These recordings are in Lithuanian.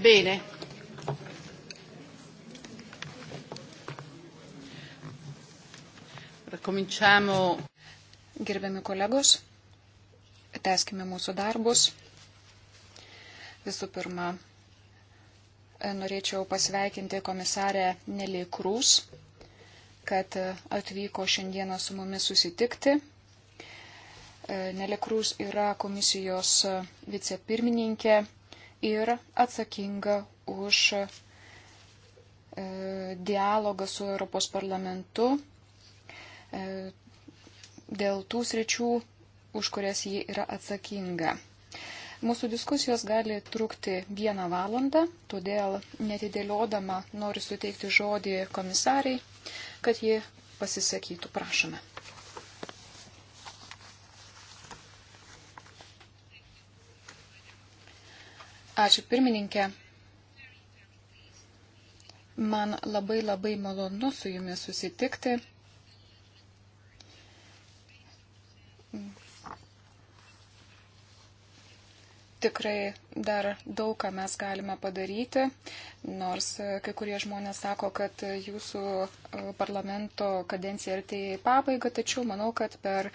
Bene. Cominciamo. Gerbiami kolegos, teskime mūsų darbus. Visų pirma, norėčiau pasveikinti komisarę Nelį Krūs, kad atvyko šiandieną su mumis susitikti. Nelė Krūs yra komisijos vicepirmininkė ir atsakinga už e, dialogą su Europos parlamentu e, dėl tų sričių, už kurias ji yra atsakinga. Mūsų diskusijos gali trukti vieną valandą, todėl netidėliodama noriu suteikti žodį komisariai, kad ji pasisakytų. Prašome. Ačiū pirmininkė. Man labai labai malonu su jumis susitikti. tikrai dar daug ką mes galime padaryti, nors e, kai kurie žmonės sako, kad jūsų e, parlamento kadencija artėja į pabaigą, tačiau manau, kad per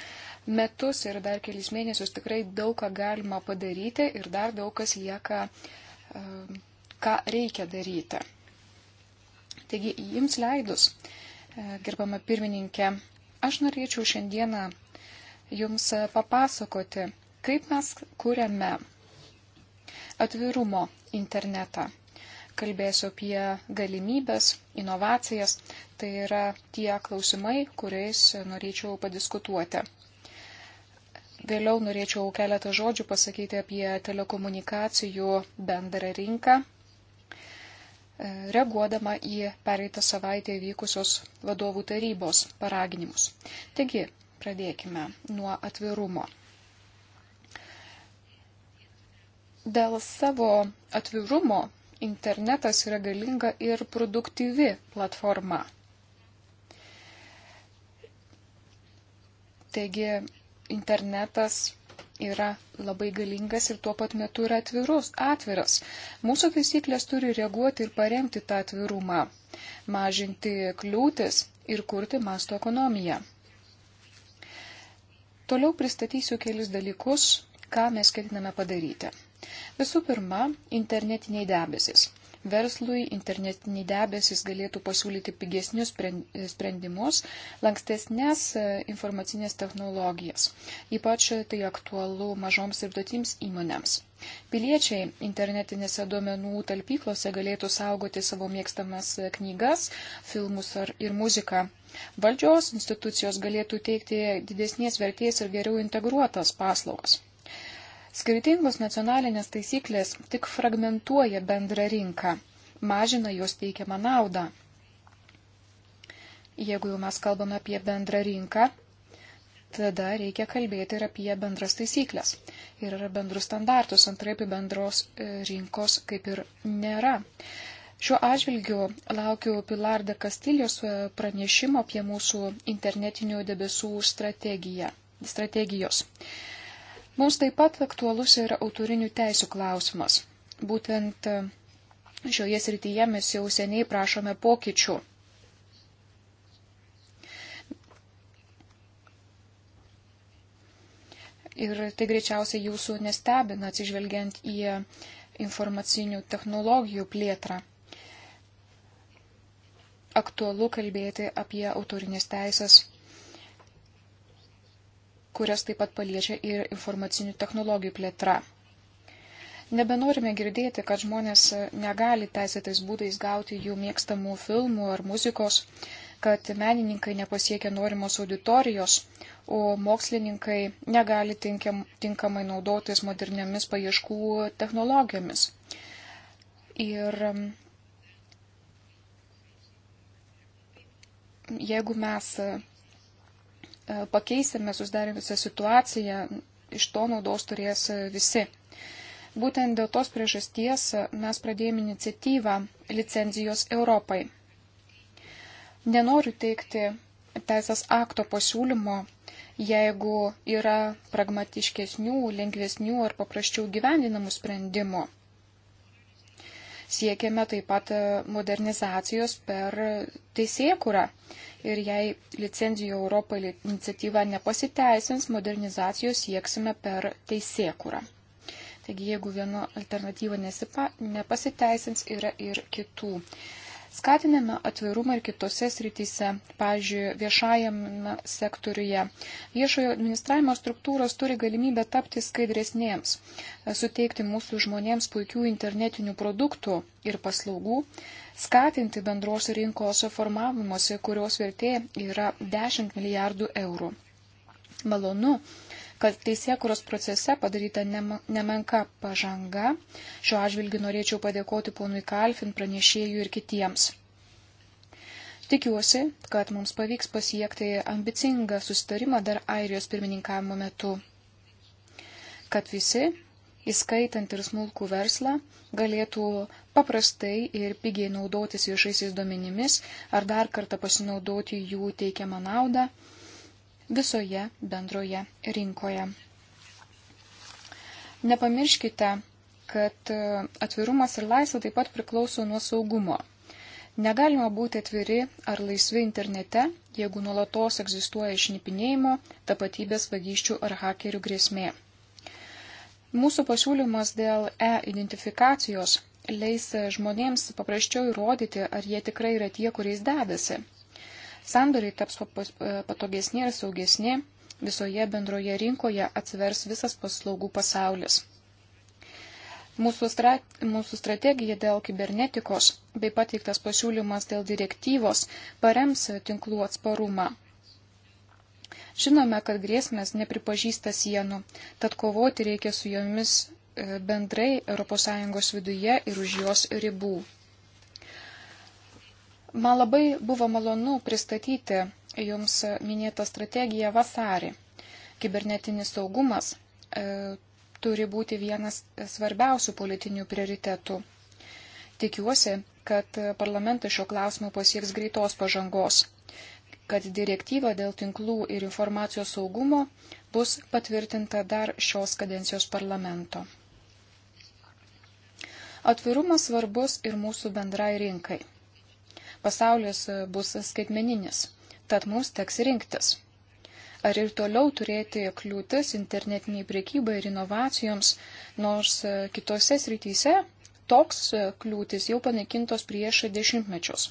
metus ir dar kelis mėnesius tikrai daug ką galima padaryti ir dar daug kas lieka, e, ką reikia daryti. Taigi, jums leidus, gerbama pirmininkė, aš norėčiau šiandieną jums papasakoti, kaip mes kūrėme atvirumo internetą. Kalbėsiu apie galimybės, inovacijas. Tai yra tie klausimai, kuriais norėčiau padiskutuoti. Vėliau norėčiau keletą žodžių pasakyti apie telekomunikacijų bendrą rinką, reaguodama į pereitą savaitę vykusios vadovų tarybos paraginimus. Taigi, pradėkime nuo atvirumo. Dėl savo atvirumo internetas yra galinga ir produktyvi platforma. Taigi internetas yra labai galingas ir tuo pat metu yra atvirus, atviras. Mūsų taisyklės turi reaguoti ir paremti tą atvirumą, mažinti kliūtis ir kurti masto ekonomiją. Toliau pristatysiu kelis dalykus, ką mes ketiname padaryti. Visų pirma, internetiniai debesis. Verslui internetiniai debesis galėtų pasiūlyti pigesnius sprendimus, lankstesnės e, informacinės technologijas. Ypač tai aktualu mažoms ir duotims įmonėms. Piliečiai internetinėse duomenų talpyklose galėtų saugoti savo mėgstamas e, knygas, filmus ar, ir muziką. Valdžios institucijos galėtų teikti didesnės vertės ir geriau integruotas paslaugas. Skirtingos nacionalinės taisyklės tik fragmentuoja bendrą rinką, mažina jos teikiamą naudą. Jeigu jau mes kalbame apie bendrą rinką, tada reikia kalbėti ir apie bendras taisyklės. Ir yra bendrus standartus, antraip bendros e, rinkos kaip ir nėra. Šiuo atžvilgiu laukiu Pilar de Kastilijos e, pranešimo apie mūsų internetinių debesų strategiją, strategijos. strategijos Mums taip pat aktualus yra autorinių teisų klausimas. Būtent e, šioje srityje mes jau seniai prašome pokyčių. Ir tai greičiausiai jūsų nestebina, atsižvelgiant į informacinių technologijų plėtrą. Aktualu kalbėti apie autorinės teisės kurias taip pat paliečia ir informacinių technologijų plėtra. Nebenorime girdėti, kad žmonės e, negali teisėtais būdais gauti jų mėgstamų filmų ar muzikos, kad menininkai nepasiekia norimos auditorijos, o mokslininkai negali tinkiam, tinkamai naudotis moderniamis paieškų technologijomis. Ir jeigu mes e, E, pakeisime susidarinusią situaciją, iš to naudos turės e, visi. Būtent dėl tos priežasties e, mes pradėjome iniciatyvą licenzijos Europai. Nenoriu teikti teisės akto pasiūlymo, jeigu yra pragmatiškesnių, lengvesnių ar paprasčiau gyvendinamų sprendimų. Siekėme taip pat modernizacijos per teisėkurą ir jei licenzijų Europą iniciatyva nepasiteisins, modernizacijos sieksime per teisėkurą. Taigi, jeigu viena alternatyva nesipa, nepasiteisins, yra ir kitų Skatiname atvirumą ir kitose srityse, pavyzdžiui, viešajame sektoriuje. Viešojo administravimo struktūros turi galimybę tapti skaidresnėms, suteikti mūsų žmonėms puikių internetinių produktų ir paslaugų, skatinti bendros rinkos formavimuose, kurios vertė yra 10 milijardų eurų. Malonu, kad teisėkuros procese padaryta nemenka pažanga. Šiuo atžvilgiu norėčiau padėkoti ponui Kalfin pranešėjų ir kitiems. Tikiuosi, kad mums pavyks pasiekti ambicingą sustarimą dar Airijos pirmininkavimo metu, kad visi, įskaitant ir smulkų verslą, galėtų paprastai ir pigiai naudotis viešaisiais duomenimis ar dar kartą pasinaudoti jų teikiamą naudą visoje bendroje rinkoje. Nepamirškite, kad e, atvirumas ir laisvė taip pat priklauso nuo saugumo. Negalima būti atviri ar laisvi internete, jeigu nuolatos egzistuoja išnipinėjimo, tapatybės vagysčių ar hakerių grėsmė. Mūsų pasiūlymas dėl e-identifikacijos leis žmonėms paprasčiau įrodyti, ar jie tikrai yra tie, kuriais dedasi. Sandoriai taps e, patogesni ir saugesni, visoje bendroje rinkoje atsivers visas paslaugų pasaulis. Mūsų, strat, mūsų strategija dėl kibernetikos bei pateiktas pasiūlymas dėl direktyvos parems tinklų atsparumą. Žinome, kad grėsmės nepripažįsta sienų, tad kovoti reikia su jomis e, bendrai ES viduje ir už jos ribų. Man labai buvo malonu pristatyti Jums minėtą strategiją vasarį. Kibernetinis saugumas e, turi būti vienas svarbiausių politinių prioritetų. Tikiuosi, kad parlamentas šio klausimu pasieks greitos pažangos, kad direktyva dėl tinklų ir informacijos saugumo bus patvirtinta dar šios kadencijos parlamento. Atvirumas svarbus ir mūsų bendrai rinkai pasaulis bus skaitmeninis, tad mums teks rinktis. Ar ir toliau turėti kliūtis internetiniai priekybai ir inovacijoms, nors e, kitose srityse toks e, kliūtis jau panaikintos prieš dešimtmečius.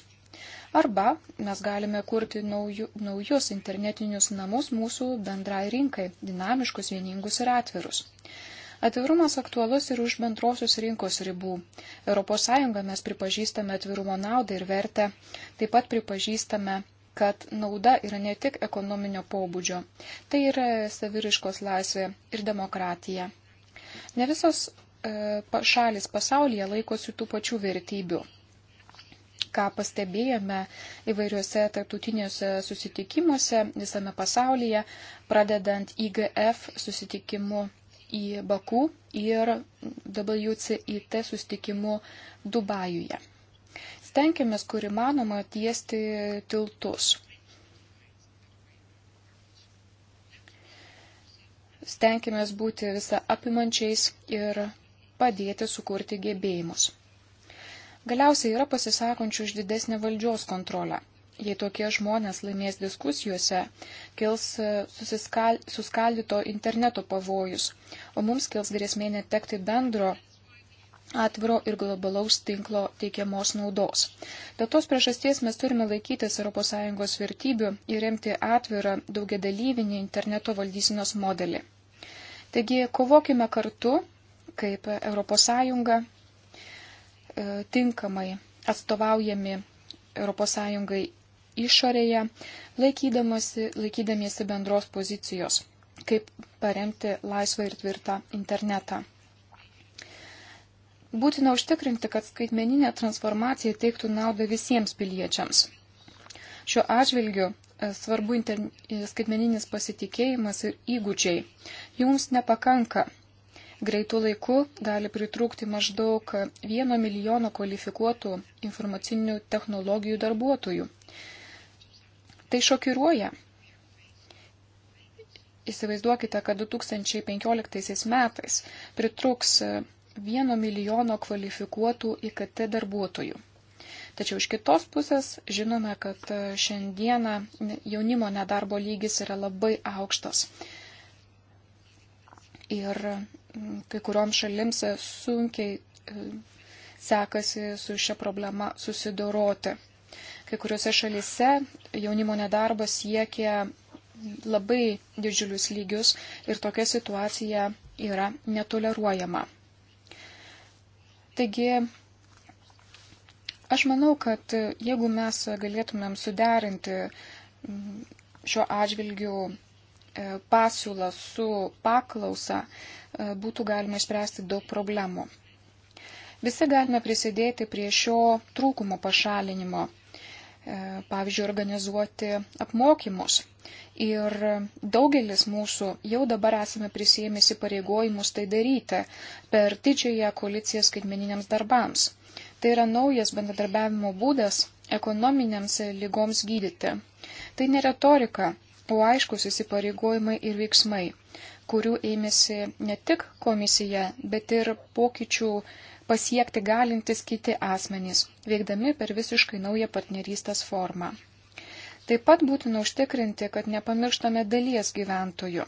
Arba mes galime kurti naujų, naujus internetinius namus mūsų bendrai rinkai, dinamiškus, vieningus ir atvirus. Atvirumas aktualus ir už bendrosios rinkos ribų. ES mes pripažįstame atvirumo naudą ir vertę, taip pat pripažįstame kad nauda yra ne tik ekonominio pobūdžio, tai yra saviriškos laisvė ir demokratija. Ne visos e, šalis pasaulyje laikosi tų pačių vertybių. Ką pastebėjome įvairiuose tarptautiniuose susitikimuose visame pasaulyje, pradedant IGF susitikimu į Baku ir WCIT sustikimu Dubajuje. Stenkėmės, kur įmanoma, tiesti tiltus. Stenkėmės būti visą apimančiais ir padėti sukurti gebėjimus. Galiausiai yra pasisakančių už didesnę valdžios kontrolę jei tokie žmonės laimės diskusijose, kils e, susiskal, suskaldyto interneto pavojus, o mums kils grėsmė netekti bendro atviro ir globalaus tinklo teikiamos naudos. Dėl tos priežasties mes turime laikytis ES vertybių ir remti atvirą daugiadalyvinį interneto valdysinos modelį. Taigi, kovokime kartu, kaip ES e, tinkamai atstovaujami ES išorėje, laikydamiesi bendros pozicijos, kaip paremti laisvą ir tvirtą internetą. Būtina užtikrinti, kad skaitmeninė transformacija teiktų naudą visiems piliečiams. Šiuo atžvilgiu e, svarbu interne... skaitmeninis pasitikėjimas ir įgūdžiai. Jums nepakanka. Greitų laikų gali pritrūkti maždaug 1 milijono kvalifikuotų informacinių technologijų darbuotojų Tai šokiruoja. Įsivaizduokite, kad 2015 metais pritruks vieno milijono kvalifikuotų IKT darbuotojų. Tačiau iš kitos pusės žinome, kad šiandieną jaunimo nedarbo lygis yra labai aukštas. Ir mm, kai kurioms šalims sunkiai e, sekasi su šia problema susidoroti. Kai kuriuose šalise jaunimo nedarbas siekia labai didžiulius lygius ir tokia situacija yra netoleruojama. Taigi, aš manau, kad jeigu mes galėtumėm suderinti mm, šiuo atžvilgiu e, pasiūlą su paklausa, e, būtų galima išspręsti daug problemų. Visi galime prisidėti prie šio trūkumo pašalinimo E, pavyzdžiui, organizuoti apmokymus. Ir daugelis mūsų jau dabar esame prisėmėsi pareigojimus tai daryti per didžiąją koaliciją skaitmeniniams darbams. Tai yra naujas bendradarbiavimo būdas ekonominiams lygoms gydyti. Tai ne retorika, o aiškus įsipareigojimai ir veiksmai, kurių ėmėsi ne tik komisija, bet ir pokyčių pasiekti galintis kiti asmenys, veikdami per visiškai naują partnerystės formą. Taip pat būtina užtikrinti, kad nepamirštame dalies gyventojų.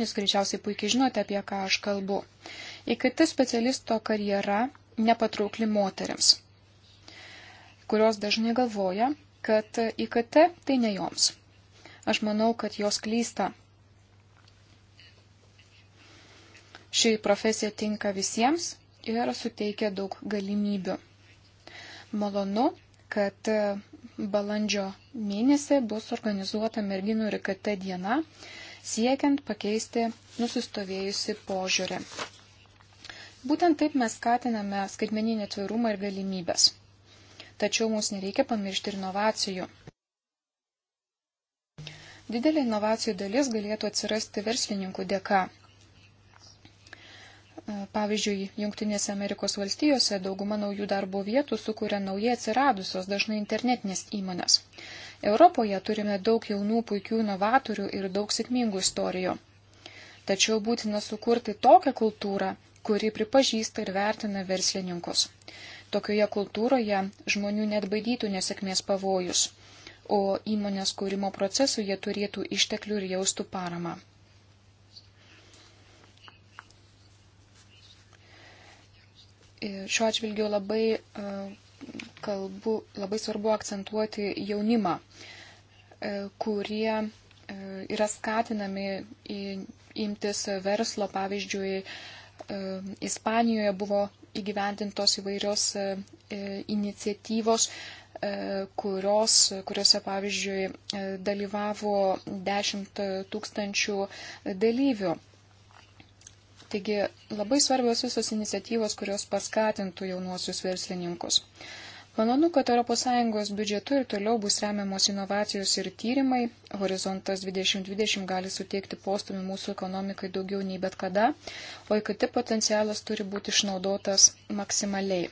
Jūs greičiausiai puikiai žinote, apie ką aš kalbu. IKT specialisto karjera nepatraukli moteriams, kurios dažnai galvoja, kad IKT tai ne joms. Aš manau, kad jos klysta, Ši profesija tinka visiems, ir suteikia daug galimybių. Malonu, kad e, balandžio mėnesį bus organizuota merginų ir KT diena, siekiant pakeisti nusistovėjusi požiūrį. Būtent taip mes skatiname skaitmeninį atvirumą ir galimybės. Tačiau mums nereikia pamiršti ir inovacijų. Didelė inovacijų dalis galėtų atsirasti verslininkų dėka. Pavyzdžiui, Junktinėse Amerikos valstijose dauguma naujų darbo vietų sukuria naujai atsiradusios dažnai internetinės įmonės. Europoje turime daug jaunų puikių inovatorių ir daug sėkmingų istorijų. Tačiau būtina sukurti tokią kultūrą, kuri pripažįsta ir vertina verslininkus. Tokioje kultūroje žmonių net baidytų nesėkmės pavojus, o įmonės kūrimo procesų jie turėtų išteklių ir jaustų paramą. šiuo atžvilgiu labai e, kalbu, labai svarbu akcentuoti jaunimą, e, kurie e, yra skatinami imtis verslo. Pavyzdžiui, Ispanijoje buvo įgyvendintos įvairios iniciatyvos, kurios, kuriuose, pavyzdžiui, dalyvavo 10 tūkstančių dalyvių. Taigi labai svarbios visos iniciatyvos, kurios paskatintų jaunuosius verslininkus. Manonu, kad ES biudžetu ir toliau bus remiamos inovacijos ir tyrimai. Horizontas 2020 gali suteikti postumį mūsų ekonomikai daugiau nei bet kada, o IKT potencialas turi būti išnaudotas maksimaliai.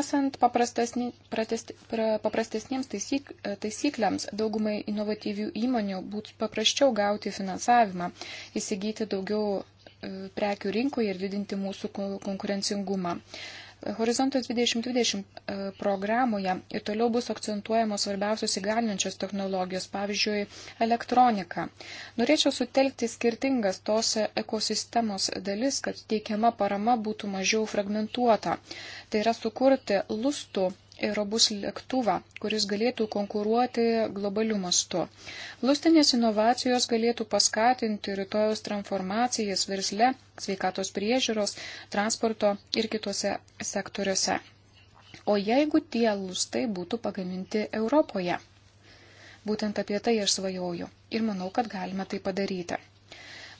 Esant paprastesniems taisyk, taisykliams, daugumai inovatyvių įmonių būtų paprasčiau gauti finansavimą, įsigyti daugiau prekių rinkoje ir didinti mūsų konkurencingumą. Horizontas 2020 e, programoje ir toliau bus akcentuojamos svarbiausios įgalinančios technologijos, pavyzdžiui, elektronika. Norėčiau sutelkti skirtingas tos ekosistemos dalis, kad teikiama parama būtų mažiau fragmentuota. Tai yra sukurti lustų Robus lėktuvą, kuris galėtų konkuruoti globaliu mastu. Lustinės inovacijos galėtų paskatinti rytojus transformacijas versle, sveikatos priežiūros, transporto ir kitose sektoriuose. O jeigu tie lustai būtų pagaminti Europoje? Būtent apie tai aš svajoju ir manau, kad galime tai padaryti.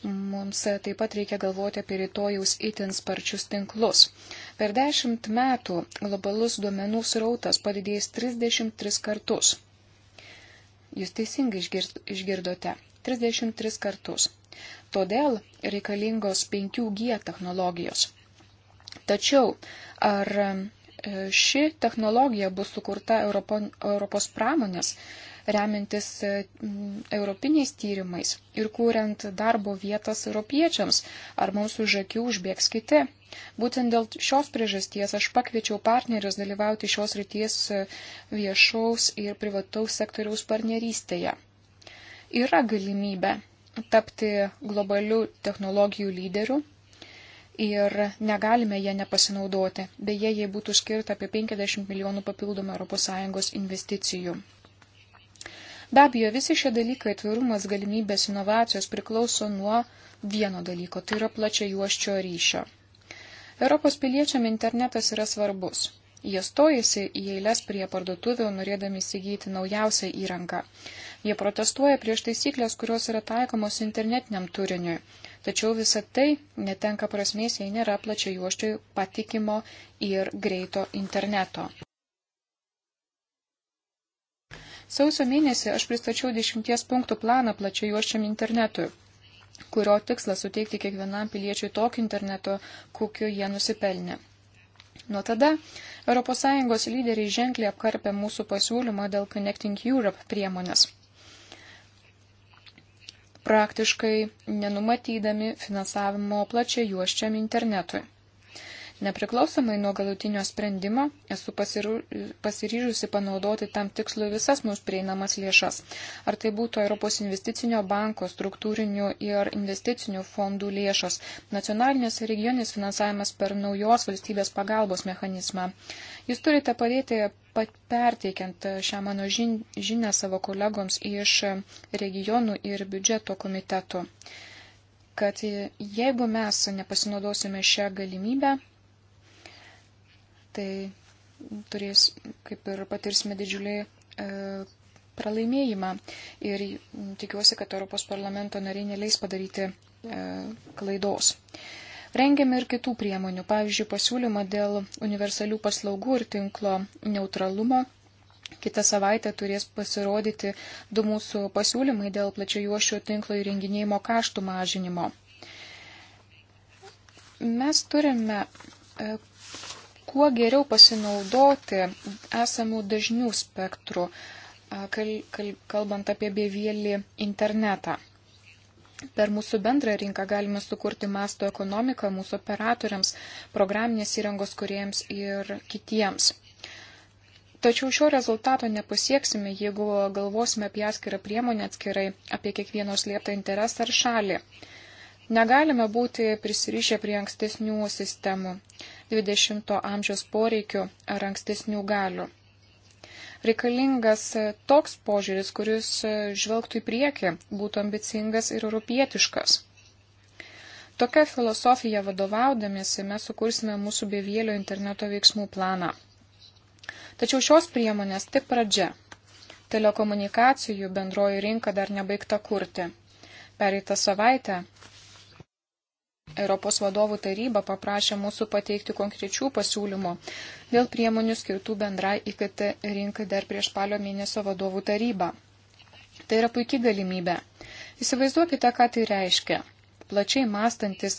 Mums taip pat reikia galvoti apie rytojaus itin sparčius tinklus. Per dešimt metų globalus duomenų srautas padidėjęs 33 kartus. Jūs teisingai išgirdote. 33 kartus. Todėl reikalingos 5G technologijos. Tačiau, ar e, ši technologija bus sukurta Europo, Europos pramonės remintis e, europiniais tyrimais ir kūriant darbo vietas europiečiams, ar mums už akių užbėgs kiti. Būtent dėl šios priežasties aš pakviečiau partnerius dalyvauti šios ryties e, viešaus ir privataus sektoriaus partnerystėje. Yra galimybė tapti globalių technologijų lyderių ir negalime ją nepasinaudoti. Beje, jai būtų skirta apie 50 milijonų papildomų ES investicijų. Be abejo, visi šie dalykai, atvirumas, galimybės, inovacijos priklauso nuo vieno dalyko, tai yra plačia juoščio ryšio. Europos piliečiam internetas yra svarbus. Jie stojasi į eilės prie parduotuvių, norėdami įsigyti naujausią įrangą. Jie protestuoja prieš taisyklės, kurios yra taikomos internetiniam turiniui. Tačiau visa tai netenka prasmės, jei nėra plačia juoščio patikimo ir greito interneto. Sausio mėnesį aš pristačiau dešimties punktų planą plačiai juošiam internetui kurio tikslas suteikti kiekvienam piliečiui tokį interneto, kokiu jie nusipelnė. Nuo tada ES lyderiai ženkliai apkarpė mūsų pasiūlymą dėl Connecting Europe priemonės, praktiškai nenumatydami finansavimo plačiai juoščiam internetui. Nepriklausomai nuo galutinio sprendimo esu pasiryžusi panaudoti tam tikslui visas mūsų prieinamas lėšas. Ar tai būtų Europos investicinio banko, struktūrinių ir investicinių fondų lėšos, nacionalinės ir regioninis finansavimas per naujos valstybės pagalbos mechanizmą. Jūs turite padėti perteikiant šią mano žinę savo kolegoms iš regionų ir biudžeto komitetų kad jeigu mes nepasinaudosime šią galimybę, tai turės, kaip ir patirsime didžiulį e, pralaimėjimą. Ir tikiuosi, kad Europos parlamento nariai neleis padaryti e, klaidos. Rengiame ir kitų priemonių, pavyzdžiui, pasiūlymą dėl universalių paslaugų ir tinklo neutralumo. Kita savaitė turės pasirodyti du mūsų pasiūlymai dėl plačiojuošio tinklo įrenginėjimo kaštų mažinimo. Mes turime e, kuo geriau pasinaudoti esamų dažnių spektrų, kal, kal, kalbant apie bevėlį internetą. Per mūsų bendrą rinką galime sukurti masto ekonomiką mūsų operatoriams, programinės įrangos kuriems ir kitiems. Tačiau šio rezultato nepasieksime, jeigu galvosime apie atskirą priemonę atskirai, apie kiekvieno slėptą interesą ar šalį. Negalime būti prisirišę prie ankstesnių sistemų. 20 amžiaus poreikių ar ankstesnių galių. Reikalingas e, toks požiūris, kuris e, žvelgtų į priekį, būtų ambicingas ir europietiškas. Tokia filosofija vadovaudamėsi mes sukursime mūsų bevėlio interneto veiksmų planą. Tačiau šios priemonės tik pradžia. Telekomunikacijų bendroji rinka dar nebaigta kurti. Pereitą savaitę Europos vadovų taryba paprašė mūsų pateikti konkrečių pasiūlymų dėl priemonių skirtų bendrai IKT rinkai dar prieš palio mėnesio vadovų tarybą. Tai yra puikia galimybė. Įsivaizduokite, ką tai reiškia plačiai mąstantis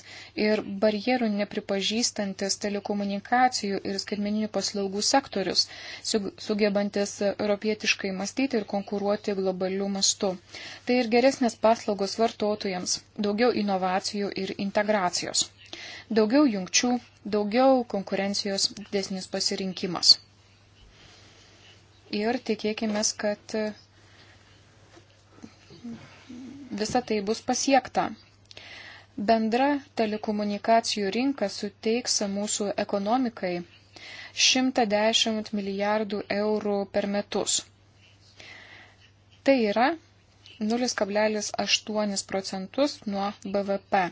ir barjerų nepripažįstantis telekomunikacijų ir skaitmeninių paslaugų sektorius, sugebantis europietiškai mąstyti ir konkuruoti globaliu mastu. Tai ir geresnės paslaugos vartotojams, daugiau inovacijų ir integracijos. Daugiau jungčių, daugiau konkurencijos, didesnis pasirinkimas. Ir tikėkime, kad visa tai bus pasiekta. Bendra telekomunikacijų rinka suteiks mūsų ekonomikai 110 milijardų eurų per metus. Tai yra 0,8 procentus nuo BVP.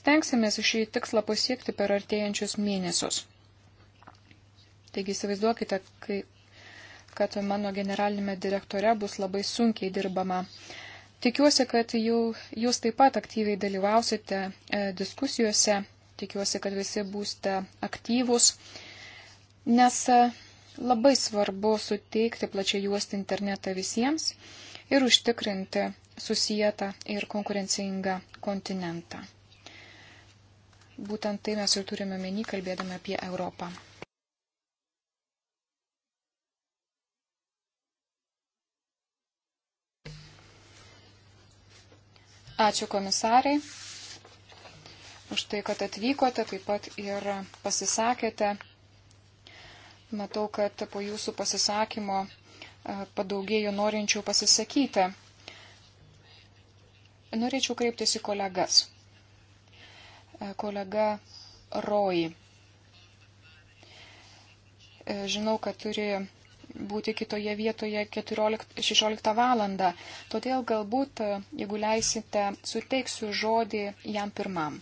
Stengsimės šį tikslą pasiekti per artėjančius mėnesius. Taigi įsivaizduokite, kai, kad mano generalinėme direktore bus labai sunkiai dirbama. Tikiuosi, kad jau, jūs taip pat aktyviai dalyvausite e, diskusijose, tikiuosi, kad visi būsite aktyvūs, nes e, labai svarbu suteikti plačiai juosti internetą visiems ir užtikrinti susijęta ir konkurencingą kontinentą. Būtent tai mes ir turime menį, kalbėdami apie Europą. Ačiū komisarai už tai, kad atvykote, taip pat ir pasisakėte. Matau, kad po jūsų pasisakymo e, padaugėjo norinčių pasisakyti. Norėčiau kreiptis į kolegas. E, kolega Roji. E, žinau, kad turi būti kitoje vietoje 14, 16 valandą. Todėl galbūt, e, jeigu leisite, suteiksiu žodį jam pirmam.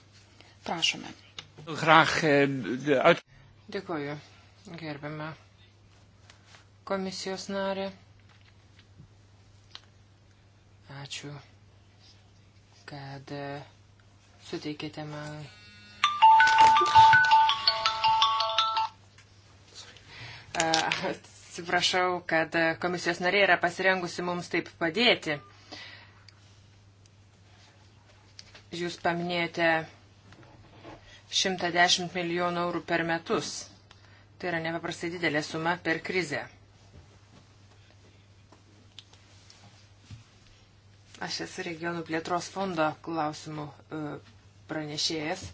Prašome. E, Dėkuoju, gerbiame komisijos narė. Ačiū, kad e, suteikėte man. Sorry. Atsiprašau, kad komisijos narė yra pasirengusi mums taip padėti. Jūs paminėjote 110 milijonų eurų per metus. Tai yra nepaprastai didelė suma per krizę. Aš esu regionų plėtros fondo klausimų e, pranešėjas.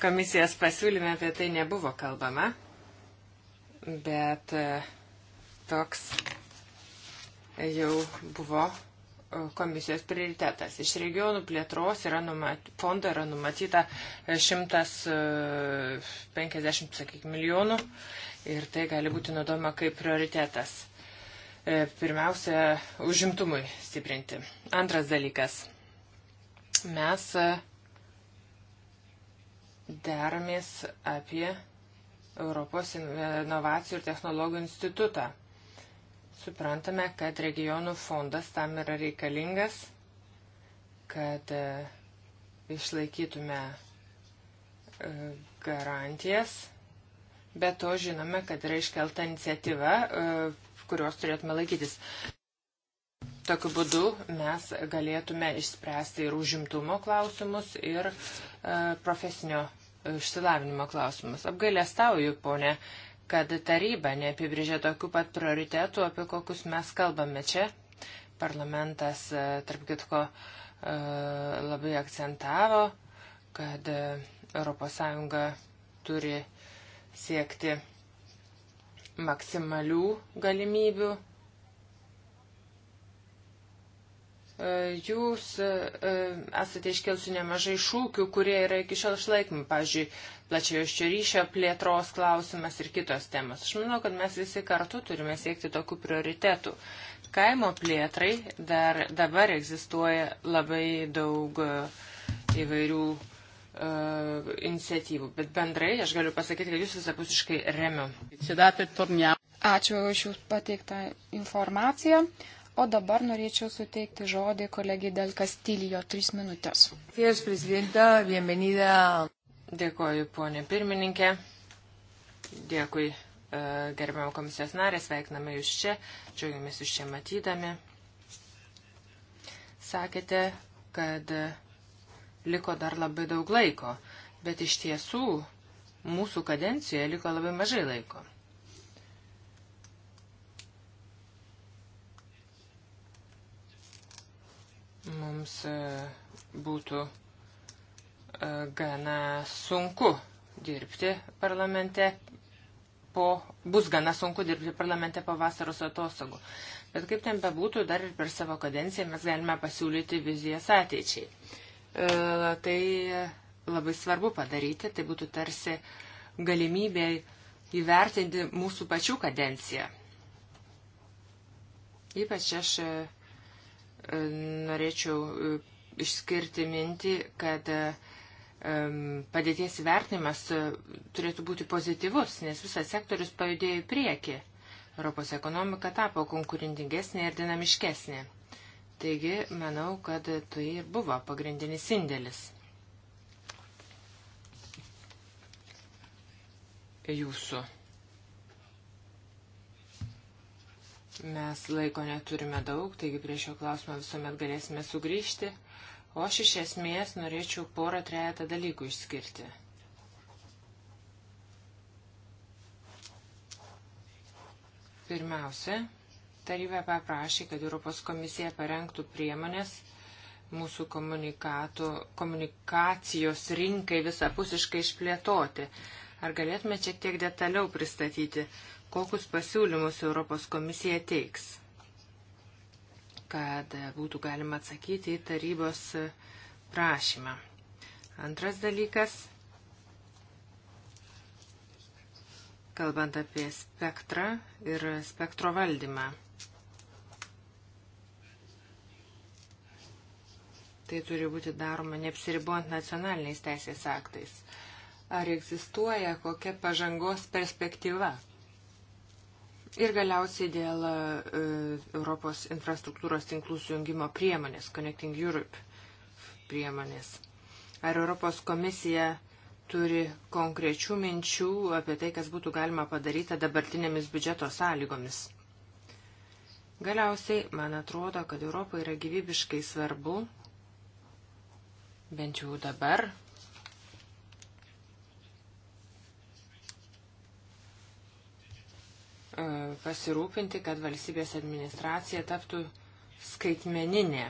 Komisijos pasiūlyme apie tai nebuvo kalbama, bet e, toks jau buvo e, komisijos prioritetas. Iš regionų plėtros yra numat, fondo yra numatyta 150 e, sakyk, milijonų ir tai gali būti naudojama kaip prioritetas. Pirmiausia, užimtumui stiprinti. Antras dalykas. Mes deramės apie Europos inovacijų ir technologijų institutą. Suprantame, kad regionų fondas tam yra reikalingas, kad e, išlaikytume e, garantijas. Be to žinome, kad yra iškelta iniciatyva, e, kurios turėtume laikytis. Tokiu būdu mes galėtume išspręsti ir užimtumo klausimus, ir profesinio išsilavinimo klausimus. Apgailestauju, ponė, kad taryba neapibrėžė tokių pat prioritetų, apie kokius mes kalbame čia. Parlamentas, e, tarp kitko, e, labai akcentavo, kad ES turi siekti maksimalių galimybių E, jūs e, e, esate iškelsiu nemažai šūkių, kurie yra iki šiol išlaikomi, pavyzdžiui, plačiojoščio ryšio plėtros klausimas ir kitos temos. Aš manau, kad mes visi kartu turime siekti tokių prioritetų. Kaimo plėtrai dar dabar egzistuoja labai daug įvairių uh, iniciatyvų, bet bendrai aš galiu pasakyti, kad jūs visapusiškai remiu. Ačiū už jūsų pateiktą informaciją. O dabar norėčiau suteikti žodį kolegijai Del Castillo, trys minutės. Dėkoju, ponė pirmininkė. Dėkui, e, gerbiamo komisijos narė, sveikiname jūs čia, džiaugiamės jūs čia matydami. Sakėte, kad liko dar labai daug laiko, bet iš tiesų mūsų kadencijoje liko labai mažai laiko. mums e, būtų e, gana sunku dirbti parlamente. Po, bus gana sunku dirbti parlamente po vasaros atostogų. Bet kaip ten bebūtų, dar ir per savo kadenciją mes galime pasiūlyti vizijas ateičiai. E, tai labai svarbu padaryti, tai būtų tarsi galimybė įvertinti mūsų pačių kadenciją. Ypač aš e, norėčiau e, išskirti mintį, kad e, padėties įvertinimas e, turėtų būti pozityvus, nes visas sektorius pajudėjo į priekį. Europos ekonomika tapo konkurentingesnė ir dinamiškesnė. Taigi, manau, kad tai ir buvo pagrindinis indėlis. Jūsų. Mes laiko neturime daug, taigi prie šio klausimo visuomet galėsime sugrįžti. O aš iš esmės norėčiau porą trejata dalykų išskirti. Pirmiausia, taryba paprašė, kad Europos komisija parengtų priemonės mūsų komunikacijos rinkai visapusiškai išplėtoti. Ar galėtume šiek tiek detaliau pristatyti kokius pasiūlymus Europos komisija teiks, kad būtų galima atsakyti į tarybos prašymą. Antras dalykas, kalbant apie spektrą ir spektro valdymą. Tai turi būti daroma neapsiribuojant nacionaliniais teisės aktais. Ar egzistuoja kokia pažangos perspektyva, Ir galiausiai dėl e, Europos infrastruktūros tinklų sujungimo priemonės, Connecting Europe priemonės. Ar Europos komisija turi konkrečių minčių apie tai, kas būtų galima padaryti dabartinėmis biudžeto sąlygomis? Galiausiai, man atrodo, kad Europai yra gyvybiškai svarbu, bent jau dabar, E, pasirūpinti, kad valstybės administracija taptų skaitmeninė.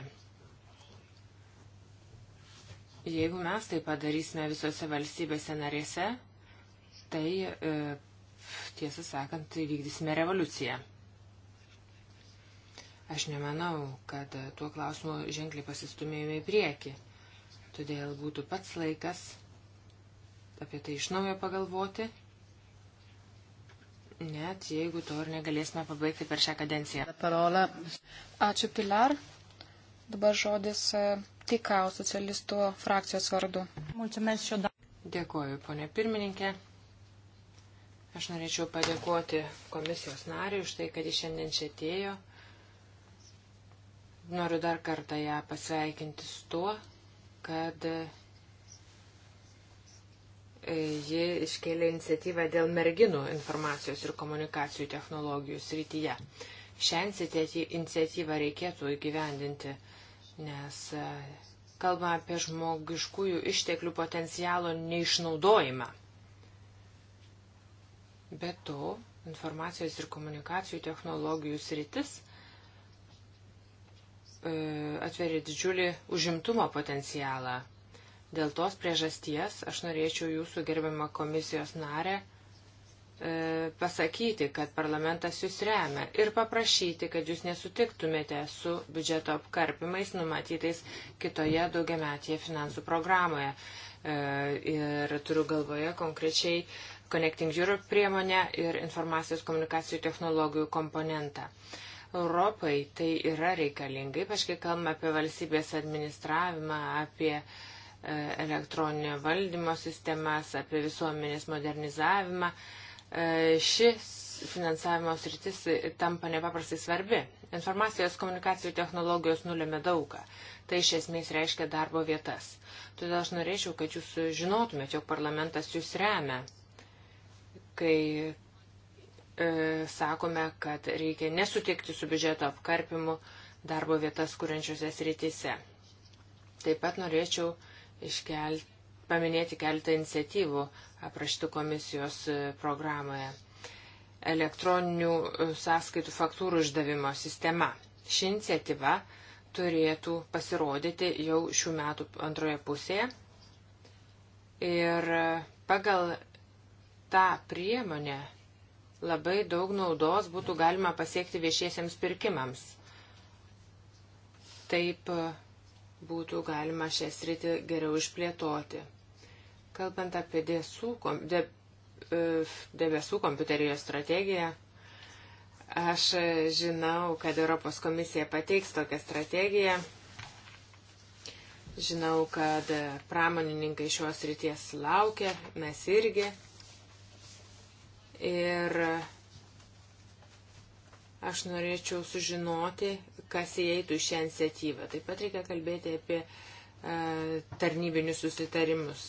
Jeigu mes tai padarysime visose valstybėse narėse, tai e, tiesą sakant, vykdysime revoliuciją. Aš nemanau, kad tuo klausimu ženkliai pasistumėjome į priekį. Todėl būtų pats laikas apie tai iš naujo pagalvoti net jeigu to ir negalėsime pabaigti per šią kadenciją. Parola. Ačiū Pilar. Dabar žodis e, tikau socialistų frakcijos vardu. Dėkuoju, ponė pirmininkė. Aš norėčiau padėkoti komisijos nariui už tai, kad jis šiandien čia atėjo. Noriu dar kartą ją pasveikinti su tuo, kad Ji iškėlė iniciatyvą dėl merginų informacijos ir komunikacijų technologijų srityje. Šią iniciatyvą reikėtų įgyvendinti, nes e, kalbame apie žmogiškųjų išteklių potencialo neišnaudojimą. Be to, informacijos ir komunikacijų technologijų sritis e, atveria didžiulį užimtumo potencialą Dėl tos priežasties aš norėčiau jūsų gerbiamą komisijos narę e, pasakyti, kad parlamentas jūs remia ir paprašyti, kad jūs nesutiktumėte su biudžeto apkarpimais numatytais kitoje daugiametėje finansų programoje. E, ir turiu galvoje konkrečiai Connecting Europe priemonę ir informacijos komunikacijų technologijų komponentą. Europai tai yra reikalinga, ypač kai kalbame apie valstybės administravimą, apie uh, E, elektroninio valdymo sistemas, apie visuomenės modernizavimą. E, Šis finansavimo sritis tampa nepaprastai svarbi. Informacijos komunikacijų technologijos nulėmė daugą. Tai iš esmės reiškia darbo vietas. Todėl aš norėčiau, kad jūs žinotumėte, jog parlamentas jūs remia, kai e, sakome, kad reikia nesutikti su biudžeto apkarpimu darbo vietas kuriančiose srityse. Taip pat norėčiau iškelti, paminėti keletą iniciatyvų aprašytų komisijos e, programoje. Elektroninių e, sąskaitų faktūrų išdavimo sistema. Ši iniciatyva turėtų pasirodyti jau šių metų antroje pusėje. Ir e, pagal tą priemonę labai daug naudos būtų galima pasiekti viešiesiems pirkimams. Taip būtų galima šią sritį geriau išplėtoti. Kalbant apie dėsų, de, e, debesų kompiuterijos strategiją, aš žinau, kad Europos komisija pateiks tokią strategiją. Žinau, kad pramonininkai šios ryties laukia, mes irgi. Ir aš norėčiau sužinoti, kas įeitų į šią iniciatyvą. Taip pat reikia kalbėti apie e, tarnybinius susitarimus.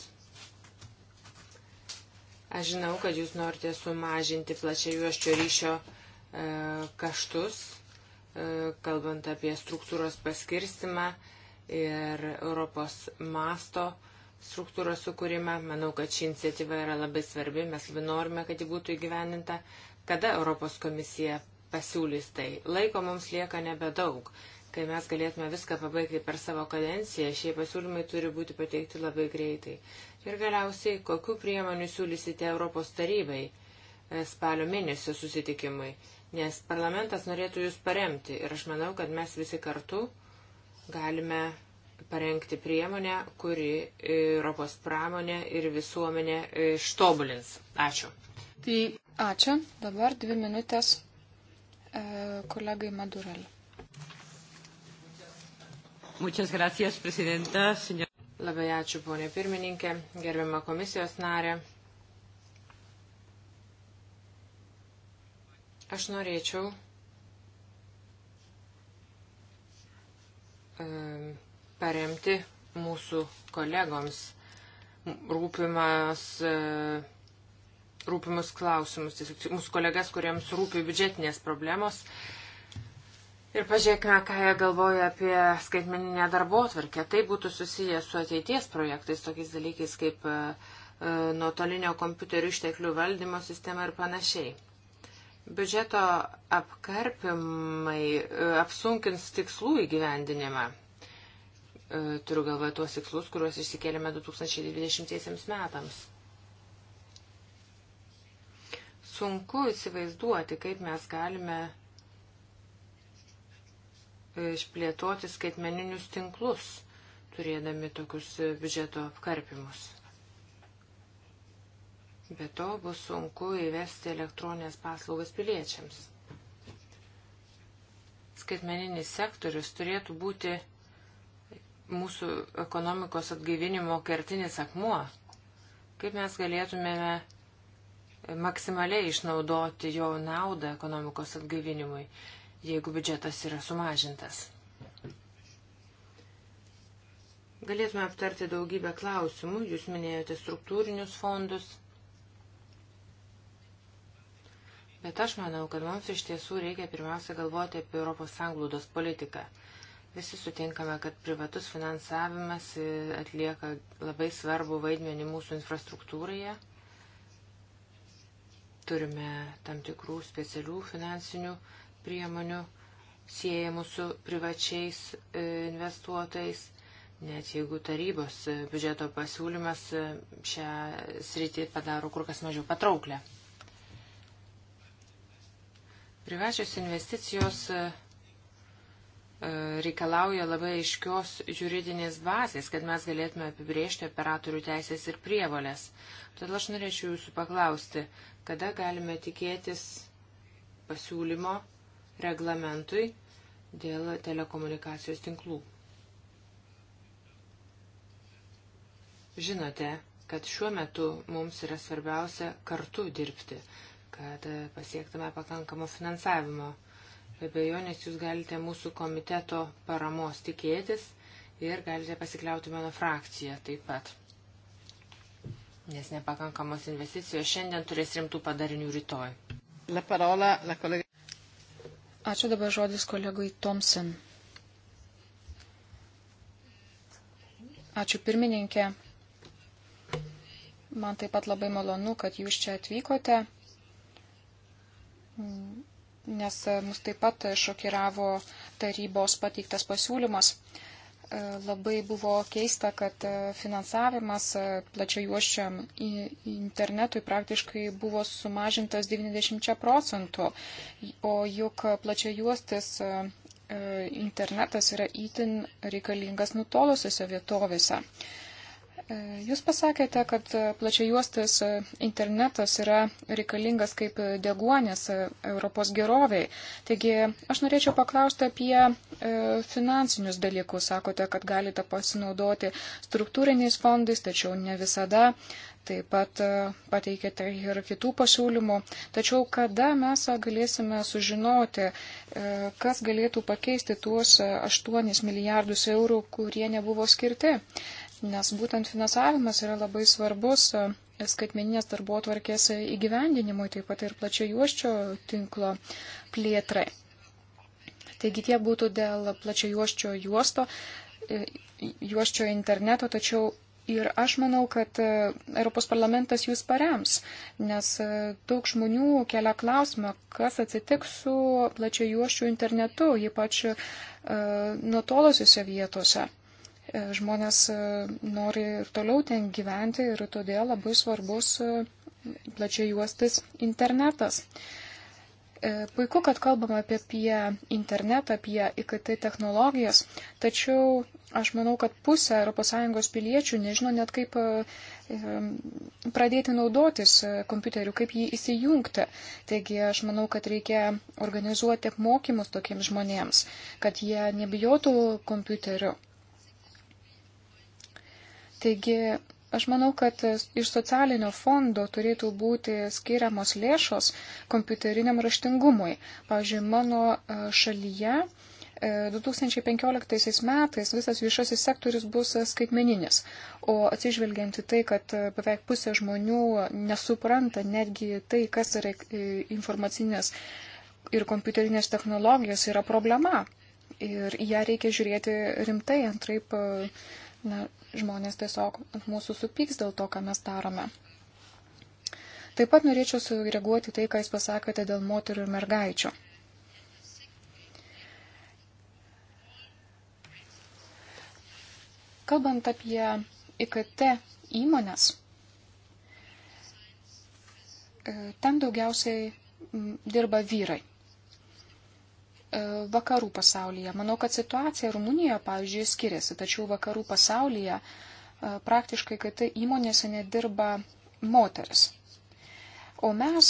Aš žinau, kad jūs norite sumažinti plačiajuoščio ryšio e, kaštus, e, kalbant apie struktūros paskirstimą ir Europos masto struktūros sukūrimą. Manau, kad ši iniciatyva yra labai svarbi, mes labai norime, kad ji būtų įgyveninta. Kada Europos komisija pasiūlys tai. Laiko mums lieka nebedaug, kai mes galėtume viską pabaigti per savo kadenciją, šie pasiūlymai turi būti pateikti labai greitai. Ir galiausiai, kokiu priemonių siūlysite Europos tarybai e, spalio mėnesio susitikimui, nes parlamentas norėtų jūs paremti ir aš manau, kad mes visi kartu galime parengti priemonę, kuri Europos pramonė ir visuomenė e, ištobulins. Ačiū. Tai ačiū. Dabar dvi minutės kolegai Madurel. Muchas gracias, prezidenta. Senyor... Labai ačiū, ponė pirmininkė, gerbiama komisijos narė. Aš norėčiau e, paremti mūsų kolegoms rūpimas e, rūpimus klausimus, tiesiog mūsų kolegas, kuriems rūpi biudžetinės problemos. Ir pažiūrėkime, ką jie galvoja apie skaitmeninę darbo atvarkę. Tai būtų susiję su ateities projektais, tokiais dalykais kaip e, e, nuotolinio kompiuterių išteklių valdymo sistema ir panašiai. Biudžeto apkarpimai e, apsunkins tikslų įgyvendinimą. E, turiu galvoje tuos tikslus, kuriuos išsikėlėme 2020 metams. Sunku įsivaizduoti, kaip mes galime e, išplėtoti skaitmeninius tinklus, turėdami tokius e, biudžeto apkarpimus. Be to bus sunku įvesti elektroninės paslaugas piliečiams. Skaitmeninis sektorius turėtų būti mūsų ekonomikos atgaivinimo kertinis akmuo. Kaip mes galėtumėme maksimaliai išnaudoti jo naudą ekonomikos atgaivinimui, jeigu biudžetas yra sumažintas. Galėtume aptarti daugybę klausimų. Jūs minėjote struktūrinius fondus. Bet aš manau, kad mums iš tiesų reikia pirmiausia galvoti apie Europos sanglūdos politiką. Visi sutinkame, kad privatus finansavimas atlieka labai svarbu vaidmenį mūsų infrastruktūroje Turime tam tikrų specialių finansinių priemonių siejamų su privačiais e, investuotojais, net jeigu tarybos e, biudžeto pasiūlymas e, šią sritį padaro kur kas mažiau patrauklę. Privačios investicijos reikalauja labai aiškios juridinės bazės, kad mes galėtume apibriežti operatorių teisės ir prievolės. Todėl aš norėčiau jūsų paklausti, kada galime tikėtis pasiūlymo reglamentui dėl telekomunikacijos tinklų. Žinote, kad šiuo metu mums yra svarbiausia kartu dirbti, kad pasiektume pakankamo finansavimo. Be bejonės jūs galite mūsų komiteto paramos tikėtis ir galite pasikliauti mano frakciją taip pat nes nepakankamos investicijos šiandien turės rimtų padarinių rytoj. La parola, la kolega... Ačiū dabar žodis kolegai Thompson. Ačiū pirmininkė. Man taip pat labai malonu, kad jūs čia atvykote, nes mus taip pat šokiravo tarybos pateiktas pasiūlymas. E, labai buvo keista, kad e, finansavimas e, plačiajuoščiam internetui praktiškai buvo sumažintas 90 procentų, o juk plačiajuostis internetas yra įtin reikalingas nutolusiuose vietovėse. Jūs pasakėte, kad plačiai juostas internetas yra reikalingas kaip deguonės Europos geroviai. Taigi aš norėčiau paklausti apie e, finansinius dalykus. Sakote, kad galite pasinaudoti struktūriniais fondais, tačiau ne visada. Taip pat e, pateikėte ir kitų pasiūlymų. Tačiau kada mes galėsime sužinoti, e, kas galėtų pakeisti tuos 8 milijardus eurų, kurie nebuvo skirti? nes būtent finansavimas yra labai svarbus e, skaitmeninės darbo tvarkės e, įgyvendinimui, taip pat ir plačio juoščio tinklo plėtrai. Taigi tie būtų dėl plačio juoščio juosto, e, juoščio interneto, tačiau ir aš manau, kad Europos parlamentas jūs parems, nes daug žmonių kelia klausimą, kas atsitiks su plačio juoščių internetu, ypač uh, nutolusiuose vietose. E, žmonės e, nori ir toliau ten gyventi ir todėl labai svarbus e, plačiai juostis internetas. Puiku, kad kalbame apie, apie internetą, apie IKT technologijas, tačiau aš manau, kad pusė ES piliečių nežino net kaip pradėti naudotis kompiuteriu, kaip jį įsijungti. Taigi aš manau, kad reikia organizuoti apmokymus tokiems žmonėms, kad jie nebijotų kompiuteriu. Taigi, aš manau, kad iš socialinio fondo turėtų būti skiriamos lėšos kompiuteriniam raštingumui. Pavyzdžiui, mano e, šalyje 2015 e, metais visas viešasis sektorius bus e, skaitmeninis, o atsižvelgiant į tai, kad beveik pusė žmonių nesupranta netgi tai, kas yra informacinės ir kompiuterinės technologijos, yra problema. Ir ją reikia žiūrėti rimtai, antraip na, žmonės tiesiog ant mūsų supyks dėl to, ką mes darome. Taip pat norėčiau sureaguoti tai, ką jūs pasakėte dėl moterų ir mergaičių. Kalbant apie IKT įmonės, e, ten daugiausiai dirba vyrai. E, vakarų pasaulyje. Manau, kad situacija Rumunijoje, pavyzdžiui, skiriasi, tačiau vakarų pasaulyje e, praktiškai KT tai įmonėse nedirba moteris. O mes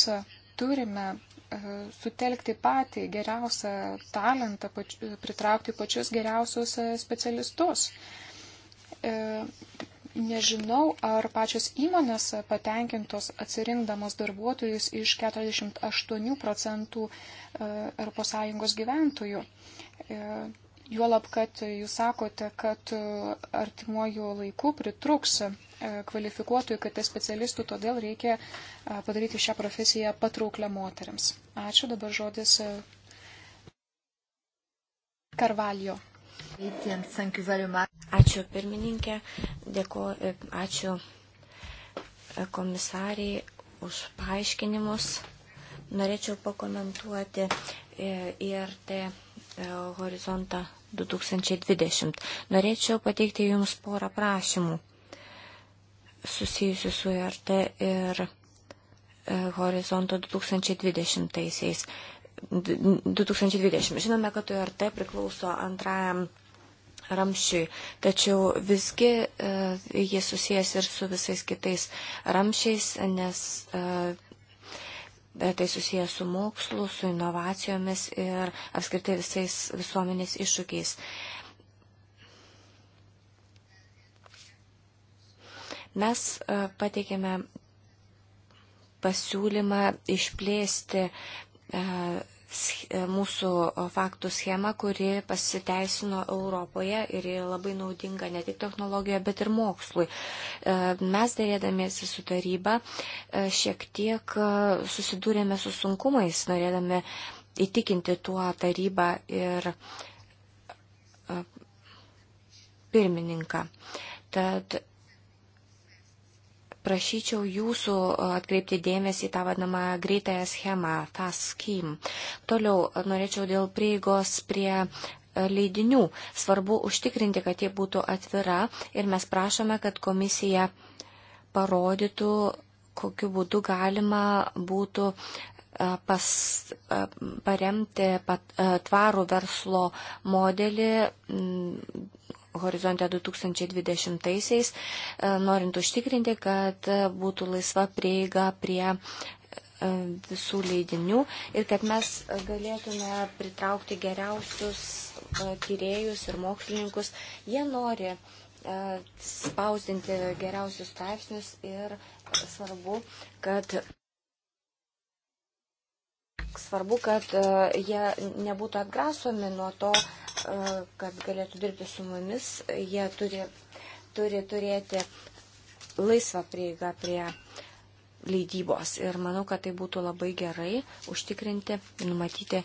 turime e, sutelkti patį geriausią talentą, pritraukti pačius geriausius specialistus nežinau, ar pačios įmonės patenkintos atsirinkdamos darbuotojus iš 48 procentų ES gyventojų. E, juolab, kad jūs sakote, kad e, artimuoju laiku pritruks e, kvalifikuotojų KT specialistų, todėl reikia padaryti šią profesiją patrauklę moteriams. Ačiū, dabar žodis Karvalio. Ačiū pirmininkė, dėko, e, ačiū e, komisariai už paaiškinimus. Norėčiau pakomentuoti e, IRT horizontą 2020. Norėčiau pateikti Jums porą prašymų susijusių su IRT ir horizonto 2020. -aisiais. 2020. Žinome, kad IRT priklauso antrajam ramšiui, tačiau visgi e, jis susijęs ir su visais kitais ramšiais, nes e, tai susijęs su mokslu, su inovacijomis ir apskritai visais visuomenės iššūkiais. Mes e, pateikėme pasiūlymą išplėsti E, mūsų faktų schemą, kuri pasiteisino Europoje ir labai naudinga ne tik technologijoje, bet ir mokslui. E, mes dėrėdamiesi su taryba e, šiek tiek susidūrėme su sunkumais, norėdami įtikinti tuo tarybą ir pirmininką. Tad prašyčiau jūsų atkreipti dėmesį tą vadinamą greitąją schemą, tą scheme. Toliau norėčiau dėl prieigos prie leidinių. Svarbu užtikrinti, kad jie būtų atvira ir mes prašome, kad komisija parodytų, kokiu būdu galima būtų pas, paremti pat, tvarų verslo modelį horizonte 2020-aisiais, e, norint užtikrinti, kad būtų laisva prieiga prie e, visų leidinių ir kad mes galėtume pritraukti geriausius e, tyrėjus ir mokslininkus. Jie nori spausdinti geriausius straipsnius ir svarbu, kad svarbu, kad e, jie nebūtų atgrasomi nuo to, e, kad galėtų dirbti su mumis. Jie turi, turi turėti laisvą prieigą prie leidybos. Ir manau, kad tai būtų labai gerai užtikrinti, numatyti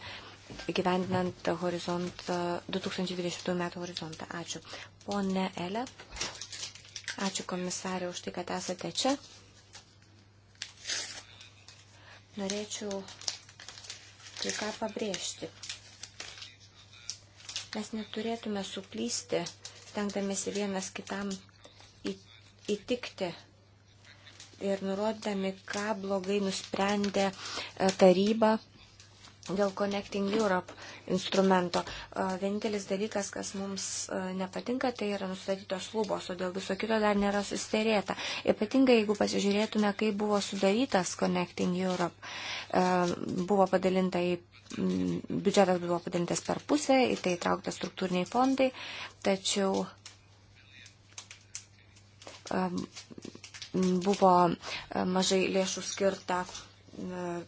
gyvendinant horizont, 2020 metų horizontą. Ačiū. Pone Elė, ačiū komisarė už tai, kad esate čia. Norėčiau kai ką pabrėžti. Mes neturėtume suplysti, stengdamėsi vienas kitam įtikti ir nurodami, ką blogai nusprendė e, taryba dėl Connecting Europe instrumento. Vienintelis dalykas, kas mums nepatinka, tai yra nustatytos lubos, o dėl viso kito dar nėra susterėta. Ypatingai, jeigu pasižiūrėtume, kaip buvo sudarytas Connecting Europe, buvo padalinta į biudžetas buvo padalintas per pusę, į tai trauktas struktūriniai fondai, tačiau buvo mažai lėšų skirta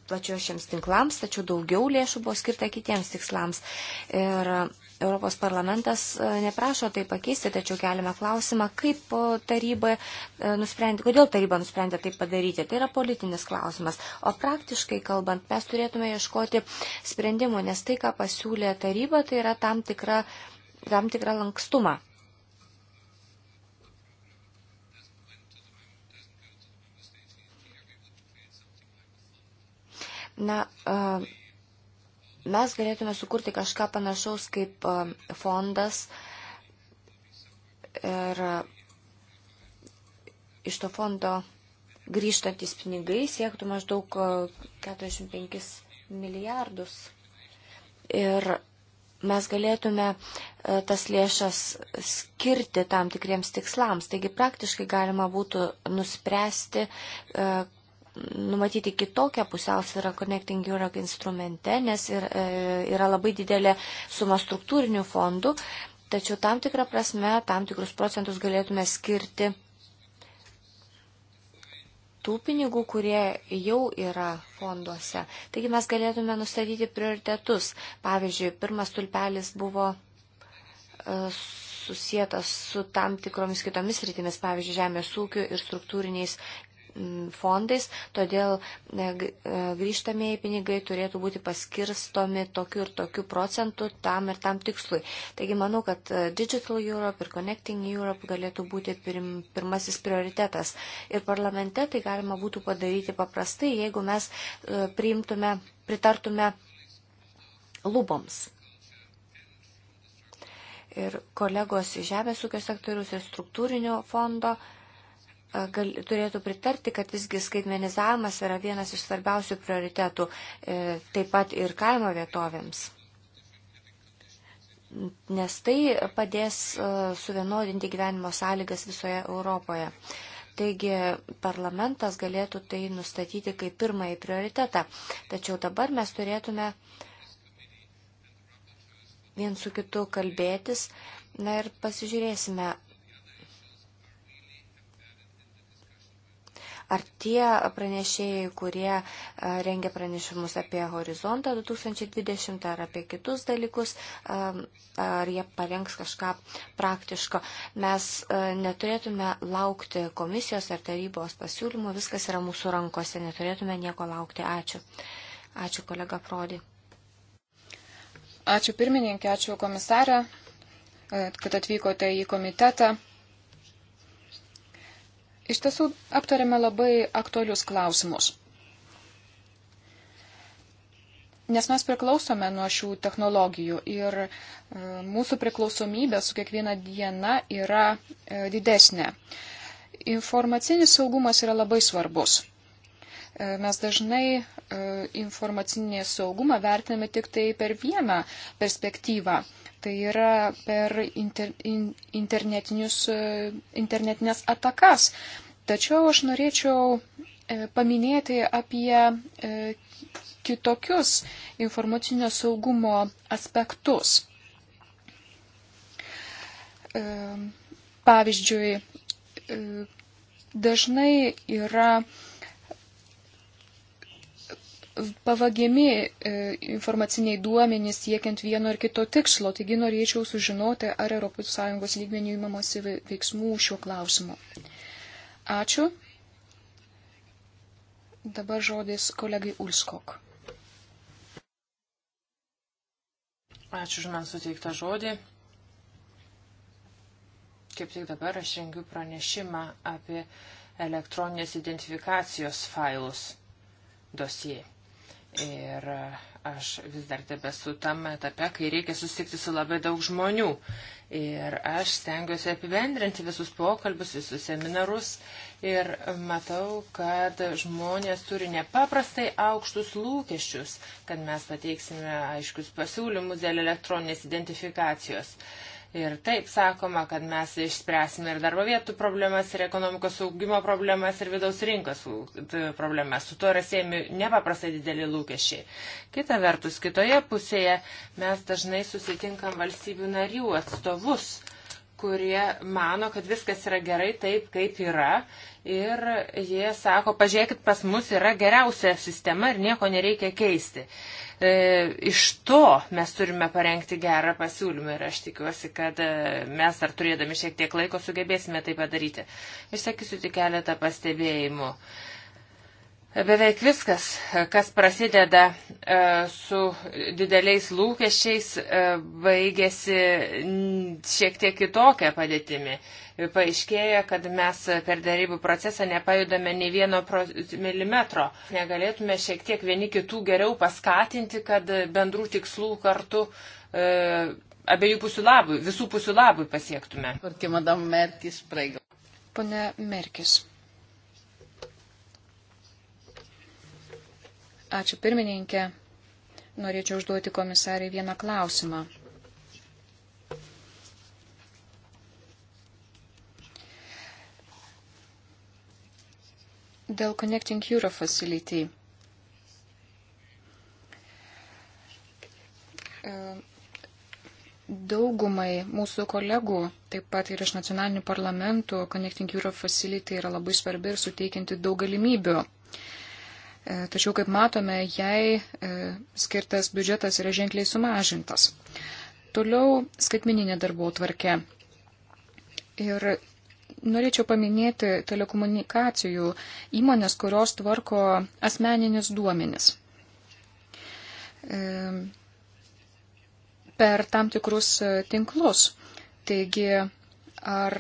plačiošiams tinklams, tačiau daugiau lėšų buvo skirta kitiems tikslams. Ir Europos parlamentas e, neprašo tai pakeisti, tačiau keliame klausimą, kaip e, taryba e, nusprendė, kodėl taryba nusprendė tai padaryti. Tai yra politinis klausimas. O praktiškai kalbant, mes turėtume ieškoti sprendimų, nes tai, ką pasiūlė taryba, tai yra tam tikra, tam tikra lankstumą. Na, mes galėtume sukurti kažką panašaus kaip fondas ir iš to fondo grįžtantis pinigai siektų maždaug 45 milijardus. Ir mes galėtume tas lėšas skirti tam tikriems tikslams. Taigi praktiškai galima būtų nuspręsti, numatyti kitokią pusiausvyrą Connecting Europe instrumente, nes e, yra labai didelė suma struktūrinių fondų, tačiau tam tikrą prasme tam tikrus procentus galėtume skirti tų pinigų, kurie jau yra fonduose. Taigi mes galėtume nustatyti prioritetus. Pavyzdžiui, pirmas tulpelis buvo e, susijęs su tam tikromis kitomis rytimis, pavyzdžiui, žemės ūkiu ir struktūriniais fondais, todėl e, e, grįžtamieji pinigai turėtų būti paskirstomi tokiu ir tokiu procentu tam ir tam tikslui. Taigi manau, kad e, Digital Europe ir Connecting Europe galėtų būti pirmasis prioritetas. Ir parlamente tai galima būtų padaryti paprastai, jeigu mes priimtume, pritartume luboms ir kolegos iš Žemės ūkio sektorius ir struktūrinio fondo gal, turėtų pritarti, kad visgi skaitmenizavimas yra vienas iš svarbiausių prioritetų e, taip pat ir kaimo vietovėms. Nes tai padės e, suvienodinti gyvenimo sąlygas visoje Europoje. Taigi parlamentas galėtų tai nustatyti kaip pirmąjį prioritetą. Tačiau dabar mes turėtume vien su kitu kalbėtis. Na ir pasižiūrėsime, Ar tie pranešėjai, kurie rengia pranešimus apie horizontą 2020 ar apie kitus dalykus, ar jie parengs kažką praktiško. Mes neturėtume laukti komisijos ar tarybos pasiūlymų, viskas yra mūsų rankose, neturėtume nieko laukti. Ačiū. Ačiū kolega Prodi. Ačiū pirmininkė, ačiū komisarė, kad atvykote į komitetą. Iš tiesų aptarėme labai aktualius klausimus. Nes mes priklausome nuo šių technologijų ir e, mūsų priklausomybė su kiekviena diena yra e, didesnė. Informacinis saugumas yra labai svarbus e, mes dažnai informacinį saugumą vertiname tik tai per vieną perspektyvą, Tai yra per inter, in, e, internetinės atakas. Tačiau aš norėčiau e, paminėti apie e, kitokius informacinio saugumo aspektus. Pavyzdžiui, dažnai yra pavagiami e, informaciniai duomenys siekiant vieno ar kito tikslo. Taigi norėčiau sužinoti, ar ES lygmenių įmamosi veiksmų šiuo klausimu. Ačiū. Dabar žodis kolegai Ulskok. Ačiū už man suteiktą žodį. Kaip tik dabar aš rengiu pranešimą apie elektroninės identifikacijos failus dosijai. Ir aš vis dar tebesu tam etape, kai reikia susitikti su labai daug žmonių. Ir aš stengiuosi apibendrinti visus pokalbius, visus seminarus. Ir matau, kad žmonės turi nepaprastai aukštus lūkesčius, kad mes pateiksime aiškius pasiūlymus dėl elektroninės identifikacijos. Uh, Ir taip sakoma, kad mes išspręsime ir darbo vietų problemas, ir ekonomikos augimo problemas, ir vidaus rinkos problemas. Su tuo yra siejami nepaprastai dideli lūkesčiai. Kita vertus, kitoje pusėje mes dažnai susitinkam valstybių narių atstovus kurie mano, kad viskas yra gerai taip, kaip yra. Ir jie sako, pažiūrėkit, pas mus yra geriausia sistema ir nieko nereikia keisti. E, iš to mes turime parengti gerą pasiūlymą ir aš tikiuosi, kad e, mes dar turėdami šiek tiek laiko sugebėsime tai padaryti. Išsakysiu tik keletą pastebėjimų. E, Beveik viskas, kas prasideda e, su dideliais lūkesčiais, e, baigėsi šiek tiek kitokią padėtimi. Paaiškėja, kad mes per darybų procesą nepajudame nei vieno milimetro. Negalėtume šiek tiek vieni kitų geriau paskatinti, kad bendrų tikslų kartu e, abiejų pusių labui, visų pusių labui pasiektume. Pone Merkis. Ačiū pirmininkė. Norėčiau užduoti komisariai vieną klausimą. Dėl Connecting Europe Facility. E, daugumai mūsų kolegų, taip pat ir iš nacionalinių parlamentų, Connecting Europe Facility yra labai svarbi ir suteikianti daug galimybių. E, tačiau, kaip matome, jai e, skirtas biudžetas yra ženkliai sumažintas. Toliau skaitmininė darbo tvarkė. Ir norėčiau paminėti telekomunikacijų įmonės, kurios tvarko asmeninis duomenis. E, per tam tikrus tinklus. Taigi, ar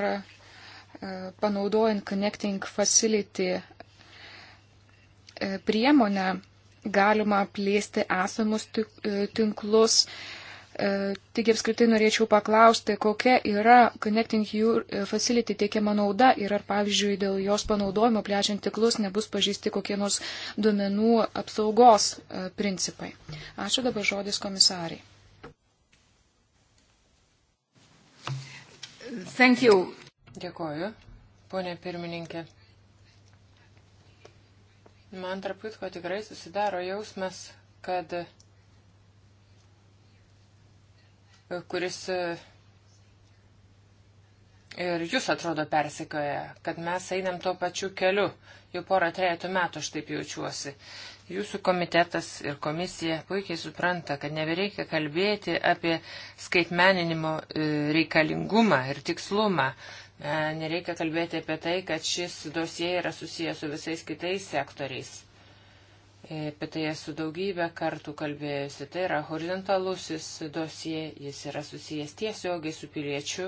panaudojant Connecting Facility E, priemonę galima plėsti esamus e, tinklus. E, tik apskritai norėčiau paklausti, kokia yra Connecting Your Facility teikiama nauda ir ar, pavyzdžiui, dėl jos panaudojimo plečiant tiklus nebus pažįsti kokie nors duomenų apsaugos principai. Ačiū dabar žodis komisariai. Thank you. Dėkoju, ponė pirmininkė. Man tarp kitko tikrai susidaro jausmas, kad kuris ir jūs atrodo persikioja, kad mes einam tuo pačiu keliu. Jau porą trejetų metų aš taip jaučiuosi. Jūsų komitetas ir komisija puikiai supranta, kad nebereikia kalbėti apie skaitmeninimo e, reikalingumą ir tikslumą. E, nereikia kalbėti apie tai, kad šis dosie yra susijęs su visais kitais sektoriais. E, apie tai esu daugybę kartų kalbėjusi. Tai yra horizontalusis dosie, jis yra susijęs tiesiogiai su piliečiu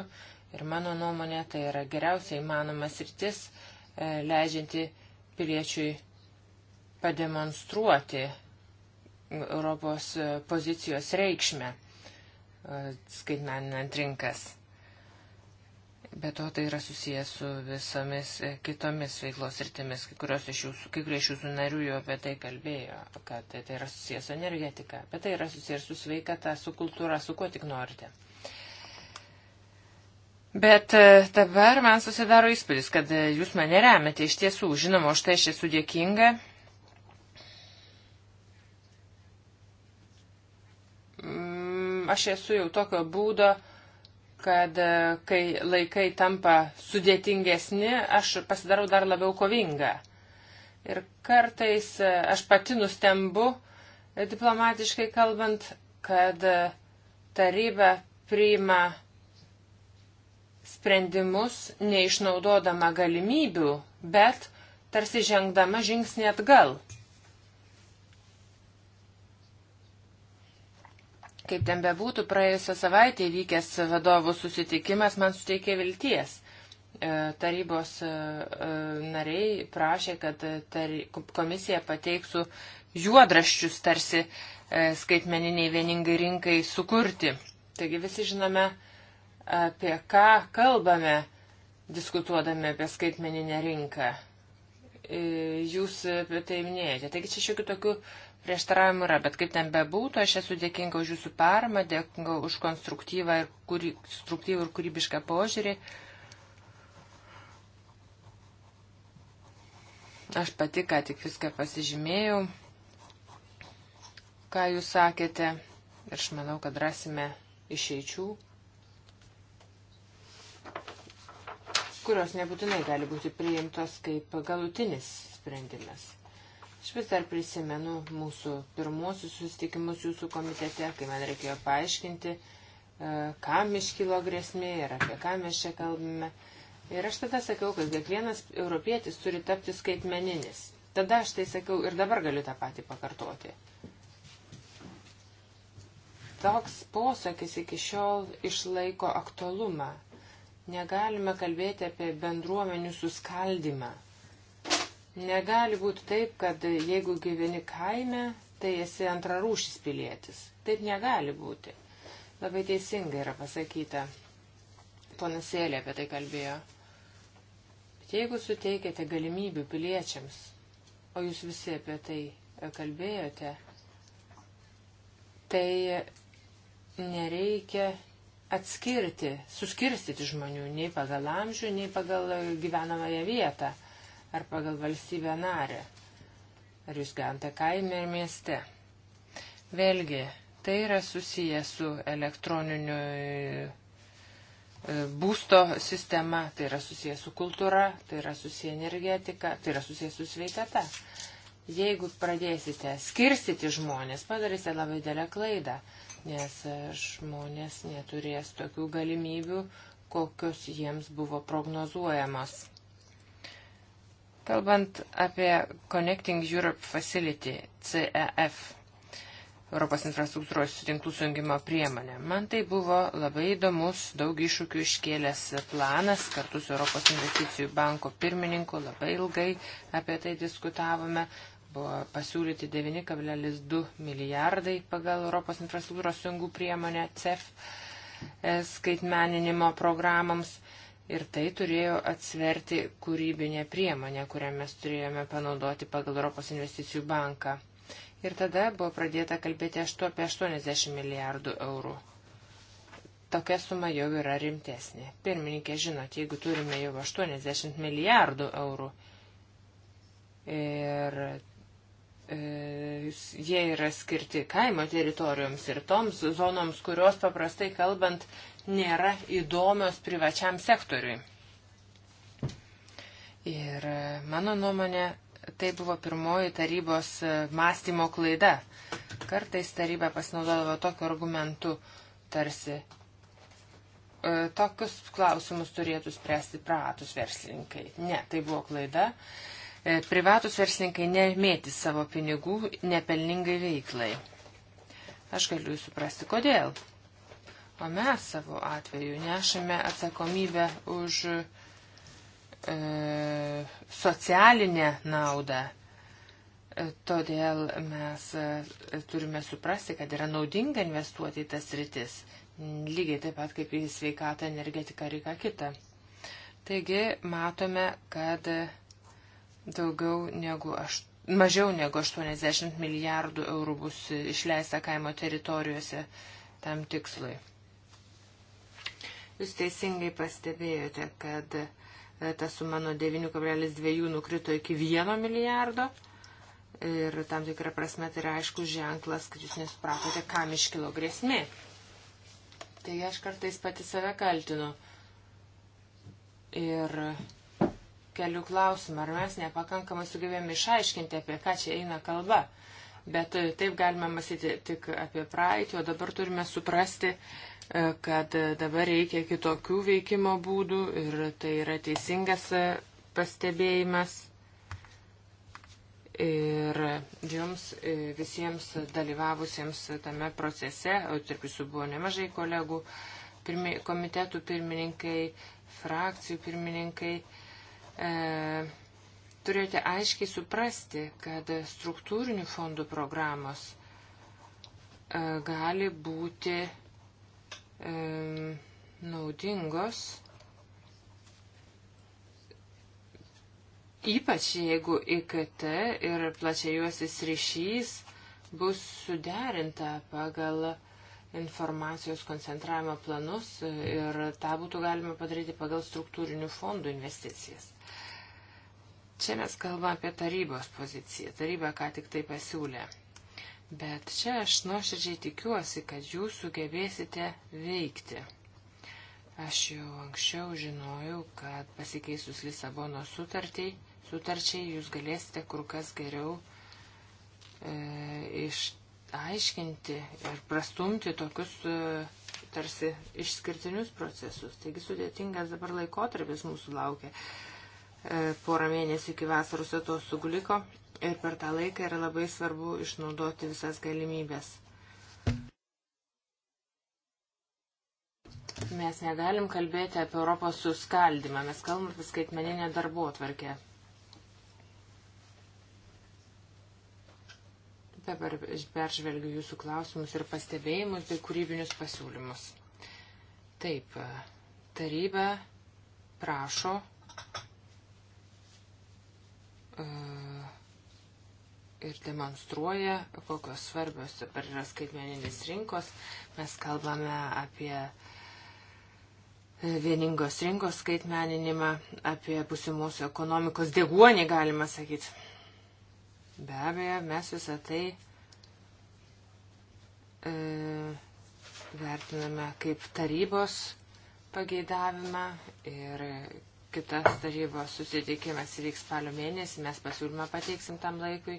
ir mano nuomonė tai yra geriausia įmanoma sritis, e, leidžianti piliečiui pademonstruoti Europos pozicijos reikšmę, skaitmeninant rinkas. Be to tai yra susijęs su visomis e, kitomis veiklos rytimis, kai kurios iš jūsų, kai kurie iš jūsų narių jau apie tai kalbėjo, kad tai, tai yra susijęs su energetika, bet tai yra susijęs su sveikata, su kultūra, su kuo tik norite. Bet e, dabar man susidaro įspūdis, kad e, jūs mane remiate iš tiesų. Žinoma, už tai aš esu dėkinga. Mm, aš esu jau tokio būdo, kad e, kai laikai tampa sudėtingesni, aš pasidarau dar labiau kovinga. Ir kartais e, aš pati nustembu, e, diplomatiškai kalbant, kad taryba priima sprendimus neišnaudodama galimybių, bet tarsi žengdama žingsnį atgal. Kaip ten bebūtų, praėjusią savaitę vykęs vadovų susitikimas man suteikė vilties. E, tarybos e, e, nariai prašė, kad komisija pateiksų juodraščius tarsi skaitmeniniai vieningai rinkai sukurti. Taigi visi žinome, apie ką kalbame, diskutuodami apie skaitmeninę rinką. Jūs apie tai minėjote. Taigi čia šiokių tokių prieštaravimų yra, bet kaip ten bebūtų, aš esu dėkinga už jūsų paramą, dėkinga už konstruktyvą ir, kuri, konstruktyvą ir kūrybišką požiūrį. Aš pati ką tik viską pasižymėjau, ką jūs sakėte, ir aš manau, kad rasime išeičių, kurios nebūtinai gali būti priimtos kaip galutinis sprendimas. Aš vis dar prisimenu mūsų pirmuosius susitikimus jūsų komitete, kai man reikėjo paaiškinti, e, kam iškilo grėsmė ir apie ką mes čia kalbame. Ir aš tada sakiau, kad kiekvienas europietis turi tapti skaitmeninis. Tada aš tai sakiau ir dabar galiu tą patį pakartoti. Toks posakis iki šiol išlaiko aktualumą. Negalime kalbėti apie bendruomenių suskaldimą. Negali būti taip, kad jeigu gyveni kaime, tai esi antrarūšis pilietis. Taip negali būti. Labai teisingai yra pasakyta. Ponas Sėlė apie tai kalbėjo. Bet jeigu suteikėte galimybių piliečiams, o jūs visi apie tai kalbėjote, tai nereikia atskirti, suskirstyti žmonių nei pagal amžių, nei pagal gyvenamąją vietą ar pagal valstybę narę, ar jūs gyvenate kaime ir mieste. Vėlgi, tai yra susiję su elektroniniu e, būsto sistema, tai yra susiję su kultūra, tai yra susiję energetika, tai yra susiję su sveikata. Jeigu pradėsite skirstyti žmonės, padarysite labai didelę klaidą, nes e, žmonės neturės tokių galimybių, kokios jiems buvo prognozuojamos. Kalbant apie Connecting Europe Facility, CEF, Europos infrastruktūros tinklų sujungimo priemonė. Man tai buvo labai įdomus, daug iššūkių iškėlęs planas, kartu su Europos investicijų banko pirmininku labai ilgai apie tai diskutavome. Buvo pasiūlyti 9,2 milijardai pagal Europos infrastruktūros sujungų priemonę CEF e, skaitmeninimo programams ir tai turėjo atsverti kūrybinę priemonę, kurią mes turėjome panaudoti pagal Europos investicijų banką. Ir tada buvo pradėta kalbėti apie 80 milijardų eurų. Tokia suma jau yra rimtesnė. Pirmininkė, žinot, jeigu turime jau 80 milijardų eurų ir E, jie yra skirti kaimo teritorijoms ir toms zonoms, kurios paprastai kalbant nėra įdomios privačiam sektoriui. Ir e, mano nuomonė, tai buvo pirmoji tarybos e, mąstymo klaida. Kartais taryba pasinaudodavo tokiu argumentu, tarsi tokius klausimus turėtų spręsti pratus verslininkai. Ne, tai buvo klaida. E, privatus verslininkai nemėti savo pinigų nepelningai veiklai. Aš galiu suprasti, kodėl. O mes savo atveju nešame atsakomybę už e, socialinę naudą. E, todėl mes e, turime suprasti, kad yra naudinga investuoti į tas rytis, lygiai taip pat kaip į sveikatą, energetiką ir ką kitą. Taigi matome, kad Daugiau negu 8 mažiau negu 80 milijardų eurų bus išleista kaimo teritorijose tam tikslui. Jūs teisingai pastebėjote, kad e, ta suma nuo 9,2 nukrito iki 1 milijardo ir tam tikrą prasme tai yra aišku ženklas, kad jūs nesupratote, kam iškilo grėsmė. Taigi aš kartais pati save kaltinu. Ir keliu klausimą, ar mes nepakankamai sugebėjome išaiškinti, apie ką čia eina kalba. Bet e, taip galime mąstyti tik apie praeitį, o dabar turime suprasti, e, kad e, dabar reikia kitokių veikimo būdų ir tai yra teisingas pastebėjimas. Ir jums visiems dalyvavusiems tame procese, o tarp jūsų buvo nemažai kolegų, pirmi, komitetų pirmininkai, frakcijų pirmininkai, e, turėjote aiškiai suprasti, kad struktūrinių fondų programos e, gali būti e, naudingos, ypač jeigu IKT ir plačiajuosis ryšys bus suderinta pagal informacijos koncentravimo planus ir tą būtų galima padaryti pagal struktūrinių fondų investicijas. Čia mes kalbame apie tarybos poziciją. Taryba ką tik tai pasiūlė. Bet čia aš nuoširdžiai tikiuosi, kad jūs sugebėsite veikti. Aš jau anksčiau žinojau, kad pasikeisus Lisabono sutarčiai, sutarčiai jūs galėsite kur kas geriau e, išaiškinti ir prastumti tokius e, tarsi išskirtinius procesus. Taigi sudėtingas dabar laikotarpis mūsų laukia. E, E, porą mėnesių iki vasaros atostogų liko ir per tą laiką yra labai svarbu išnaudoti visas galimybės. Mes negalim kalbėti apie Europos suskaldimą, mes kalbam apie skaitmeninę darbo atvarkę. Dabar peržvelgiu jūsų klausimus ir pastebėjimus bei kūrybinius pasiūlymus. Taip, taryba prašo E, ir demonstruoja, kokios svarbios dabar yra skaitmeninės rinkos. Mes kalbame apie vieningos rinkos skaitmeninimą, apie pusimus ekonomikos deguonį, galima sakyti. Be abejo, mes visą tai e, vertiname kaip tarybos pageidavimą ir kitas tarybos susitikimas įvyks spalio mėnesį, mes pasiūlymą pateiksim tam laikui.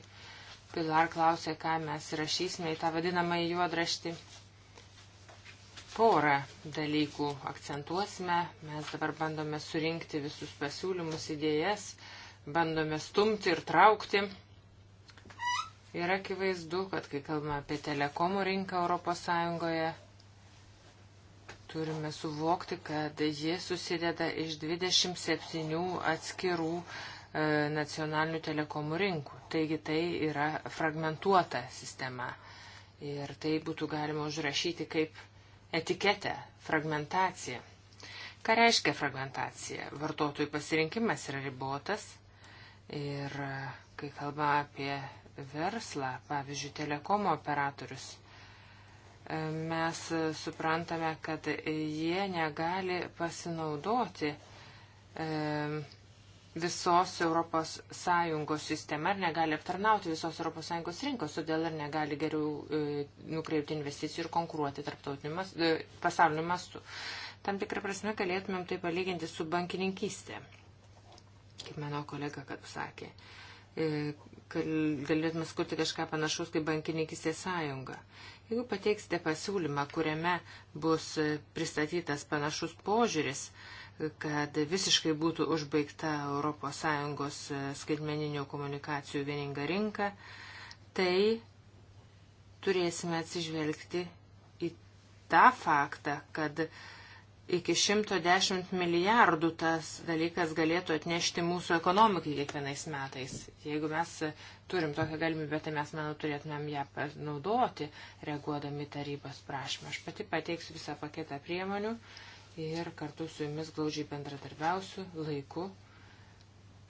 Pilar klausė, ką mes rašysime į tą vadinamą juodraštį. Porą dalykų akcentuosime, mes dabar bandome surinkti visus pasiūlymus, idėjas, bandome stumti ir traukti. Ir akivaizdu, kad kai kalbame apie telekomų rinką Europos Sąjungoje, Turime suvokti, kad ji susideda iš 27 atskirų e, nacionalinių telekomų rinkų. Taigi tai yra fragmentuota sistema. Ir tai būtų galima užrašyti kaip etiketę - fragmentacija. Ką reiškia fragmentacija? Vartotojų pasirinkimas yra ribotas. Ir e, kai kalba apie verslą, pavyzdžiui, telekomo operatorius, mes suprantame, kad jie negali pasinaudoti e, visos ES sistema ir negali aptarnauti visos ES rinkos, todėl ir negali geriau e, nukreipti investicijų ir konkuruoti tarptautiniu mas, e, pasauliniu mastu. Tam tikrą prasme galėtumėm tai palyginti su bankininkystė, kaip mano kolega, kad sakė. E, galėtume skurti kažką panašaus kaip bankininkystės sąjunga. Jeigu pateiksite pasiūlymą, kuriame bus pristatytas panašus požiūris, kad visiškai būtų užbaigta ES skaitmeninių komunikacijų vieninga rinka, tai turėsime atsižvelgti į tą faktą, kad iki 110 milijardų tas dalykas galėtų atnešti mūsų ekonomikai kiekvienais metais. Jeigu mes turim tokią galimybę, tai mes, manau, turėtumėm ją naudoti, reaguodami tarybos prašymą. Aš pati pateiksiu visą paketą priemonių ir kartu su jumis glaudžiai bendradarbiausiu laiku,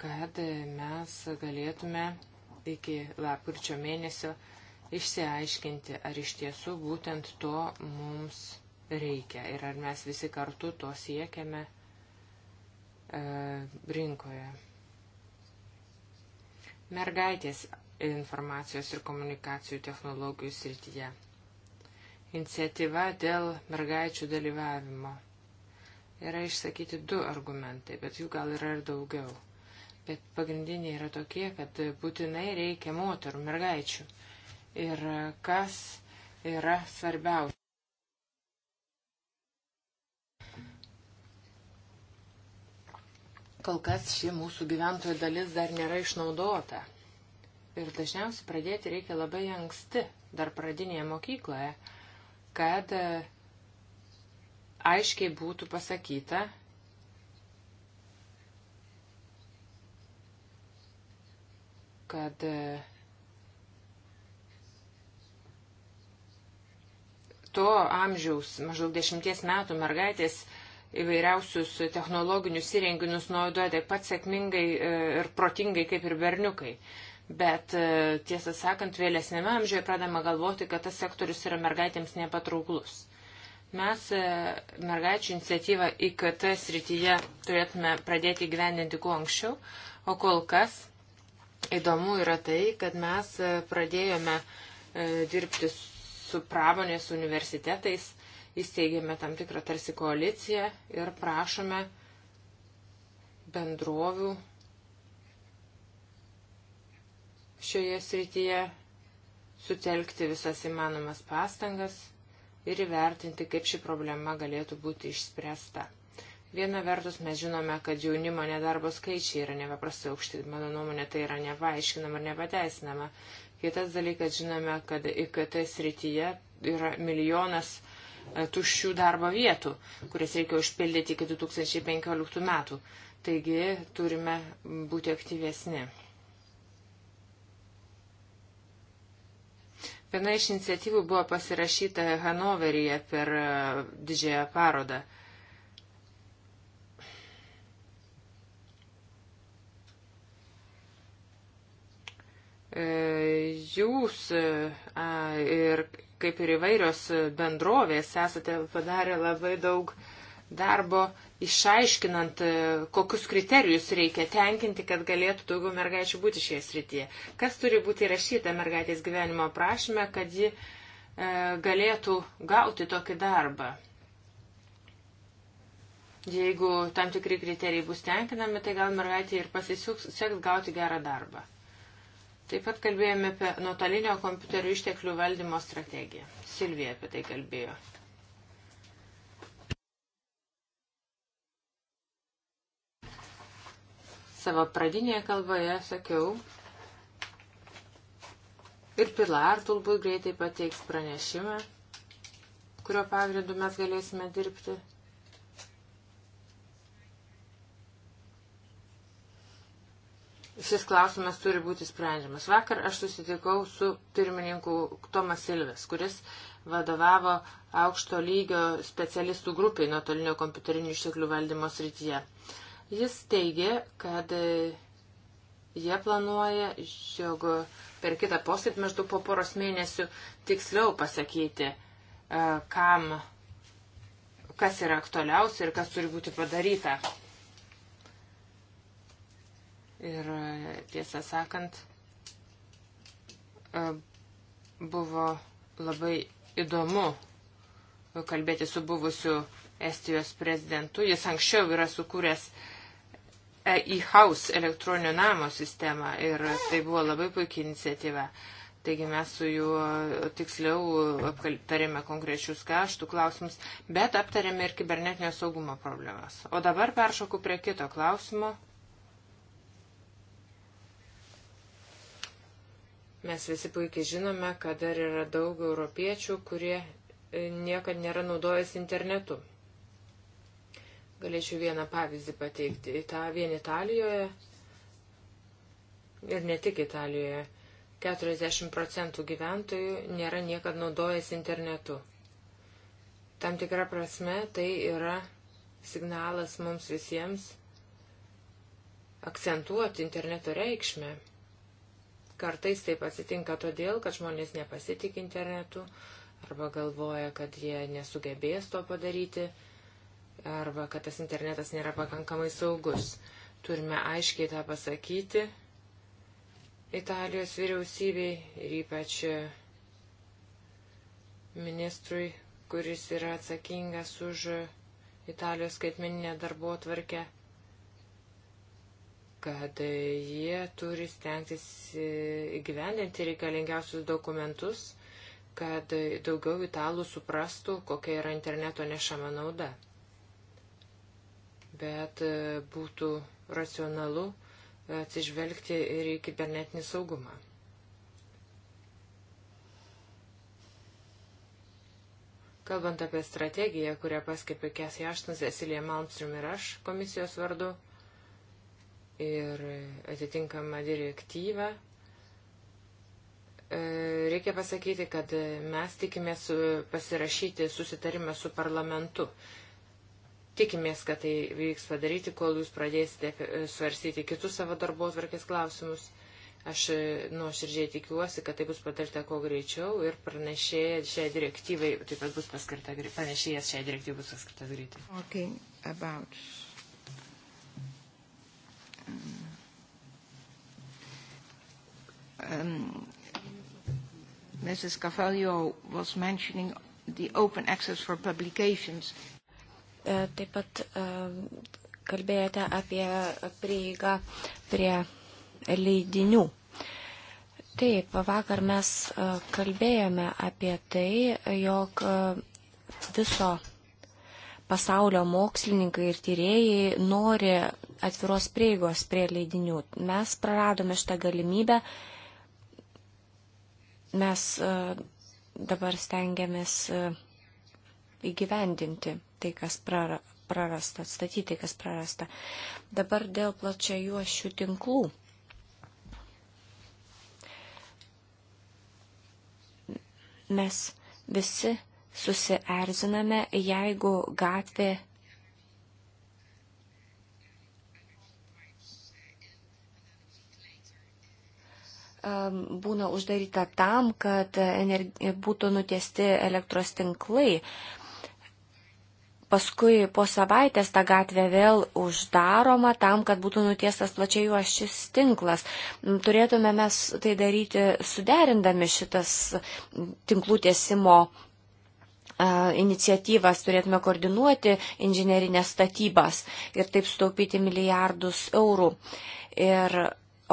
kad mes galėtume iki lapkričio mėnesio išsiaiškinti, ar iš tiesų būtent to mums reikia ir ar mes visi kartu to siekiame e, rinkoje. Mergaitės informacijos ir komunikacijų technologijų srityje. Iniciatyva dėl mergaičių dalyvavimo. Yra išsakyti du argumentai, bet jų gal yra ir daugiau. Bet pagrindiniai yra tokie, kad būtinai reikia moterų, mergaičių. Ir kas yra svarbiausia? Kol kas ši mūsų gyventojų dalis dar nėra išnaudota. Ir dažniausiai pradėti reikia labai anksti, dar pradinėje mokykloje, kad e, aiškiai būtų pasakyta, kad e, to amžiaus, maždaug dešimties metų mergaitės, įvairiausius technologinius įrenginius naudoja taip pat sėkmingai e, ir protingai kaip ir berniukai. Bet e, tiesą sakant, vėlesnėme amžiuje pradama galvoti, kad tas sektorius yra mergaitėms nepatrauklus. Mes e, mergaičių iniciatyvą IKT srityje turėtume pradėti gyvendinti kuo anksčiau, o kol kas įdomu yra tai, kad mes pradėjome dirbti su pramonės universitetais įsteigėme tam tikrą tarsi koaliciją ir prašome bendrovių šioje srityje sutelkti visas įmanomas pastangas ir įvertinti, kaip ši problema galėtų būti išspręsta. Viena vertus mes žinome, kad jaunimo nedarbo skaičiai yra nepaprastai aukšti, mano nuomonė tai yra nevaaiškinama ir nepateisinama. Kitas dalykas žinome, kad IKT srityje yra milijonas E, tuščių darbo vietų, kurias reikia užpildyti iki 2015 metų. Taigi turime būti aktyvesni. Viena iš iniciatyvų buvo pasirašyta Hanoveryje per e, didžiąją parodą. E, jūs ir kaip ir įvairios bendrovės, esate padarę labai daug darbo išaiškinant, e, kokius kriterijus reikia tenkinti, kad galėtų daugiau mergaičių būti šioje srityje. Kas turi būti įrašyta mergaitės gyvenimo prašyme, kad ji e, galėtų gauti tokį darbą. Jeigu tam tikri kriterijai bus tenkinami, tai gal mergaitė ir pasiseks gauti gerą darbą. Taip pat kalbėjome apie nuotolinio kompiuterių išteklių valdymo strategiją. Silvija apie tai kalbėjo. Savo pradinėje kalboje sakiau, ir Pilar turbūt greitai pateiks pranešimą, kurio pagrindu mes galėsime dirbti šis klausimas turi būti sprendžiamas. Vakar aš susitikau su pirmininku Tomas Silves, kuris vadovavo aukšto lygio specialistų grupiai nuotolinio kompiuterinių išteklių valdymo srityje. Jis teigė, kad e, jie planuoja, jog per kitą posėdį maždaug po poros mėnesių tiksliau pasakyti, e, kam, kas yra aktualiausia ir kas turi būti padaryta. Ir tiesą sakant, e, buvo labai įdomu kalbėti su buvusiu Estijos prezidentu. Jis anksčiau yra sukūręs e-house elektroninio namo sistemą ir tai buvo labai puikia iniciatyva. Taigi mes su juo tiksliau aptarėme konkrečius kaštų klausimus, bet aptarėme ir kibernetinio saugumo problemas. O dabar peršoku prie kito klausimo. Mes visi puikiai žinome, kad dar yra daug europiečių, kurie e, niekad nėra naudojęs internetu. Galėčiau vieną pavyzdį pateikti. Ta, vien Italijoje ir ne tik Italijoje 40 procentų gyventojų nėra niekad naudojęs internetu. Tam tikra prasme tai yra signalas mums visiems akcentuoti interneto reikšmę. Kartais taip atsitinka todėl, kad žmonės nepasitik internetu arba galvoja, kad jie nesugebės to padaryti arba kad tas internetas nėra pakankamai saugus. Turime aiškiai tą pasakyti Italijos vyriausybei ir ypač ministrui, kuris yra atsakingas už Italijos skaitmeninę darbo tvarkę kad jie turi stengtis e, įgyvendinti reikalingiausius dokumentus, kad daugiau italų suprastų, kokia yra interneto nešama nauda. Bet e, būtų racionalu atsižvelgti ir į kibernetinį saugumą. Kalbant apie strategiją, kurią paskaipė Kesė Aštas, Esilija Malmström ir aš komisijos vardu, ir atitinkamą direktyvą. E, reikia pasakyti, kad mes tikimės pasirašyti susitarimą su parlamentu. Tikimės, kad tai vyks padaryti, kol jūs pradėsite e, svarstyti kitus savo darbo atvarkės klausimus. Aš e, nuoširdžiai tikiuosi, kad tai bus patarta kuo greičiau ir pranešėjas šiai direktyvai, taip pat bus paskirta, pranešėjas šiai direktyvai bus paskirta greitai. Okay, about um, Mrs. Cavallo was mentioning the open access for publications. E, taip pat e, kalbėjote apie prieigą prie leidinių. Taip, vakar mes e, kalbėjome apie tai, jog viso pasaulio mokslininkai ir tyrėjai nori atviros prieigos prie leidinių. Mes praradome šitą galimybę, mes e, dabar stengiamės e, įgyvendinti tai, kas prarasta, atstatyti, tai, kas prarasta. Dabar dėl plačia juošių tinklų. Mes visi susierziname, jeigu gatvė Um, būna uždaryta tam, kad būtų nutiesti elektros tinklai. Paskui po savaitės ta gatvė vėl uždaroma tam, kad būtų nutiestas plačiai juos šis tinklas. Turėtume mes tai daryti suderindami šitas tinklų tiesimo iniciatyvas, turėtume koordinuoti inžinerinės statybas ir taip sutaupyti milijardus eurų. Ir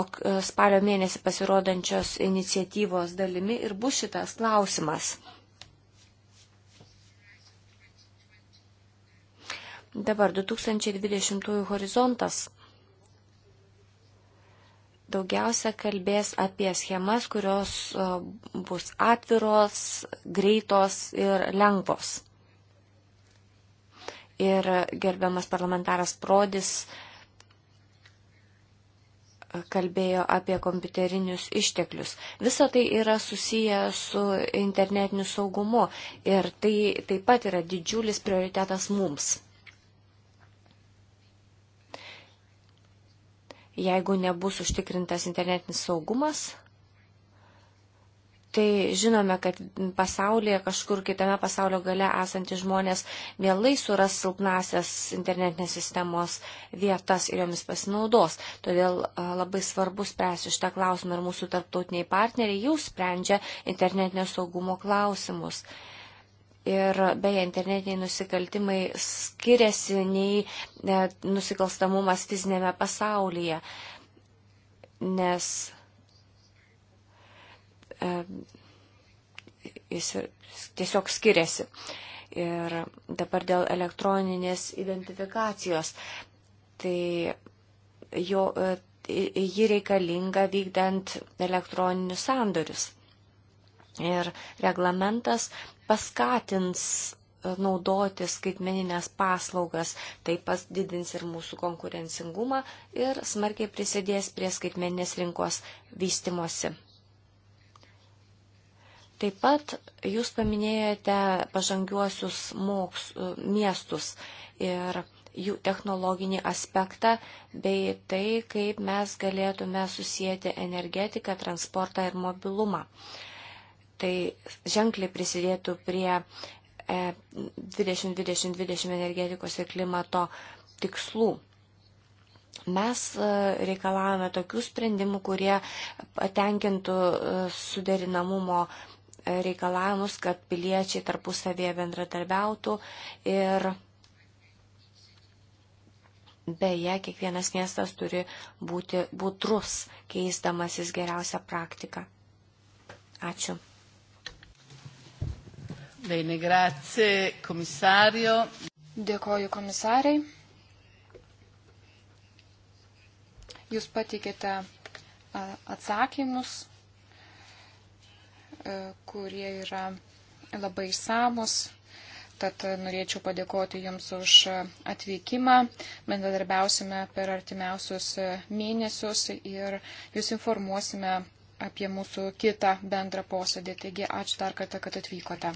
E, spalio mėnesį pasirodančios iniciatyvos dalimi ir bus šitas klausimas. Dabar 2020 horizontas daugiausia kalbės apie schemas, kurios e, bus atviros, greitos ir lengvos. Ir gerbiamas parlamentaras Prodis kalbėjo apie kompiuterinius išteklius. Visa tai yra susiję su internetiniu saugumu ir tai taip pat yra didžiulis prioritetas mums. Jeigu nebus užtikrintas internetinis saugumas, tai žinome, kad pasaulyje, kažkur kitame pasaulio gale esantys žmonės mielai suras silpnasias internetinės sistemos vietas ir jomis pasinaudos. Todėl labai svarbu spręsti šitą klausimą ir mūsų tarptautiniai partneriai jau sprendžia internetinio saugumo klausimus. Ir beje, internetiniai nusikaltimai skiriasi nei e, nusikalstamumas fizinėme pasaulyje, nes E, jis tiesiog skiriasi. Ir dabar dėl elektroninės identifikacijos. Tai jo, e, ji reikalinga vykdant elektroninius sandorius. Ir reglamentas paskatins e, naudoti skaitmeninės paslaugas, taip pat didins ir mūsų konkurencingumą ir smarkiai prisidės prie skaitmeninės rinkos vystimosi. Taip pat jūs paminėjote pažangiuosius moks, miestus ir jų technologinį aspektą, bei tai, kaip mes galėtume susijęti energetiką, transportą ir mobilumą. Tai ženkliai prisidėtų prie 2020-2020 e, energetikos ir klimato tikslų. Mes e, reikalavome tokių sprendimų, kurie patenkintų e, suderinamumo reikalavimus, kad piliečiai tarpusavėje bendradarbiautų ir beje, kiekvienas miestas turi būti būtrus, keisdamasis geriausią praktiką. Ačiū. Bene, grazie, komisario. Dėkoju komisariai. Jūs pateikėte atsakymus E, kurie yra labai samus. Tad norėčiau padėkoti Jums už atvykimą. Bendradarbiausime per artimiausius mėnesius ir Jūs informuosime apie mūsų kitą bendrą posėdį. Taigi ačiū dar kartą, kad atvykote.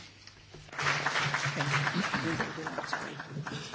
Thank you.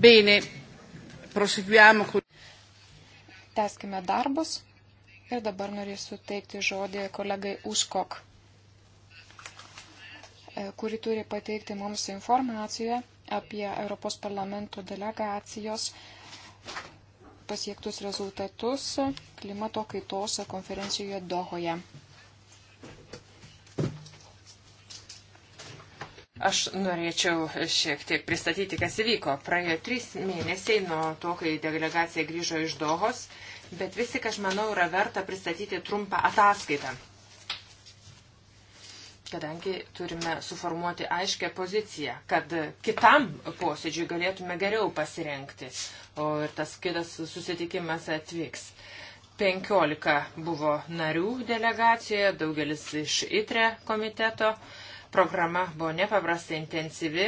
Bene, proseguiamo. Teskime darbus ir dabar norėsiu teikti žodį kolegai Užkok, e, kuri turi pateikti mums informaciją apie Europos parlamento delegacijos pasiektus rezultatus klimato kaitos konferencijoje Dohoje. Aš norėčiau šiek tiek pristatyti, kas įvyko. Praėjo trys mėnesiai nuo to, kai delegacija grįžo iš Dohos, bet vis tik, aš manau, yra verta pristatyti trumpą ataskaitą. Kadangi turime suformuoti aiškę poziciją, kad kitam posėdžiui galėtume geriau pasirenkti, o ir tas kitas susitikimas atvyks. 15 buvo narių delegacijoje, daugelis iš ITRE komiteto Programa buvo nepaprastai intensyvi.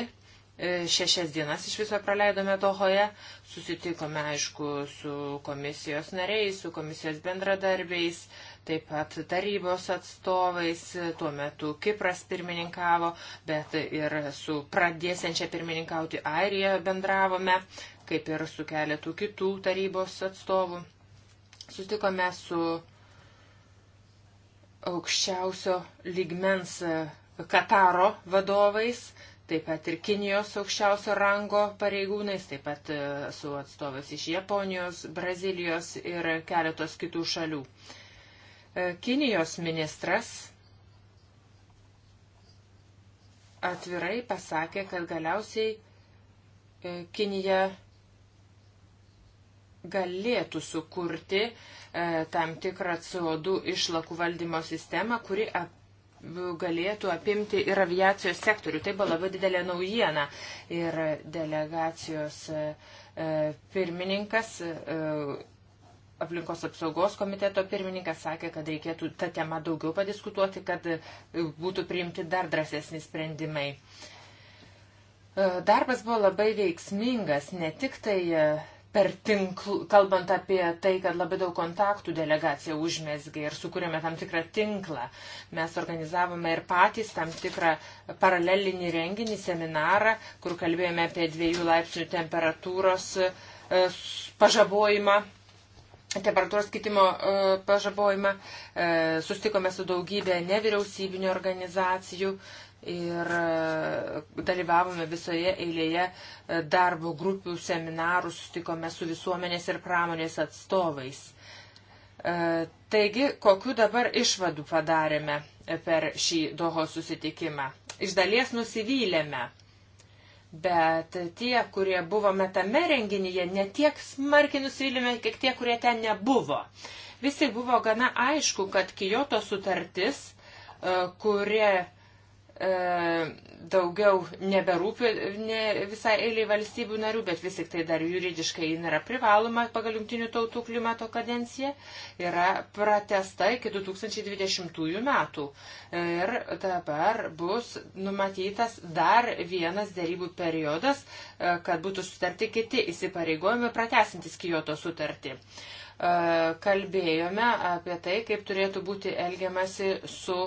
E, šešias dienas iš viso praleidome Dohoje. Susitikome, aišku, su komisijos nariais, su komisijos bendradarbiais, taip pat tarybos atstovais. Tuo metu Kipras pirmininkavo, bet ir su pradėsiančia pirmininkauti Airija bendravome, kaip ir su keletu kitų tarybos atstovų. Susitikome su aukščiausio lygmens Kataro vadovais, taip pat ir Kinijos aukščiausio rango pareigūnais, taip pat e, su atstovais iš Japonijos, Brazilijos ir keletos kitų šalių. E, Kinijos ministras atvirai pasakė, kad galiausiai e, Kinija galėtų sukurti e, tam tikrą CO2 išlakų valdymo sistemą, kuri ap, galėtų apimti ir aviacijos sektorių. Tai buvo labai didelė naujiena. Ir delegacijos e, e, pirmininkas, e, aplinkos apsaugos komiteto pirmininkas sakė, kad reikėtų tą temą daugiau padiskutuoti, kad būtų priimti dar drąsesni sprendimai. Darbas buvo labai veiksmingas, ne tik tai per tinklų, kalbant apie tai, kad labai daug kontaktų delegacija užmesgė ir sukūrėme tam tikrą tinklą. Mes organizavome ir patys tam tikrą paralelinį renginį, seminarą, kur kalbėjome apie dviejų laipsnių temperatūros e, pažabojimą. Temperatūros kitimo e, pažabojimą e, sustikome su daugybė nevyriausybinio organizacijų, ir e, dalyvavome visoje eilėje e, darbo grupių seminarų, sustikome su visuomenės ir pramonės atstovais. E, taigi, kokiu dabar išvadų padarėme per šį Doho susitikimą? Iš dalies nusivylėme, bet tie, kurie buvome tame renginyje, netiek smarkiai nusivylėme, kiek tie, kurie ten nebuvo. Visi buvo gana aišku, kad Kijoto sutartis, kurie E, daugiau neberūpi ne visai eiliai valstybių narių, bet vis tik tai dar juridiškai jin yra privaloma pagal jungtinių tautų klimato kadenciją, yra pratesta iki 2020 metų. Ir dabar bus numatytas dar vienas dėrybų periodas, e, kad būtų sutarti kiti įsipareigojimai pratesintis Kijoto sutartį e, kalbėjome apie tai, kaip turėtų būti elgiamasi su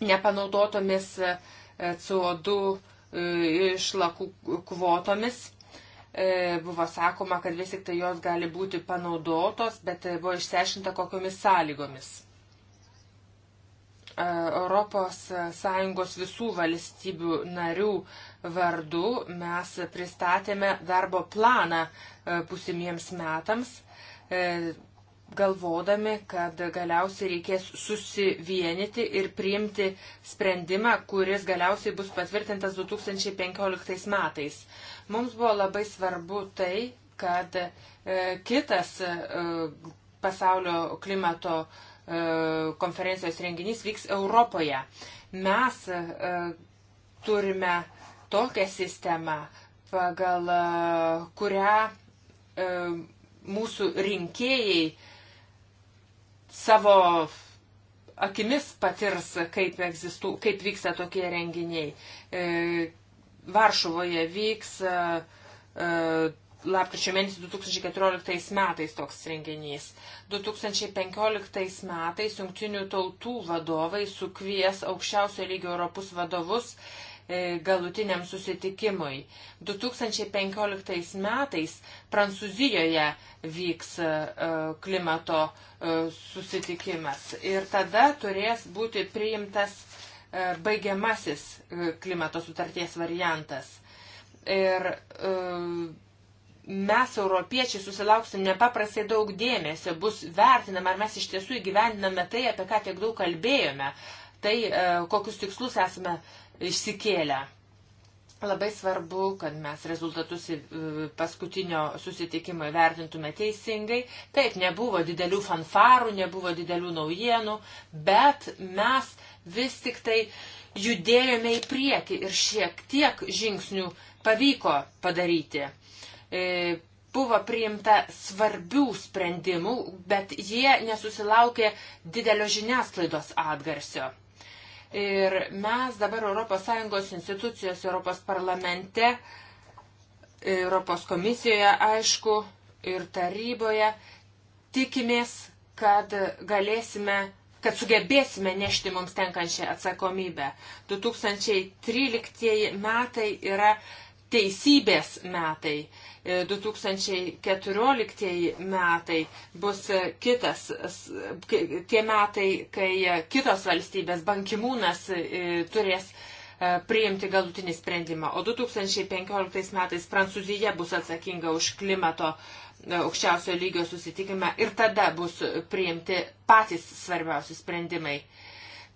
nepanaudotomis e, CO2 e, išlakų kvotomis. E, buvo sakoma, kad vis tik tai jos gali būti panaudotos, bet buvo išsiaiškinta kokiomis sąlygomis. ES visų valstybių narių vardu mes pristatėme darbo planą pusimiems metams galvodami, kad galiausiai reikės susivienyti ir priimti sprendimą, kuris galiausiai bus patvirtintas 2015 metais. Mums buvo labai svarbu tai, kad e, kitas e, pasaulio klimato e, konferencijos renginys vyks Europoje. Mes e, turime tokią sistemą, pagal e, kurią e, mūsų rinkėjai savo akimis patirs, kaip, egzistu, kaip vyksta tokie renginiai. E, Varšuvoje vyks e, e lapkričio mėnesį 2014 metais toks renginys. 2015 metais jungtinių tautų vadovai sukvies aukščiausio lygio Europos vadovus e, galutiniam susitikimui. 2015 metais Prancūzijoje vyks e, klimato uh, E, susitikimas. Ir tada turės būti priimtas e, baigiamasis e, klimato sutarties variantas. Ir mes, europiečiai, susilauksim nepaprastai daug dėmesio, bus vertinama, ar mes iš tiesų įgyvendiname tai, apie ką tiek daug kalbėjome, tai kokius tikslus esame išsikėlę. Labai svarbu, kad mes rezultatus e, paskutinio susitikimo įvertintume teisingai. Taip, nebuvo didelių fanfarų, nebuvo didelių naujienų, bet mes vis tik tai judėjome į priekį ir šiek tiek žingsnių pavyko padaryti. E, buvo priimta svarbių sprendimų, bet jie nesusilaukė didelio žiniasklaidos atgarsio. Ir mes dabar ES institucijos, Europos parlamente, Europos komisijoje, aišku, ir taryboje tikimės, kad galėsime kad sugebėsime nešti mums tenkančią atsakomybę. 2013 metai yra teisybės metai. 2014 metai bus kitas, tie metai, kai kitos valstybės bankimūnas e, turės e, priimti galutinį sprendimą. O 2015 metais Prancūzija bus atsakinga už klimato e, aukščiausio lygio susitikimą ir tada bus priimti patys svarbiausi sprendimai.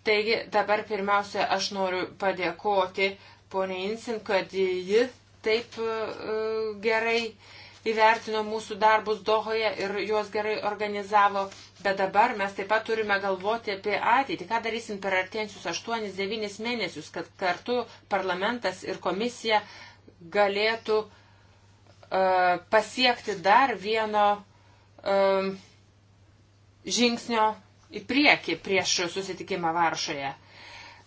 Taigi dabar pirmiausia, aš noriu padėkoti ponė Insin, kad ji taip e, gerai įvertino mūsų darbus Dohoje ir juos gerai organizavo, bet dabar mes taip pat turime galvoti apie ateitį, ką darysim per artėjančius 8-9 mėnesius, kad kartu parlamentas ir komisija galėtų uh, pasiekti dar vieno uh, žingsnio į priekį prieš susitikimą Varšoje. Uh,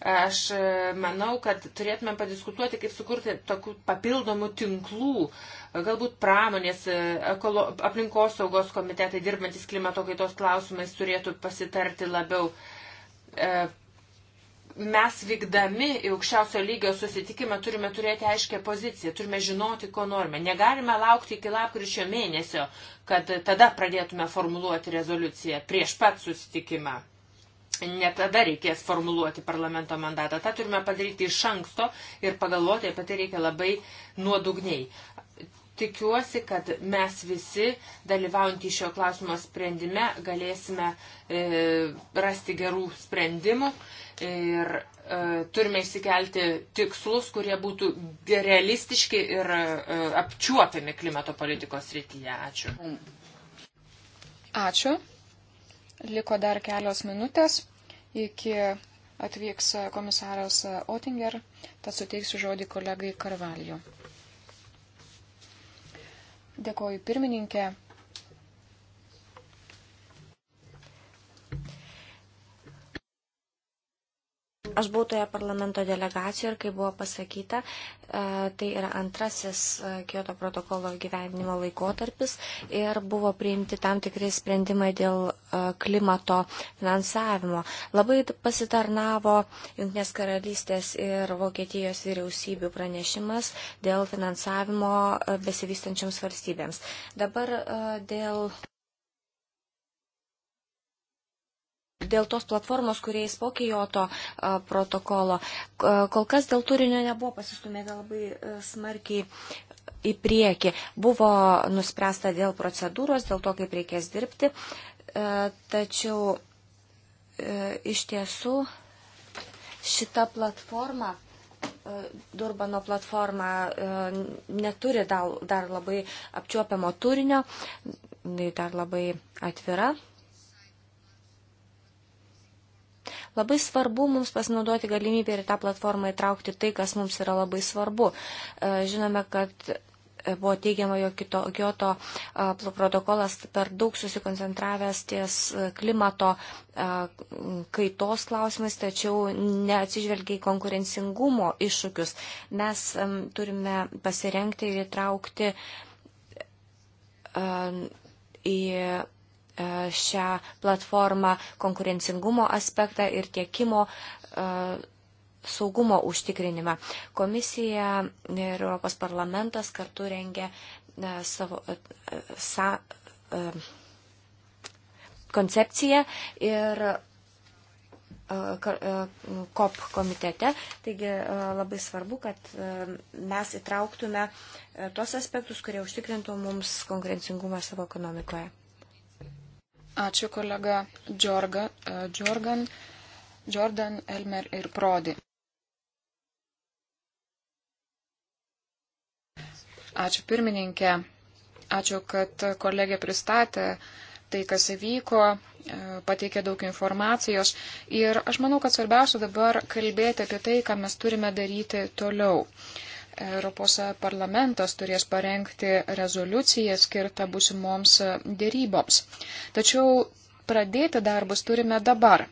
Aš e, manau, kad turėtume padiskutuoti, kaip sukurti tokių papildomų tinklų, galbūt pramonės, e, ekolo, aplinkosaugos komitetai dirbantis klimato kaitos klausimais turėtų pasitarti labiau. E, mes vykdami į aukščiausio lygio susitikimą turime turėti aiškę poziciją, turime žinoti, ko norime. Negalime laukti iki lapkričio mėnesio, kad tada pradėtume formuluoti rezoliuciją prieš pat susitikimą ne tada reikės formuluoti parlamento mandatą. Ta turime padaryti iš anksto ir pagalvoti apie tai reikia labai nuodugniai. Tikiuosi, kad mes visi, dalyvaujant į šio klausimo sprendime, galėsime e, rasti gerų sprendimų ir e, turime išsikelti tikslus, kurie būtų realistiški ir e, apčiuopiami klimato politikos rytyje. Ačiū. Ačiū. Liko dar kelios minutės iki atvyks komisaras Otinger, tad suteiksiu žodį kolegai Karvalju. Dėkoju pirmininkė. Aš buvau toje parlamento delegacijoje ir kai buvo pasakyta, e, tai yra antrasis e, Kyoto protokolo gyvenimo laikotarpis ir buvo priimti tam tikri sprendimai dėl e, klimato finansavimo. Labai pasitarnavo Junktinės karalystės ir Vokietijos vyriausybių pranešimas dėl finansavimo besivystančiams valstybėms. Dabar dėl. dėl tos platformos, kuriais po Kyoto protokolo. Kol kas dėl turinio nebuvo pasistumėta labai e, smarkiai į priekį. Buvo nuspręsta dėl procedūros, dėl to, kaip reikės dirbti. E, tačiau e, iš tiesų šita platforma Durbano platforma neturi dar, dar labai apčiuopiamo turinio, tai dar labai atvira. Labai svarbu mums pasinaudoti galimybę ir tą platformą įtraukti tai, kas mums yra labai svarbu. E, žinome, kad e, buvo teigiama, jog Kyoto e, protokolas per daug susikoncentravęs ties klimato kaitos klausimais, tačiau neatsižvelgia į konkurencingumo iššūkius. Mes turime pasirenkti ir įtraukti į E, šią platformą konkurencingumo aspektą ir tiekimo e, saugumo užtikrinimą. Komisija ir Europos parlamentas kartu rengia e, savo sa, koncepciją ir COP komitete. Taigi labai svarbu, kad mes įtrauktume tuos aspektus, kurie užtikrintų mums konkurencingumą savo ekonomikoje. Ačiū kolega Džorga, e, Džorgan, Jordan, Elmer ir Prodi. Ačiū pirmininkė. Ačiū, kad kolegė pristatė tai, kas įvyko, e, pateikė daug informacijos. Ir aš manau, kad svarbiausia dabar kalbėti apie tai, ką mes turime daryti toliau. Uh, Europos parlamentas turės parengti rezoliuciją skirtą būsimoms dėryboms. Tačiau pradėti darbus turime dabar.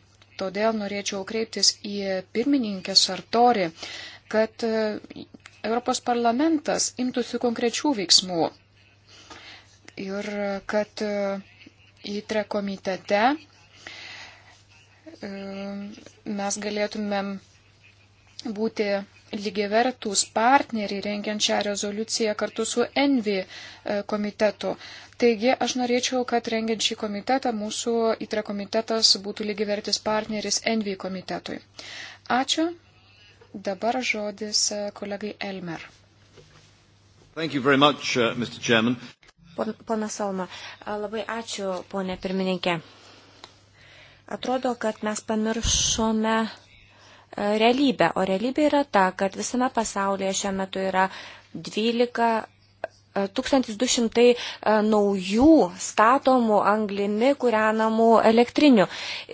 Todėl norėčiau kreiptis į pirmininkę Sartori, kad e, Europos parlamentas imtųsi konkrečių veiksmų ir kad įtre e, komitete e, mes galėtumėm būti lygiavertūs partneriai rengiant šią rezoliuciją kartu su Envi e, komitetu. Taigi aš norėčiau, kad rengiant šį komitetą mūsų įtre komitetas būtų lygiavertis partneris Envi komitetui. Ačiū. Dabar žodis e, kolegai Elmer. Much, uh, Pana Salma, labai ačiū, ponė pirmininkė. Atrodo, kad mes pamiršome uh, realybę. O realybė yra ta, kad visame pasaulyje šiuo metu yra 12. 1200 e, e, naujų statomų anglimi kūrenamų elektrinių.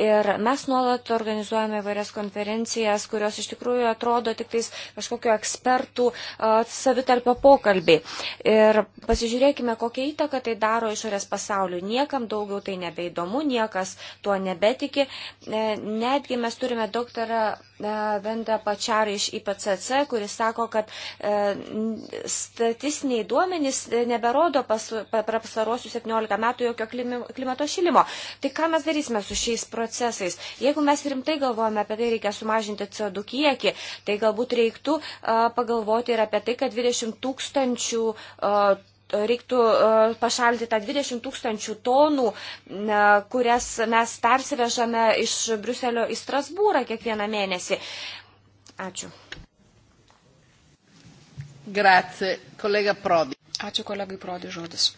Ir mes nuolat organizuojame vairias konferencijas, kurios iš tikrųjų atrodo tik tais kažkokio ekspertų e, savitarpio pokalbiai. Ir pasižiūrėkime, kokią įtaką tai daro išorės pasauliu. Niekam daugiau tai nebeįdomu, niekas tuo nebetiki. Netgi mes turime doktorą E, Vendra Pačiar iš IPCC, kuris sako, kad e, statistiniai duomenys e, neberodo per pasarosius 17 metų jokio klimato šilimo. Tai ką mes darysime su šiais procesais? Jeigu mes rimtai galvojame apie tai, reikia sumažinti CO2 kiekį, tai galbūt reiktų pagalvoti ir apie tai, kad 20 tūkstančių reiktų e, pašalti tą 20 tūkstančių tonų, e, kurias mes persivežame iš Bruselio į Strasbūrą kiekvieną mėnesį. Ačiū. Grazie, kolega Prodi. Ačiū kolegai Prodi žodis.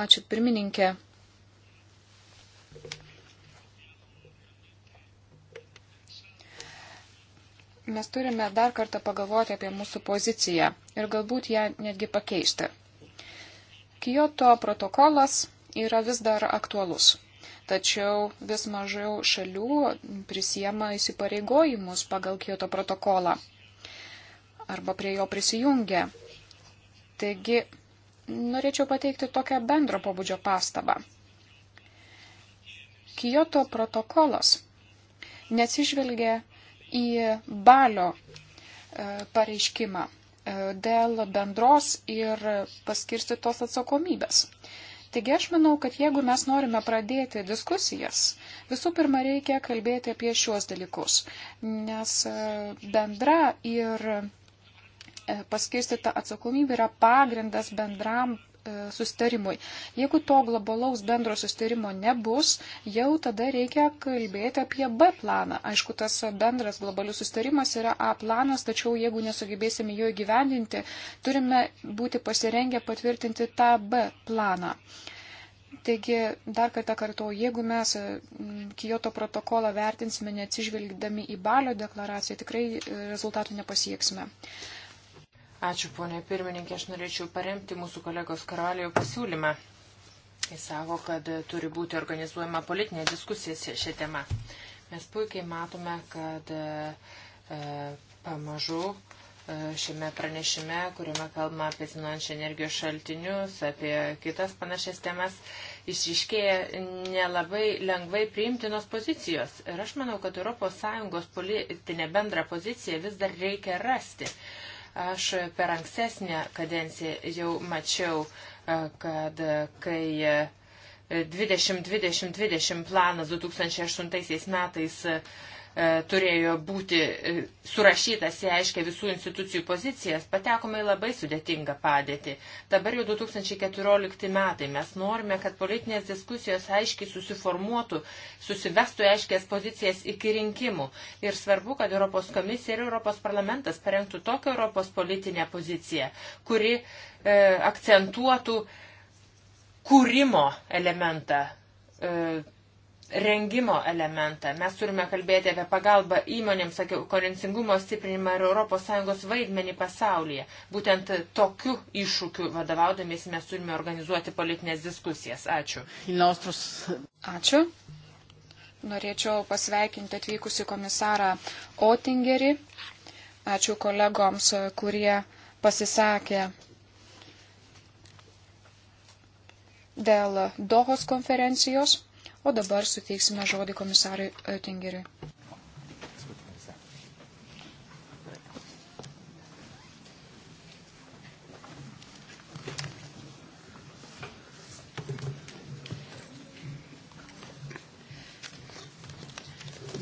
Ačiū pirmininkė. mes turime dar kartą pagalvoti apie mūsų poziciją ir galbūt ją netgi pakeisti. Kyoto protokolas yra vis dar aktualus, tačiau vis mažiau šalių prisiema įsipareigojimus pagal Kyoto protokolą arba prie jo prisijungia. Taigi, norėčiau pateikti tokią bendro pobūdžio pastabą. Kyoto protokolas neatsižvelgia į balio e, pareiškimą e, dėl bendros ir paskirstytos atsakomybės. Taigi aš manau, kad jeigu mes norime pradėti diskusijas, visų pirma reikia kalbėti apie šiuos dalykus, nes e, bendra ir paskirstyta atsakomybė yra pagrindas bendram E, sustarimui. Jeigu to globalaus bendro sustarimo nebus, jau tada reikia kalbėti apie B planą. Aišku, tas bendras globalius sustarimas yra A planas, tačiau jeigu nesugebėsime jo įgyvendinti, turime būti pasirengę patvirtinti tą B planą. Taigi, dar kartą kartuoju, jeigu mes Kyoto protokolą vertinsime neatsižvelgdami į Balio deklaraciją, tikrai e, rezultatų nepasieksime. Ačiū, ponė pirmininkė, aš norėčiau paremti mūsų kolegos karalijo pasiūlymą. Jis savo, kad turi būti organizuojama politinė diskusija šią temą. Mes puikiai matome, kad e, pamažu e, šiame pranešime, kuriame kalbama apie atsinaujančią energijos šaltinius, apie kitas panašias temas, išriškėja nelabai lengvai priimtinos pozicijos. Ir aš manau, kad ES politinę bendrą poziciją vis dar reikia rasti. Uh, Aš per ankstesnę kadenciją jau mačiau, e, kad kai 2020-2020 e, planas 2008 metais E, turėjo būti e, surašytas į aiškę visų institucijų pozicijas, patekome į labai sudėtingą padėtį. Dabar jau 2014 metai mes norime, kad politinės diskusijos aiškiai susiformuotų, susivestų aiškės pozicijas iki rinkimų. Ir svarbu, kad Europos komisija ir Europos parlamentas parengtų tokią Europos politinę poziciją, kuri e, akcentuotų kūrimo elementą. E, rengimo elementą. Mes turime kalbėti apie pagalbą įmonėms, sakiau, konkurencingumo stiprinimą ir ES vaidmenį pasaulyje. Būtent tokiu iššūkiu vadovaudomės mes turime organizuoti politinės diskusijas. Ačiū. Ačiū. Norėčiau pasveikinti atvykusi komisarą Otingerį. Ačiū kolegoms, kurie pasisakė dėl Dohos konferencijos. O dabar suteiksime žodį komisarui Oettingeriui.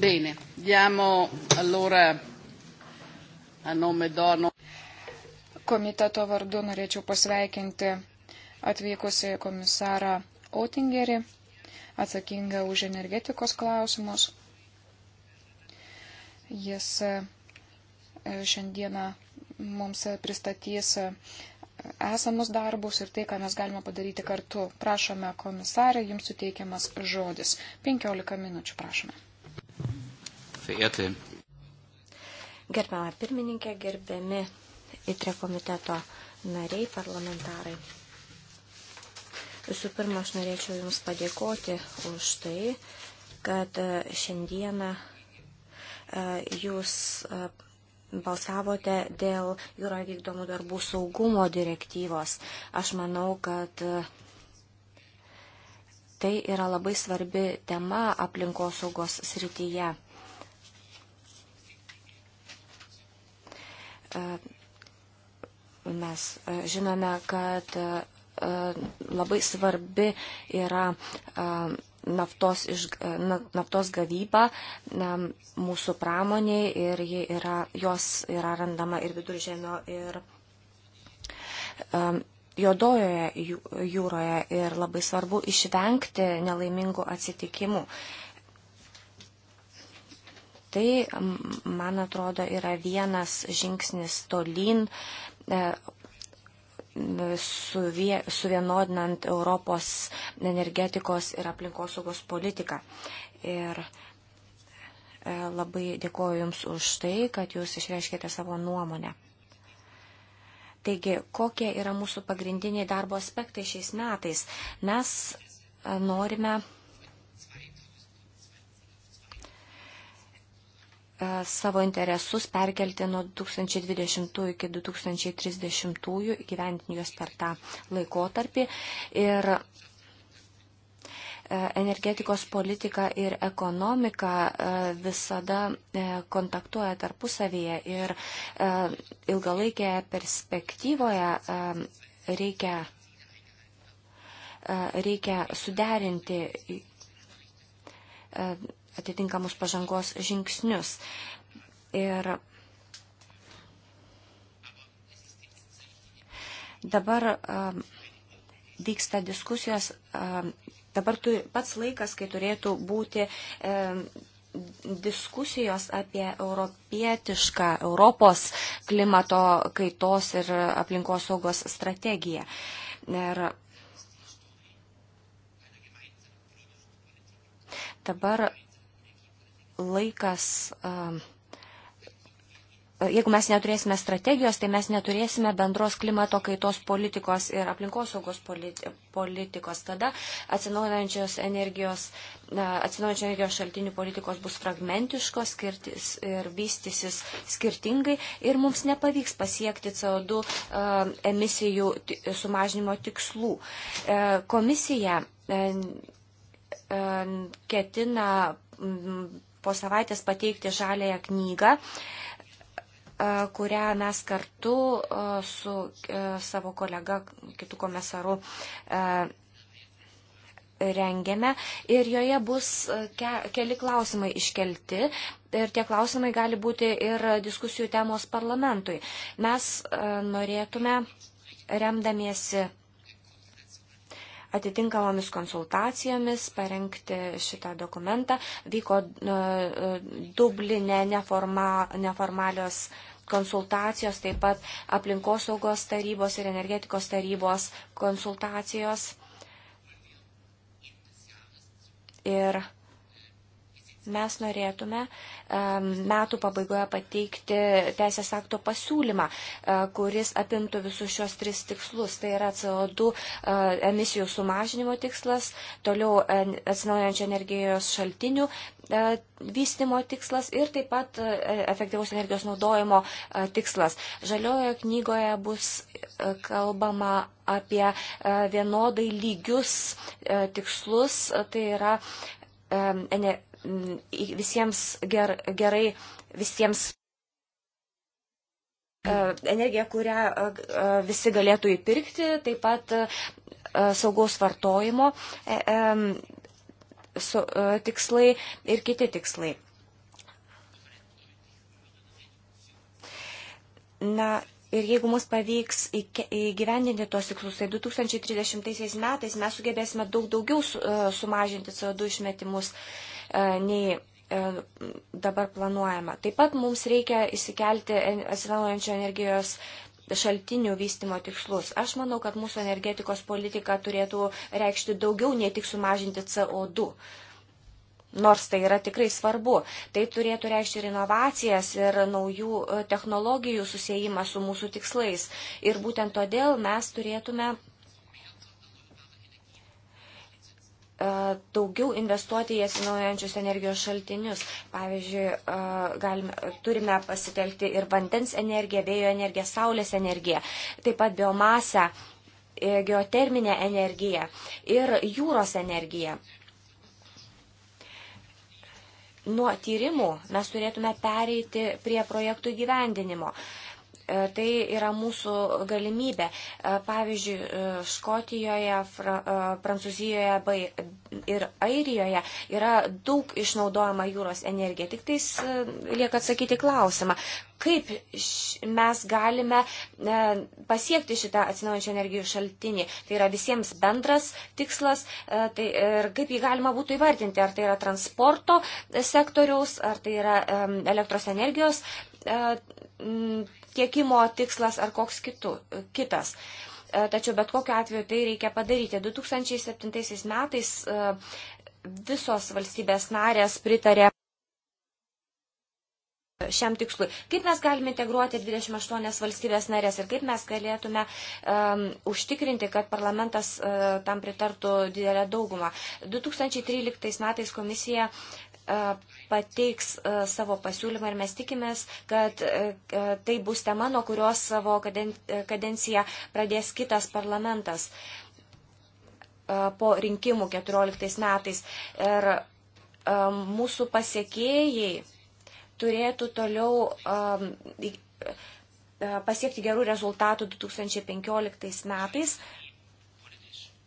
Bene, diamo allora a nome dono. Komiteto vardu norėčiau pasveikinti atvykusi komisarą Otingerį atsakinga už energetikos klausimus. Jis e, šiandieną mums pristatys e, esamus darbus ir tai, ką mes galime padaryti kartu. Prašome komisarę, jums suteikiamas žodis. 15 minučių prašome. Fijatė. Gerbiama pirmininkė, gerbiami įtre komiteto nariai, parlamentarai. Visų pirma, aš norėčiau Jums padėkoti už tai, kad e, šiandieną e, Jūs e, balsavote dėl jūroje vykdomų darbų saugumo direktyvos. Aš manau, kad tai yra labai svarbi tema aplinkosaugos srityje. Mes žinome, kad E, labai svarbi yra e, naftos, iš, e, naftos gavyba na, mūsų pramoniai ir yra, jos yra randama ir viduržėmio ir um, juodojoje jūroje ir labai svarbu išvengti nelaimingų atsitikimų. Tai, man atrodo, yra vienas žingsnis tolyn suvienodinant Europos energetikos ir aplinkosaugos politiką. Ir e, labai dėkoju Jums už tai, kad Jūs išreiškėte savo nuomonę. Taigi, kokie yra mūsų pagrindiniai darbo aspektai šiais metais? Mes e, norime E, savo interesus perkelti nuo 2020 iki 2030, įgyventinti juos per tą laikotarpį. Ir e, energetikos politika ir ekonomika e, visada kontaktuoja tarpusavyje ir ilgalaikėje perspektyvoje reikia, reikia suderinti atitinkamus pažangos žingsnius. Ir dabar um, vyksta diskusijos, um, dabar tu, pats laikas, kai turėtų būti um, diskusijos apie europietišką Europos klimato kaitos ir aplinkosaugos strategiją. Ir dabar laikas, um, jeigu mes neturėsime strategijos, tai mes neturėsime bendros klimato kaitos politikos ir aplinkosaugos politikos. Tada atsinaujančios energijos, atsinaujančios energijos šaltinių politikos bus fragmentiškos skirtis ir vystysis skirtingai ir mums nepavyks pasiekti CO2 um, emisijų sumažinimo tikslų. E, komisija e, e, ketina po savaitės pateikti žalėją knygą e, kurią mes kartu e, su e, savo kolega, kitų komisaru rengiame ir joje bus ke, keli klausimai iškelti ir tie klausimai gali būti ir diskusijų temos parlamentui. Mes norėtume, remdamiesi atitinkamomis konsultacijomis parengti šitą dokumentą. Vyko e, e, Dublinė neforma, neformalios konsultacijos, taip pat aplinkosaugos tarybos ir energetikos tarybos konsultacijos. Ir mes norėtume metų pabaigoje pateikti teisės akto pasiūlymą, e, kuris apimtų visus šios tris tikslus. Tai yra CO2 e, emisijų sumažinimo tikslas, toliau atsinaujančio energijos šaltinių e, vystimo tikslas ir taip pat efektyvaus energijos naudojimo tikslas. Žaliojoje knygoje bus kalbama apie vienodai lygius tikslus, tai yra visiems ger, gerai, visiems e, energiją, kurią e, e, visi galėtų įpirkti, taip pat saugaus vartojimo tikslai ir kiti tikslai. Na, Ir jeigu mums pavyks įgyvendinti tuos tikslus, tai 2030 metais mes sugebėsime daug daugiau e, sumažinti CO2 išmetimus e, nei e, dabar planuojama. Taip pat mums reikia įsikelti atsinaujančio energijos šaltinių vystimo tikslus. Aš manau, kad mūsų energetikos politika turėtų reikšti daugiau, ne tik sumažinti CO2 nors tai yra tikrai svarbu. Tai turėtų reikšti ir inovacijas, ir naujų e, technologijų susijimą su mūsų tikslais. Ir būtent todėl mes turėtume e, daugiau investuoti į atsinaujančius energijos šaltinius. Pavyzdžiui, e, galime, turime pasitelkti ir vandens energiją, vėjo energiją, saulės energiją, taip pat biomasę, geoterminę energiją ir jūros energiją nuo tyrimų mes turėtume pereiti prie projektų įgyvendinimo. E, tai yra mūsų galimybė. E, pavyzdžiui, e, Škotijoje, Fra, Prancūzijoje ir Airijoje yra daug išnaudojama jūros energija. Tik tais lieka atsakyti klausimą, kaip mes galime pasiekti šitą atsinaujančią energijų šaltinį. Tai yra visiems bendras tikslas tai, ir kaip jį galima būtų įvardinti, ar tai yra transporto sektoriaus, ar tai yra elektros energijos tiekimo tikslas ar koks kitu, kitas. E, tačiau bet kokiu atveju tai reikia padaryti. 2007 metais e, visos valstybės narės pritarė šiam tikslui. Kaip mes galime integruoti 28 valstybės narės ir kaip mes galėtume um, užtikrinti, kad parlamentas uh, tam pritartų didelę daugumą. 2013 metais komisija pateiks savo pasiūlymą ir mes tikimės, kad tai bus tema, nuo kurios savo kadenciją pradės kitas parlamentas po rinkimų 14 metais. Ir mūsų pasiekėjai turėtų toliau pasiekti gerų rezultatų 2015 metais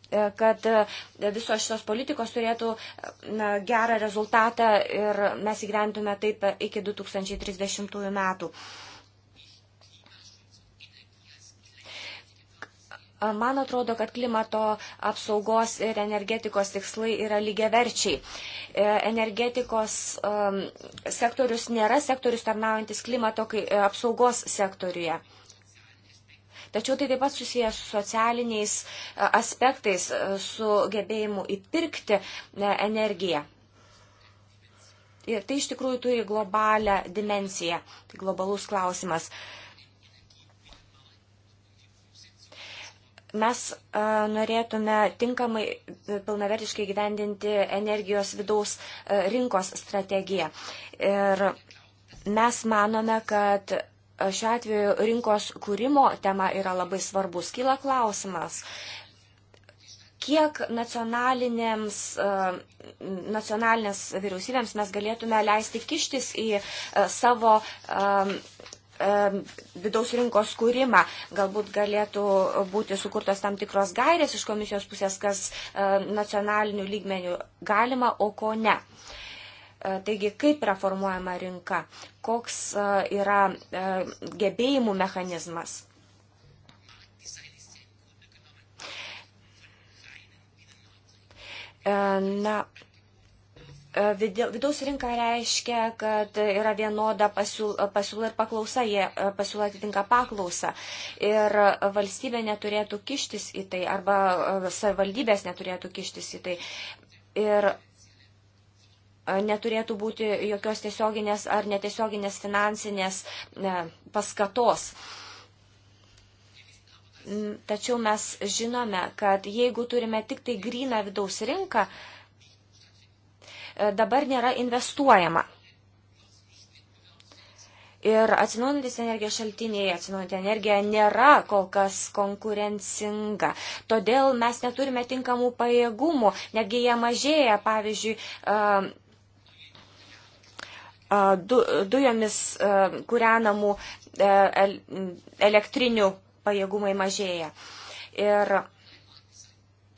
E, kad e, visos šios politikos turėtų e, na, gerą rezultatą ir mes įgyventume taip iki 2030 metų. Man atrodo, kad klimato apsaugos ir energetikos tikslai yra lygiaverčiai. Energetikos um, sektorius nėra sektorius tarnaujantis klimato kai, apsaugos sektoriuje. Uh, Tačiau tai taip pat susijęs su socialiniais e, aspektais, e, su gebėjimu įpirkti e, energiją. Ir tai iš tikrųjų turi globalią dimenciją, tai globalus klausimas. mes norėtume tinkamai pilnavertiškai gyvendinti energijos vidaus rinkos strategiją. Ir mes manome, kad šiuo atveju rinkos kūrimo tema yra labai svarbus. Kyla klausimas, kiek nacionalinėms, e, nacionalinės vyriausybėms mes galėtume leisti kištis į e, savo e, vidaus rinkos kūrimą. Galbūt galėtų būti sukurtos tam tikros gairės iš komisijos pusės, kas nacionalinių lygmenių galima, o ko ne. Uh, E, taigi, kaip reformuojama rinka, koks e, yra e, gebėjimų mechanizmas. Na, vidaus rinka reiškia, kad yra vienoda pasiūla ir paklausa, jie pasiūla atitinka paklausą. Ir valstybė neturėtų kištis į tai, arba savivaldybės neturėtų kištis į tai. Ir E, neturėtų būti jokios tiesioginės ar netiesioginės finansinės e, paskatos. Tačiau mes žinome, kad jeigu turime tik tai gryną vidaus rinką, e, dabar nėra investuojama. Ir atsinaujantis energijos šaltiniai, atsinaujanti energija nėra kol kas konkurencinga. Todėl mes neturime tinkamų pajėgumų, netgi jie mažėja, pavyzdžiui, du, dujomis kūrenamų e, elektrinių pajėgumai mažėja. Ir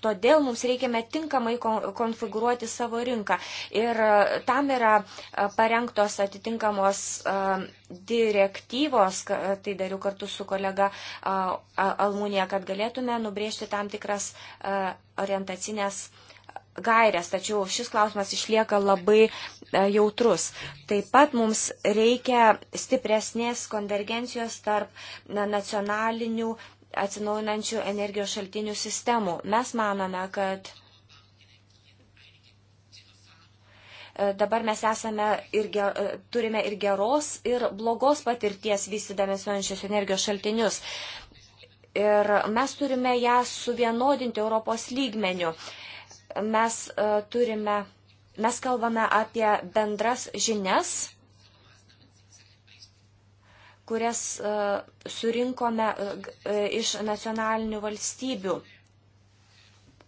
Todėl mums reikime tinkamai konfigūruoti savo rinką. Ir e, tam yra e, parengtos atitinkamos direktyvos, tai dariau kartu su kolega Almūnė, kad galėtume nubrėžti tam tikras orientacinės gairias, tačiau šis klausimas išlieka labai e, jautrus. Taip pat mums reikia stipresnės konvergencijos tarp nacionalinių atsinaujinančių energijos šaltinių sistemų. Mes manome, kad e, dabar mes esame ir ge, e, turime ir geros, ir blogos patirties vystydami suojančius energijos šaltinius. Ir mes turime ją suvienodinti Europos lygmeniu. Uh, mes e, turime, mes kalbame apie bendras žinias, kurias e, surinkome e, iš nacionalinių valstybių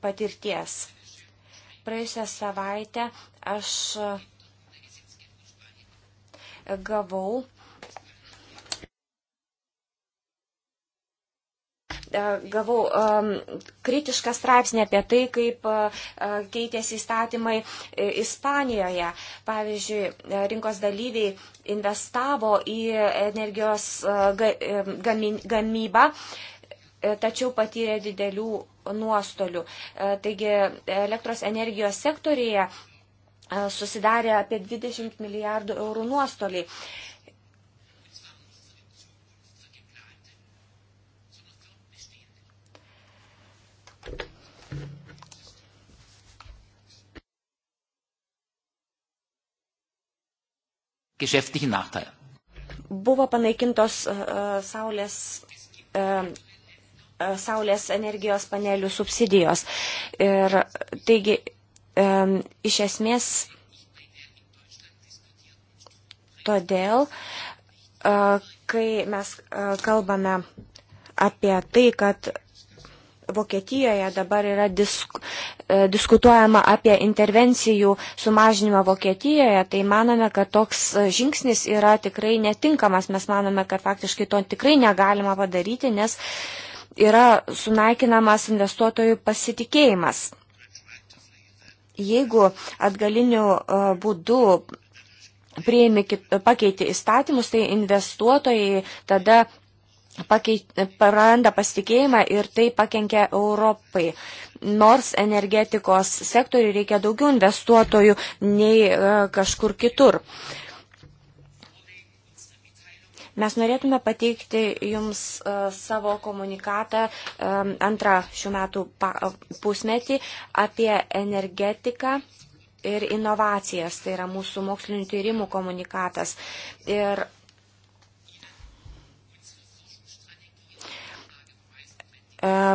patirties. Praėjusią savaitę aš gavau E, gavau e, kritišką straipsnį apie tai, kaip e, keitėsi įstatymai Ispanijoje. Pavyzdžiui, rinkos dalyviai investavo į energijos gamybą, tačiau patyrė didelių nuostolių. Taigi elektros energijos sektorėje susidarė apie 20 milijardų eurų nuostoliai. geschäftlichen Nachteil. Buvo panaikintos uh, saulės, uh, saulės energijos panelių subsidijos. Ir taigi, um, iš esmės, todėl, uh, kai mes uh, kalbame apie tai, kad Vokietijoje dabar yra disk, E, diskutuojama apie intervencijų sumažinimą Vokietijoje, tai manome, kad toks e, žingsnis yra tikrai netinkamas. Mes manome, kad faktiškai to tikrai negalima padaryti, nes yra sunaikinamas investuotojų pasitikėjimas. Jeigu atgaliniu e, būdu priėmė, pakeitė įstatymus, tai investuotojai tada pakeit, praranda pasitikėjimą ir tai pakenkia Europai nors energetikos sektoriui reikia daugiau investuotojų nei e, kažkur kitur. Mes norėtume pateikti Jums e, savo komunikatą e, antrą šių metų pusmetį apie energetiką ir inovacijas. Tai yra mūsų mokslinių tyrimų komunikatas. Ir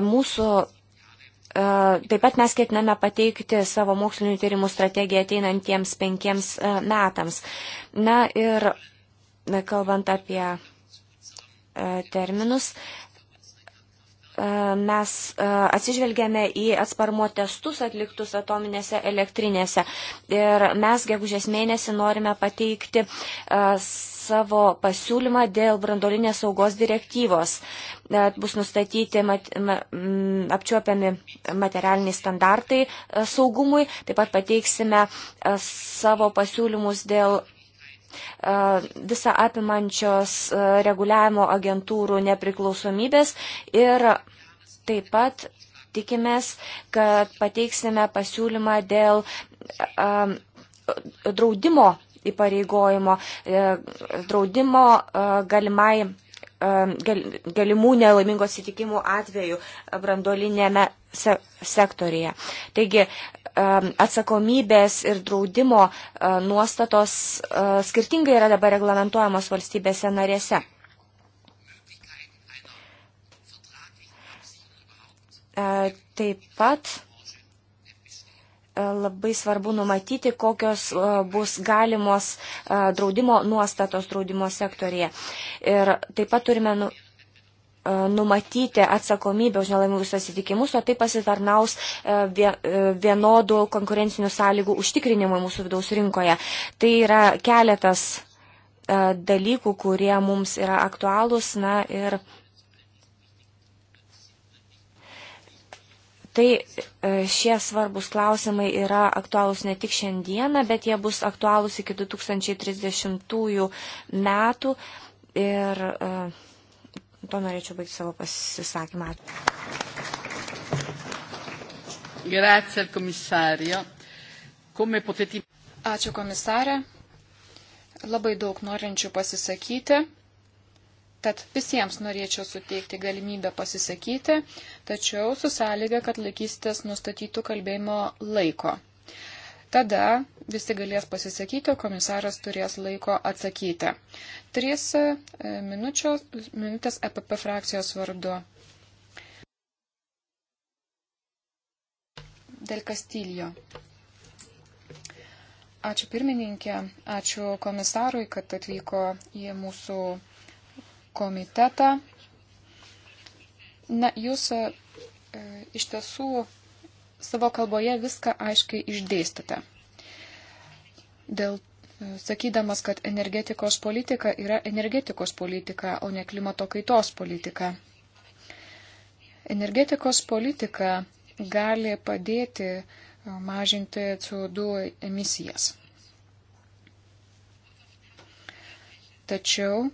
mūsų Taip pat mes ketiname pateikti savo mokslinių tyrimų strategiją ateinantiems penkiems e, metams. Na ir kalbant apie e, terminus, e, mes atsižvelgėme į atsparmo testus atliktus atominėse elektrinėse ir mes gegužės mėnesį norime pateikti savo pasiūlymą dėl brandolinės saugos direktyvos. E, bus nustatyti mat, ma, apčiuopiami materialiniai standartai e, saugumui, taip pat pateiksime e, savo pasiūlymus dėl visą apimančios reguliavimo agentūrų nepriklausomybės ir taip pat tikimės, kad pateiksime pasiūlymą dėl draudimo įpareigojimo, e, draudimo e, galimai e, galimų nelaimingų atsitikimų atveju brandolinėme se sektorija. Taigi atsakomybės ir draudimo nuostatos skirtingai yra dabar reglamentuojamos valstybėse narėse. Taip pat E, labai svarbu numatyti, kokios e, bus galimos e, draudimo nuostatos draudimo sektorėje. Ir taip pat turime nu, numatyti atsakomybę už nelaimingus atsitikimus, o tai pasitarnaus vienodų konkurencinių sąlygų užtikrinimui mūsų vidaus rinkoje. Tai yra keletas dalykų, kurie mums yra aktualūs. Na, ir Tai e, šie svarbus klausimai yra aktualūs ne tik šiandieną, bet jie bus aktualūs iki 2030 metų. Ir e, to norėčiau baigti savo pasisakymą. Grazie, komisario. Come potete... Ačiū komisarė. Labai daug norinčių pasisakyti. Tad visiems norėčiau suteikti galimybę pasisakyti, tačiau su sąlyga, kad laikysitės nustatytų kalbėjimo laiko. Tada visi galės pasisakyti, o komisaras turės laiko atsakyti. Trys e, minučios, minutės EPP frakcijos vardu. Del Castillo. Ačiū pirmininkė, ačiū komisarui, kad atvyko į mūsų komitetą. Na, jūs e, iš tiesų savo kalboje viską aiškiai išdėstate. Dėl e, sakydamas, kad energetikos politika yra energetikos politika, o ne klimato kaitos politika. Energetikos politika gali padėti e, mažinti CO2 emisijas. Tačiau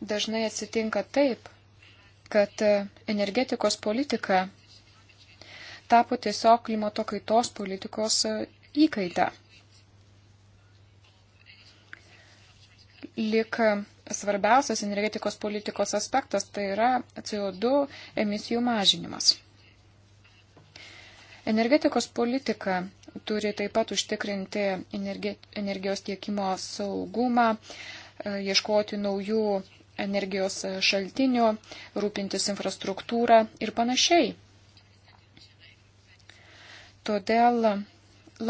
dažnai atsitinka taip, kad e, energetikos politika tapo tiesiog klimato kaitos politikos e, įkaita. Lik e, svarbiausias energetikos politikos aspektas tai yra CO2 emisijų mažinimas. Energetikos politika turi taip pat užtikrinti energi, energijos tiekimo saugumą, ieškoti naujų energijos šaltinių, rūpintis infrastruktūrą ir panašiai. Todėl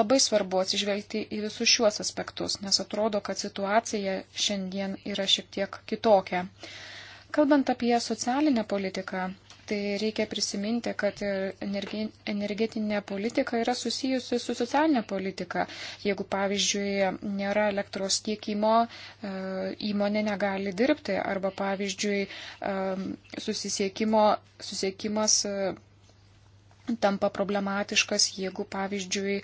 labai svarbu atsižvelgti į visus šiuos aspektus, nes atrodo, kad situacija šiandien yra šiek tiek kitokia. Kalbant apie socialinę politiką, Tai reikia prisiminti, kad energetinė politika yra susijusi su socialinė politika. Jeigu, pavyzdžiui, nėra elektros tiekimo, e, įmonė negali dirbti arba, pavyzdžiui, e, susisiekimas e, tampa problematiškas, jeigu, pavyzdžiui,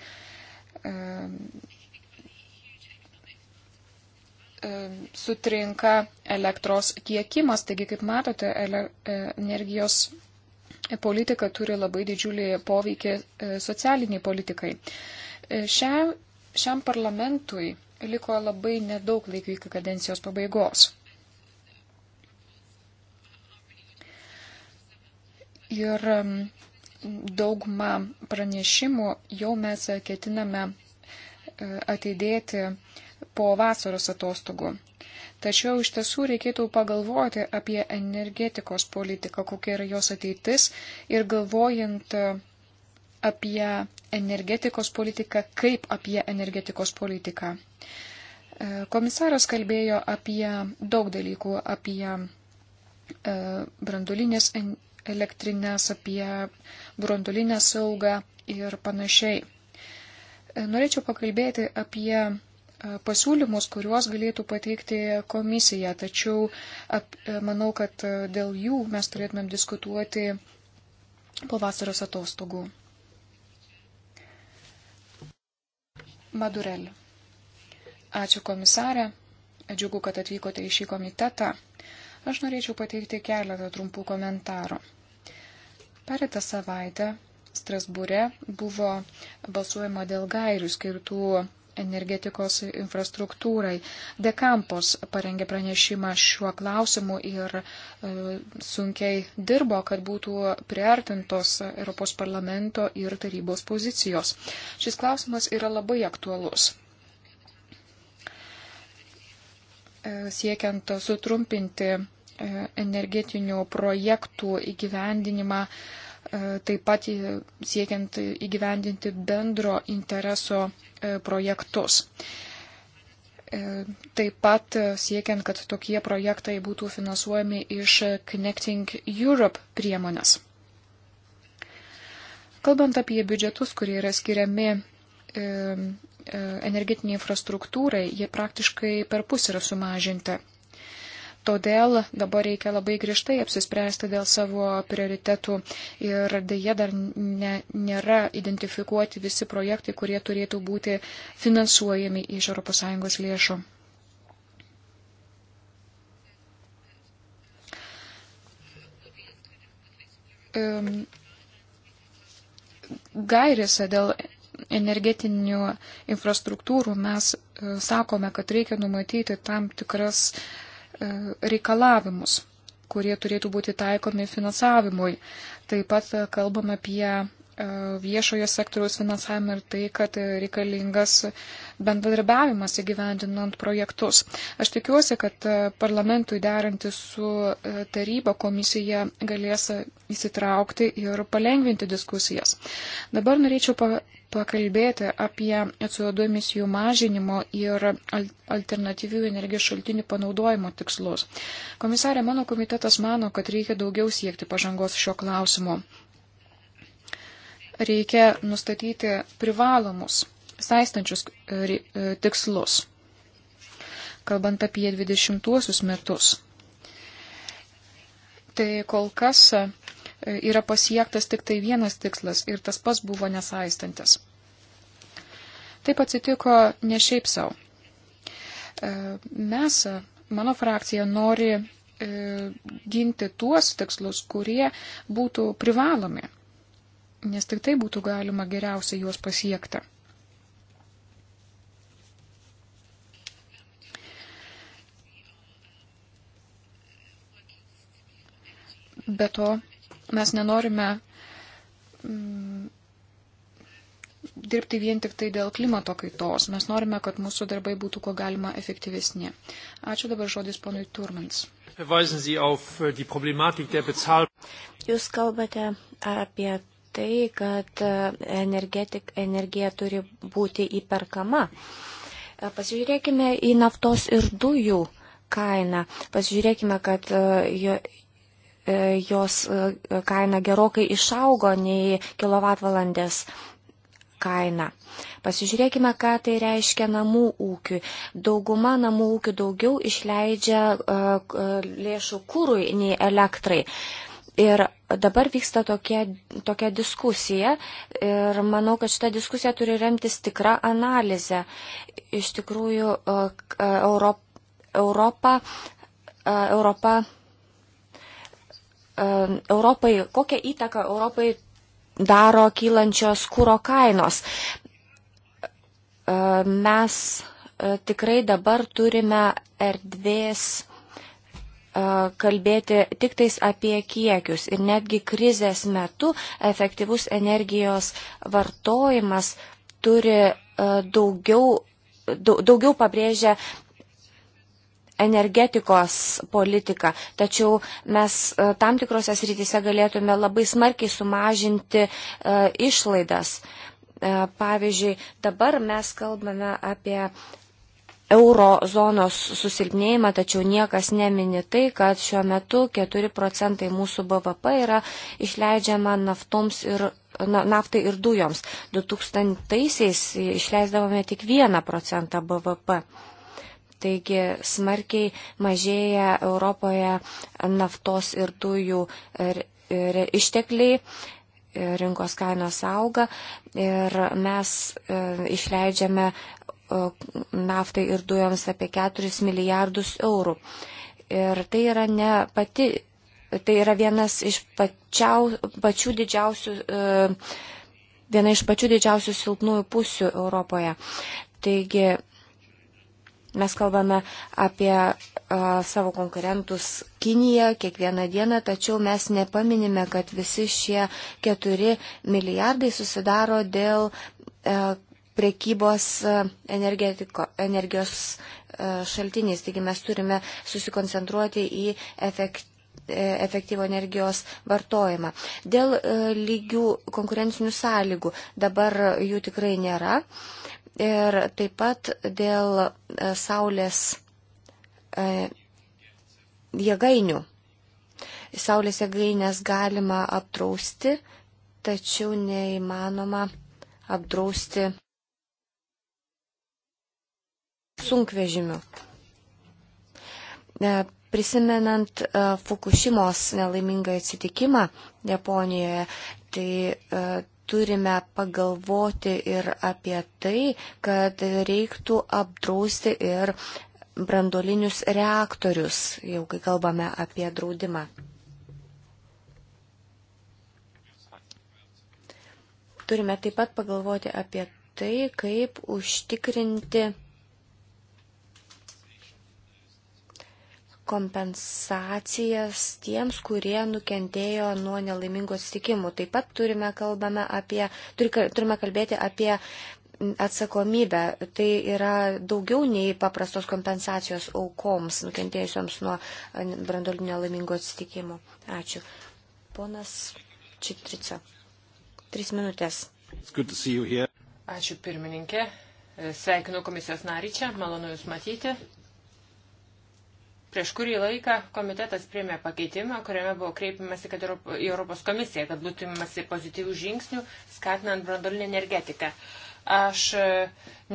E, sutrinka elektros tiekimas. Taigi, kaip matote, e, energijos politika turi labai didžiulį poveikį e, socialiniai politikai. Šiam, šiam parlamentui liko labai nedaug laiko iki kadencijos pabaigos. Ir daugumą pranešimų jau mes ketiname ateidėti uh, po vasaros atostogų. Tačiau iš tiesų reikėtų pagalvoti apie energetikos politiką, kokia yra jos ateitis ir galvojant e, apie energetikos politiką, kaip apie energetikos politiką. E, komisaras kalbėjo apie daug dalykų, apie e, brandulinės elektrinės, apie brandulinę saugą ir panašiai. Norėčiau pakalbėti apie E, pasiūlymus, kuriuos galėtų pateikti komisija, tačiau ap, e, manau, kad e, dėl jų mes turėtumėm diskutuoti po vasaros atostogų. Madurel. Ačiū komisarė, džiugu, kad atvykote į šį komitetą. Aš norėčiau pateikti keletą trumpų komentarų. Pereitą savaitę Strasbūre buvo balsuojama dėl gairių skirtų energetikos infrastruktūrai. Dekampos parengė pranešimą šiuo klausimu ir e, sunkiai dirbo, kad būtų priartintos Europos parlamento ir tarybos pozicijos. Šis klausimas yra labai aktualus. E, siekiant sutrumpinti e, energetinių projektų įgyvendinimą, E, taip pat siekiant įgyvendinti bendro intereso e, projektus. E, taip pat siekiant, kad tokie projektai būtų finansuojami iš Connecting Europe priemonės. Kalbant apie biudžetus, kurie yra skiriami energetiniai infrastruktūrai, jie praktiškai per pus yra sumažinti. Todėl dabar reikia labai grįžtai apsispręsti dėl savo prioritetų ir dėje dar ne, nėra identifikuoti visi projektai, kurie turėtų būti finansuojami iš ES lėšų. Gairėse dėl energetinių infrastruktūrų mes e, sakome, kad reikia numatyti tam tikras uh, E, reikalavimus, kurie turėtų būti taikomi finansavimui. Taip pat e, kalbam apie e, viešojo sektoriaus finansavimą ir tai, kad reikalingas bendradarbiavimas įgyvendinant projektus. Aš tikiuosi, kad parlamentui deranti su taryba komisija galės įsitraukti ir palengvinti diskusijas. Dabar norėčiau pakalbėti apie CO2 emisijų mažinimo ir alternatyvių energijos šaltinių panaudojimo tikslus. Komisarė, mano komitetas mano, kad reikia daugiau siekti pažangos šio klausimu. Reikia nustatyti privalomus, saistančius e, e, tikslus, kalbant apie 20 metus. Tai kol kas yra pasiektas tik tai vienas tikslas ir tas pas buvo nesaistantis. Taip atsitiko ne šiaip savo. E, mes, mano frakcija, nori e, ginti tuos tikslus, kurie būtų privalomi, nes tik tai būtų galima geriausiai juos pasiekti. Be to, Mes nenorime mm, dirbti vien tik tai dėl klimato kaitos. Mes norime, kad mūsų darbai būtų kuo galima efektyvesni. Ačiū dabar žodis ponui Turmans. Äh, Jūs kalbate apie tai, kad äh, energija turi būti įperkama. Äh, pasižiūrėkime į naftos ir dujų kainą. Pasižiūrėkime, kad E, jos e, kaina gerokai išaugo nei kilovatvalandės kaina. Pasižiūrėkime, ką tai reiškia namų ūkiui. Dauguma namų ūkių daugiau išleidžia e, lėšų kūrui nei elektrai. Ir dabar vyksta tokia, tokia diskusija ir manau, kad šita diskusija turi remtis tikrą analizę. Iš tikrųjų, Europa, Europa, Europa Europai, kokią įtaką Europai daro kylančios kūro kainos. Mes e, tikrai dabar turime erdvės e, kalbėti tik tais apie kiekius ir netgi krizės metu efektyvus energijos vartojimas turi e, daugiau, daugiau pabrėžia energetikos politiką, tačiau mes e, tam tikrose srityse galėtume labai smarkiai sumažinti e, išlaidas. E, pavyzdžiui, dabar mes kalbame apie eurozonos susilpnėjimą, tačiau niekas nemini tai, kad šiuo metu 4 procentai mūsų BVP yra išleidžiama naftoms ir naftai ir dujoms. 2000-aisiais išleisdavome tik 1 procentą BVP. Taigi smarkiai mažėja Europoje naftos ir dujų ištekliai, rinkos kainos auga ir mes e, išleidžiame e, naftai ir dujoms apie 4 milijardus eurų. Ir tai yra ne pati, tai yra vienas iš pačiau, pačių didžiausių, e, viena iš pačių didžiausių silpnųjų pusių Europoje. Taigi Mes kalbame apie a, savo konkurentus Kiniją kiekvieną dieną, tačiau mes nepaminime, kad visi šie keturi milijardai susidaro dėl a, prekybos energijos a, šaltiniais. Taigi mes turime susikoncentruoti į efektyvą e, efektyvo energijos vartojimą. Dėl e, lygių konkurencinių sąlygų dabar jų tikrai nėra. Uh, ir taip pat dėl e, Saulės e, jėgainių. Saulės jėgainės galima apdrausti, tačiau neįmanoma apdrausti sunkvežimių. E, prisimenant Fukushimos nelaimingą atsitikimą Japonijoje, tai turime pagalvoti ir apie tai, kad reiktų apdrausti ir brandolinius reaktorius, jau kai kalbame apie draudimą. Turime taip pat pagalvoti apie tai, kaip užtikrinti kompensacijas tiems, kurie nukentėjo nuo nelaimingų atsitikimų. Taip pat turime, apie, turime kalbėti apie atsakomybę. Tai yra daugiau nei paprastos kompensacijos aukoms nukentėjusioms nuo brandolinio laimingo atsitikimų. Ačiū. Ponas Čitrica. Tris minutės. Ačiū pirmininkė. Sveikinu komisijos narį čia. Malonu Jūs matyti. Prieš kurį laiką komitetas priėmė pakeitimą, kuriame buvo kreipimasi kad į Europos komisiją, kad būtų imasi pozityvių žingsnių, skatinant brandolinę energetiką. Aš e,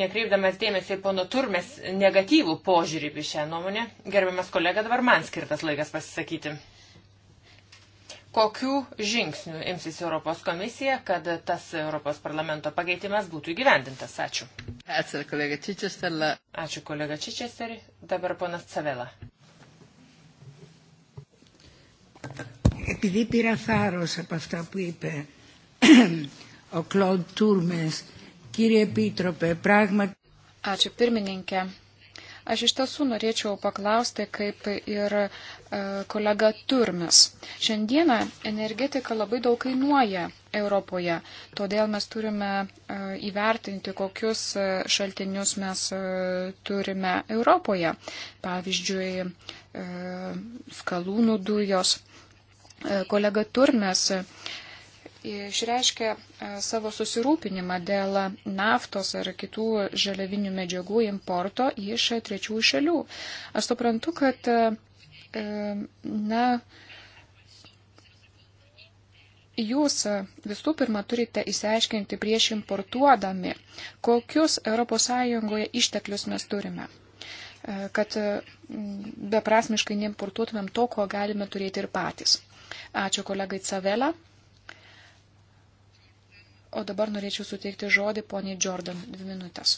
nekreipdamas dėmesį į pono turmės negatyvų požiūrį į šią nuomonę, gerbiamas kolega, dabar man skirtas laikas pasisakyti. Kokių žingsnių imsis Europos komisija, kad tas Europos parlamento pakeitimas būtų įgyvendintas? Ačiū. Ačiū kolega Čičesterį. Ačiū kolega Čičesterį. Dabar ponas Cavela. Επειδή πήρα θάρρος από αυτά που είπε ο Κλοντ Τούρμες, κύριε Επίτροπε, πράγματι... Ačiū pirmininkė. Aš iš tiesų norėčiau paklausti, kaip ir e, kolega Turmes. Šiandieną energetika labai daug kainuoja Europoje, todėl mes turime e, įvertinti, kokius e, šaltinius mes turime Europoje. Pavyzdžiui, skalūnų dujos. Kolega Turmes išreiškė e, savo susirūpinimą dėl naftos ar kitų žaliavinių medžiagų importo iš trečiųjų šalių. Aš suprantu, kad e, e, na, jūs visų pirma turite įsiaiškinti prieš importuodami, kokius ES išteklius mes turime kad beprasmiškai neimportuotumėm to, ko galime turėti ir patys. Ačiū kolegai Cavela. O dabar norėčiau suteikti žodį poniai Jordan. Dvi minutės.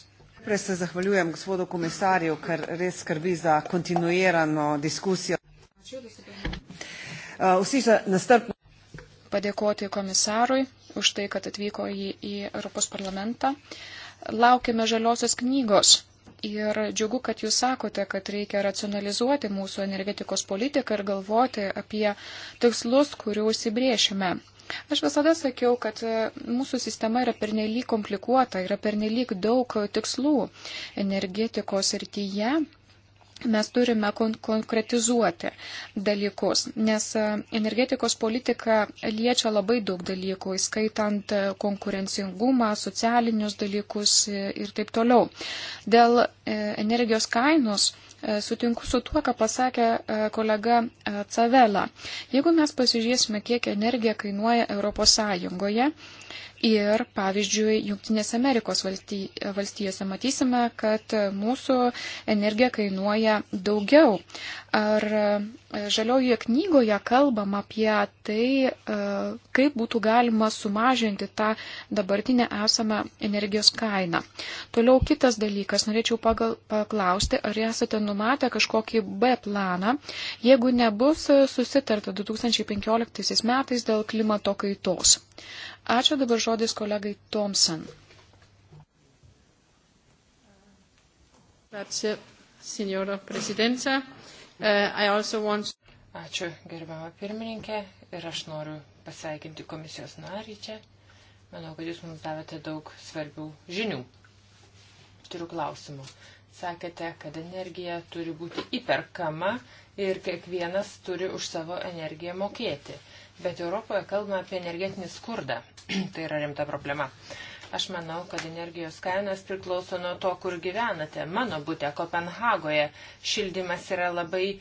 Prej se zahvaljujem gospodu komisarju, ker res skrbi za kontinuirano diskusijo. Eh, vsi nestrpno. Padėkoti komisarui už tai, kad atvyko į, į Europos parlamentą. Laukime žaliosios knygos. Ir džiugu, kad jūs sakote, kad reikia racionalizuoti mūsų energetikos politiką ir galvoti apie tikslus, kurių užsibriešime. Aš visada sakiau, kad e, mūsų sistema yra pernelyg komplikuota, yra pernelyg daug tikslų energetikos rytyje. Mes turime kon konkretizuoti dalykus, nes e, energetikos politika liečia labai daug dalykų, įskaitant e, konkurencingumą, socialinius dalykus ir taip toliau. Dėl energijos kainos E, sutinku su tuo, ką pasakė e, kolega e, Cavela. Jeigu mes pasižiūrėsime, kiek energija kainuoja ES, Ir, pavyzdžiui, Junktinės Amerikos valstijose matysime, kad mūsų energija kainuoja daugiau. Ar e, žaliojoje knygoje kalbam apie tai, e, kaip būtų galima sumažinti tą dabartinę esamą energijos kainą. Toliau kitas dalykas, norėčiau pagal, paklausti, ar esate numatę kažkokį B planą, jeigu nebus e, susitarta 2015 metais dėl klimato kaitos. Ačiū dabar žodis kolegai Thompson. Uh, Ačiū, signora prezidencija. Ačiū, gerbama pirmininkė, ir aš noriu pasveikinti komisijos narį čia. Manau, kad jūs mums davėte daug svarbių žinių. Turiu klausimų. Sakėte, kad energija turi būti įperkama ir kiekvienas turi už savo energiją mokėti bet Europoje kalbame apie energetinį skurdą. tai yra rimta problema. Aš manau, kad energijos kainas priklauso nuo to, kur gyvenate. Mano būte Kopenhagoje šildymas yra labai e,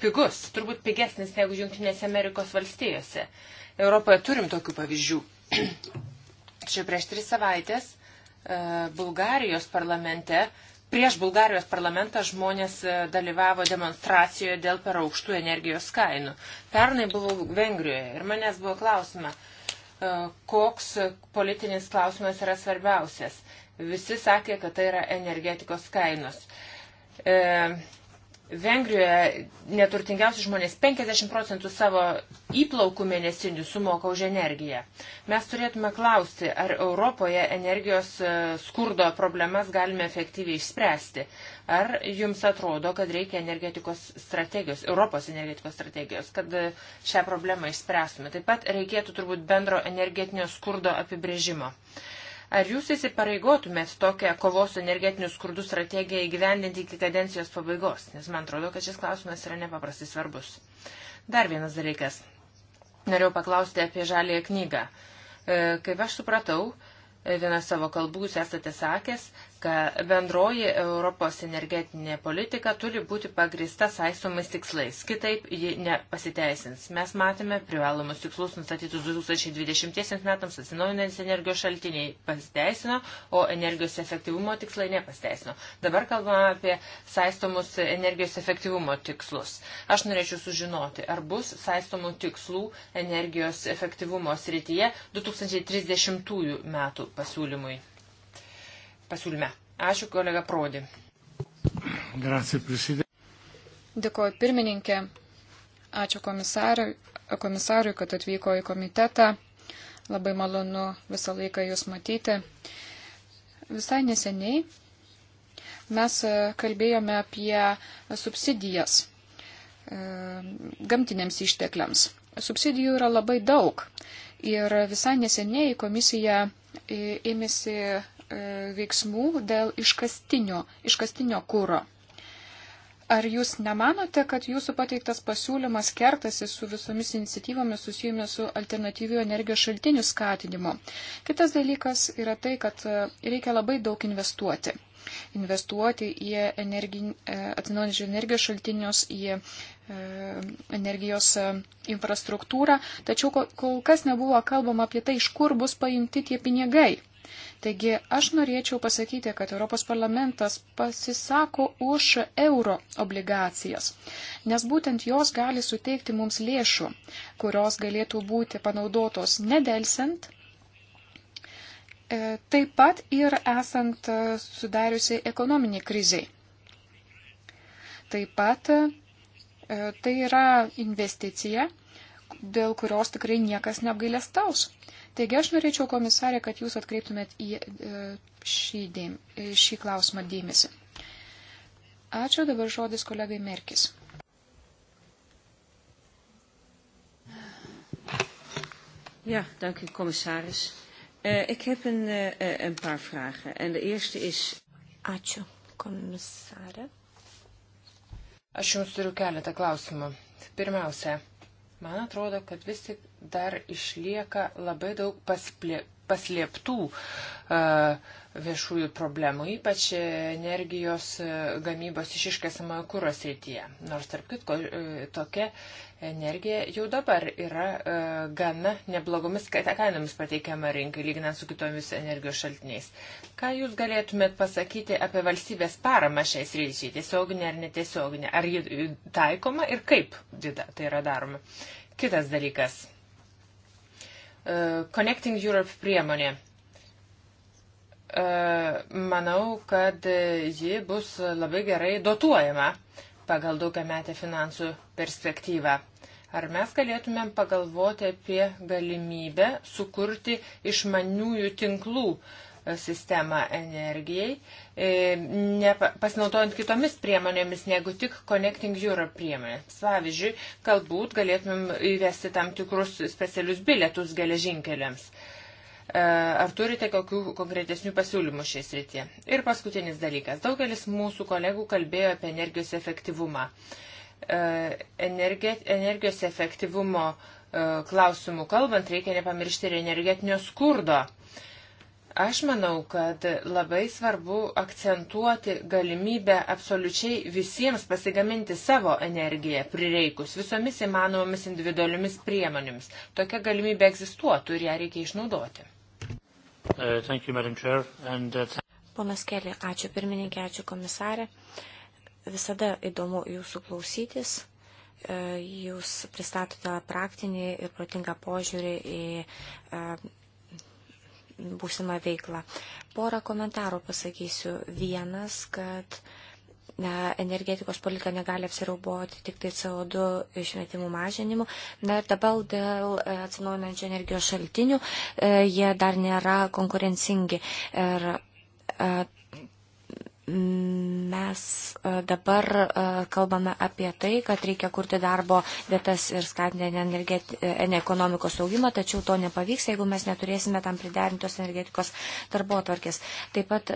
pigus, turbūt pigesnis negu Junktinėse Amerikos valstijose. Europoje turim tokių pavyzdžių. Čia prieš tris savaitės e, Bulgarijos parlamente e, Prieš Bulgarijos parlamentą žmonės e, dalyvavo demonstracijoje dėl per aukštų energijos kainų. Pernai buvau Vengrijoje ir manęs buvo klausima, e, koks politinis klausimas yra svarbiausias. Visi sakė, kad tai yra energetikos kainos. E, Vengrijoje neturtingiausi žmonės 50 procentų savo įplaukų mėnesinių sumoka už energiją. Mes turėtume klausti, ar Europoje energijos e, skurdo problemas galime efektyviai išspręsti. Ar jums atrodo, kad reikia energetikos strategijos, Europos energetikos strategijos, kad e, šią problemą išspręstume. Taip pat reikėtų turbūt bendro energetinio skurdo apibrėžimo. Uh, Ar jūs įsipareigotumėt tokią kovos su energetiniu skurdu strategiją įgyvendinti iki kadencijos pabaigos? Nes man atrodo, kad šis klausimas yra nepaprastai svarbus. Dar vienas dalykas. Norėjau paklausti apie žalėją knygą. E, kaip aš supratau, e, vieną savo kalbų jūs esate sakęs, kad bendroji Europos energetinė politika turi būti pagrista saistomais tikslais, kitaip ji nepasiteisins. Mes matėme privalomus tikslus nustatytus 2020 metams atsinaujinantis energijos šaltiniai pasiteisino, o energijos efektyvumo tikslai nepasiteisino. Dabar kalbame apie saistomus energijos efektyvumo tikslus. Aš norėčiau sužinoti, ar bus saistomų tikslų energijos efektyvumo srityje 2030 metų pasiūlymui pasiūlyme. Ačiū, kolega Prodi. Dėkuoju pirmininkė. Ačiū komisarui, komisarui, kad atvyko į komitetą. Labai malonu visą laiką Jūs matyti. Visai neseniai mes e, kalbėjome apie subsidijas e, gamtiniams ištekliams. Subsidijų yra labai daug. Ir visai neseniai komisija e, ėmėsi E, veiksmų dėl iškastinio, iškastinio kūro. Ar jūs nemanote, kad jūsų pateiktas pasiūlymas kertasi su visomis iniciatyvomis susijomis su alternatyvių energijos šaltinių skatinimu? Kitas dalykas yra tai, kad e, reikia labai daug investuoti. Investuoti į energi... E, atsinaujančių energijos šaltinius, į energijos infrastruktūrą, tačiau kol kas nebuvo kalbama apie tai, iš kur bus paimti tie pinigai. Taigi aš norėčiau pasakyti, kad Europos parlamentas pasisako už euro obligacijas, nes būtent jos gali suteikti mums lėšų, kurios galėtų būti panaudotos nedelsiant. E, taip pat ir esant e, sudariusiai ekonominiai kriziai. Taip pat e, tai yra investicija, dėl kurios tikrai niekas neapgailestaus. Taigi aš norėčiau, komisarė, kad jūs atkreiptumėt į e, šį, dėm, e, šį klausimą dėmesį. Ačiū, dabar žodis kolegai Merkis. Ja, dank u commissaris. Uh, ik heb een, uh, een paar vragen. En de eerste is. Ačiū, komisarė. Aš jums turiu keletą klausimų. Pirmiausia, Man atrodo, kad vis tik dar išlieka labai daug pasplė, paslėptų e, viešųjų problemų, ypač energijos e, gamybos iš iškesamojo kūro srityje. Nors, tarp kitko, e, tokia energija jau dabar yra gana neblogomis kainomis pateikiama rinkai, lyginant su kitomis energijos šaltiniais. Ką Jūs galėtumėt pasakyti apie valstybės paramą šiais ryčiai, tiesioginė ar netiesioginė? Ar ji taikoma ir kaip tai yra daroma? Kitas dalykas E, Connecting Europe priemonė. E, manau, kad ji bus labai gerai dotuojama pagal daugiametę finansų perspektyvą. Ar mes galėtumėm pagalvoti apie galimybę sukurti išmaniųjų tinklų uh, sistemą energijai, e, ne, pasinaudojant kitomis priemonėmis negu tik Connecting Europe priemonė. Pavyzdžiui, galbūt galėtumėm įvesti tam tikrus specialius bilietus geležinkeliams. E, ar turite kokių konkretesnių pasiūlymų šiais rytie? Ir paskutinis dalykas. Daugelis mūsų kolegų kalbėjo apie energijos efektyvumą. E, Energi, energijos efektyvumo klausimų kalbant, reikia nepamiršti ir energetinio skurdo. Aš manau, kad labai svarbu akcentuoti galimybę absoliučiai visiems pasigaminti savo energiją prireikus visomis įmanomomis individualiomis priemonėmis. Tokia galimybė egzistuotų ir ją reikia išnaudoti. Uh, you, And, uh, Ponas Keli, ačiū pirmininkė, ačiū komisarė. Visada įdomu jūsų klausytis. Uh, jūs pristatote praktinį ir protingą požiūrį į uh, būsimą veiklą. Porą komentarų pasakysiu. Vienas, kad na, energetikos politika negali apsirauboti tik tai CO2 išmetimų mažinimu. Na ir dabar dėl e, atsinaujinančių energijos šaltinių e, jie dar nėra konkurencingi. Ir e, Mes e, dabar e, kalbame apie tai, kad reikia kurti darbo vietas ir skatinti e, ekonomikos augimą, tačiau to nepavyks, jeigu mes neturėsime tam priderintos energetikos darbo atvarkės. Taip pat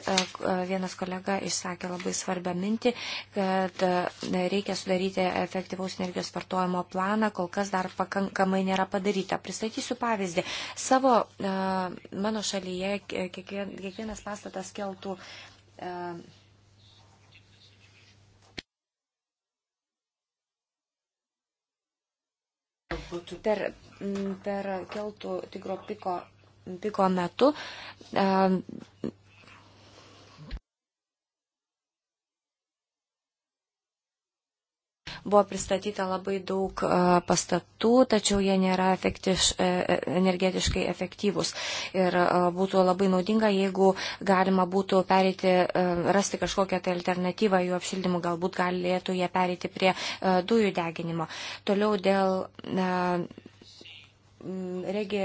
vienas kolega išsakė labai svarbę mintį, kad reikia sudaryti efektyvaus energijos vartojimo planą, kol kas dar pakankamai nėra padaryta. Pristatysiu pavyzdį. Savo, mano šalyje kiekvienas pastatas keltų E, per, per keltų tigro piko, piko metu e, Buvo pristatyta labai daug pastatų, tačiau jie nėra efektiš, e, e, energetiškai efektyvūs. Ir būtų labai naudinga, jeigu galima būtų perėti, rasti kažkokią tai alternatyvą jų apšildymų, galbūt galėtų jie perėti prie dujų deginimo. Toliau dėl regi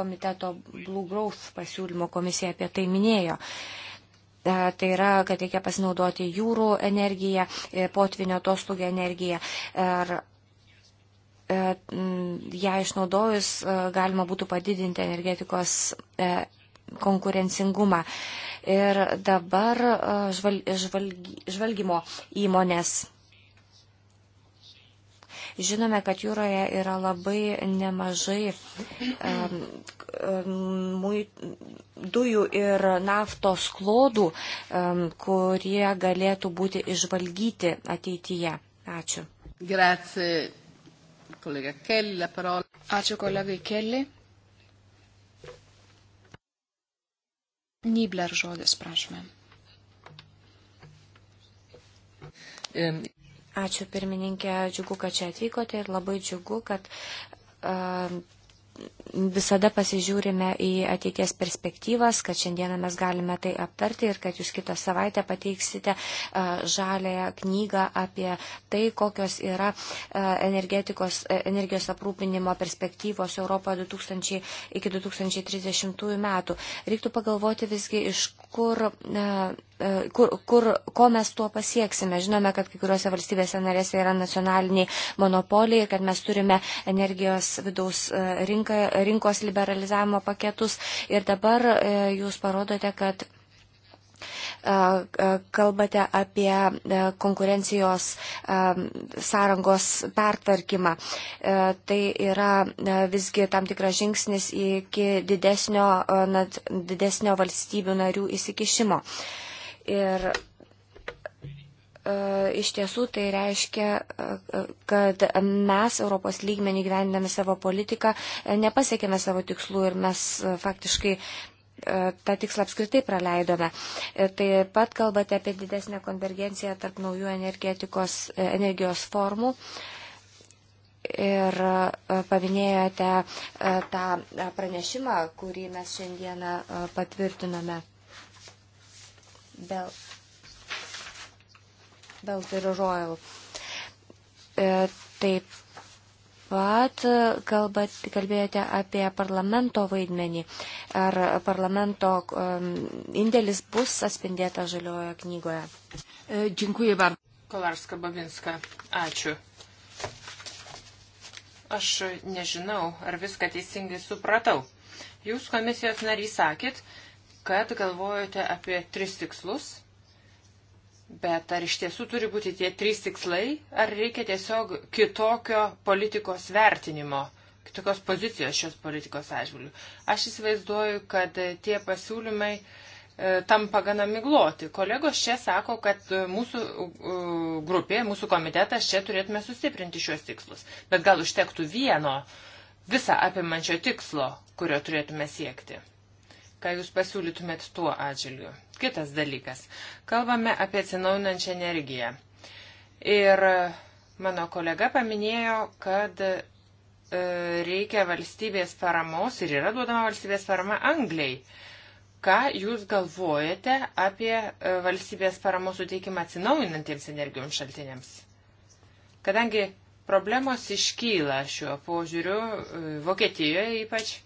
komiteto Blue Growth pasiūlymo komisija apie tai minėjo. Uh, E, tai yra, kad reikia pasinaudoti jūrų energiją, e, potvinio atostogų energiją. Ir e, ją išnaudojus galima būtų padidinti energetikos konkurencingumą. Ir dabar žval, žvalgy, žvalgymo įmonės Žinome, kad jūroje yra labai nemažai um, dujų ir naftos klodų, um, kurie galėtų būti išvalgyti ateityje. Ačiū. Grazie, kolega Kelly, la parola. Ačiū kolegai Kelly. Nibler žodis, prašome. Ačiū pirmininkė, džiugu, kad čia atvykote ir labai džiugu, kad uh, visada pasižiūrime į ateities perspektyvas, kad šiandieną mes galime tai aptarti ir kad jūs kitą savaitę pateiksite žalėją knygą apie tai, kokios yra e, energijos aprūpinimo perspektyvos Europoje 2000, iki 2030 metų. Reiktų pagalvoti visgi, iš kur E, kur, kur, ko mes tuo pasieksime. Žinome, kad kai kuriuose valstybėse narėse yra nacionaliniai monopoliai ir kad mes turime energijos vidaus e, rinka, rinkos liberalizavimo paketus. Ir dabar e, jūs parodote, kad kalbate apie konkurencijos sąrangos pertvarkymą. Tai yra visgi tam tikras žingsnis iki didesnio, didesnio valstybių narių įsikišimo. Uh, Ir e, iš tiesų tai reiškia, e, e, kad mes Europos lygmenį gyvendami savo politiką nepasiekėme savo tikslų ir mes faktiškai tą tikslą apskritai praleidome. Taip pat kalbate apie didesnę konvergenciją tarp naujų energijos formų. Ir paminėjote tą pranešimą, kurį mes šiandieną patvirtinome. Bell, Bell ir Royal. E, taip pat e, kalbat, kalbėjote apie parlamento vaidmenį. Ar parlamento um, indėlis bus atspindėta žaliojoje knygoje? E, dziękuję bardzo. Kolarska Babinska. Ačiū. Aš nežinau, ar viską teisingai supratau. Jūs komisijos narys sakėt, kad galvojate apie tris tikslus, bet ar iš tiesų turi būti tie trys tikslai, ar reikia tiesiog kitokio politikos vertinimo, kitokios pozicijos šios politikos atžvilgių. Aš įsivaizduoju, kad tie pasiūlymai e, tampa gana migloti. Kolegos čia sako, kad mūsų e, grupė, mūsų komitetas čia turėtume sustiprinti šios tikslus. Bet gal užtektų vieno visą apimančio tikslo, kurio turėtume siekti ką jūs pasiūlytumėt tuo atžvilgiu. Kitas dalykas. Kalbame apie atsinaujinančią energiją. Ir mano kolega paminėjo, kad e, reikia valstybės paramos ir yra duodama valstybės parama Angliai. Ką jūs galvojate apie e, valstybės paramos suteikimą atsinaujinantiems energijoms šaltiniams? Kadangi problemos iškyla šiuo požiūriu, e, Vokietijoje ypač,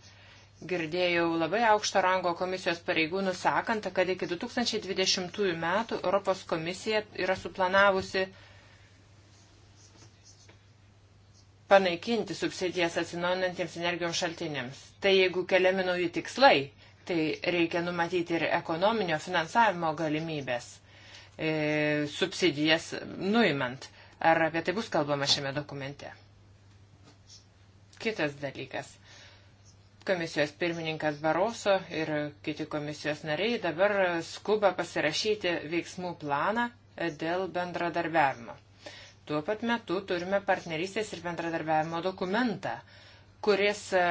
Girdėjau labai aukšto rango komisijos pareigūnų sakant, kad iki 2020 metų Europos komisija yra suplanavusi panaikinti subsidijas atsinaujinantiems energijos šaltinėms. Tai jeigu keliami nauji tikslai, tai reikia numatyti ir ekonominio finansavimo galimybės e, subsidijas nuimant. Ar apie tai bus kalbama šiame dokumente? Kitas dalykas Komisijos pirmininkas Baroso ir kiti komisijos nariai dabar skuba pasirašyti veiksmų planą dėl bendradarbiavimo. Tuo pat metu turime partnerystės ir bendradarbiavimo dokumentą, kuris e,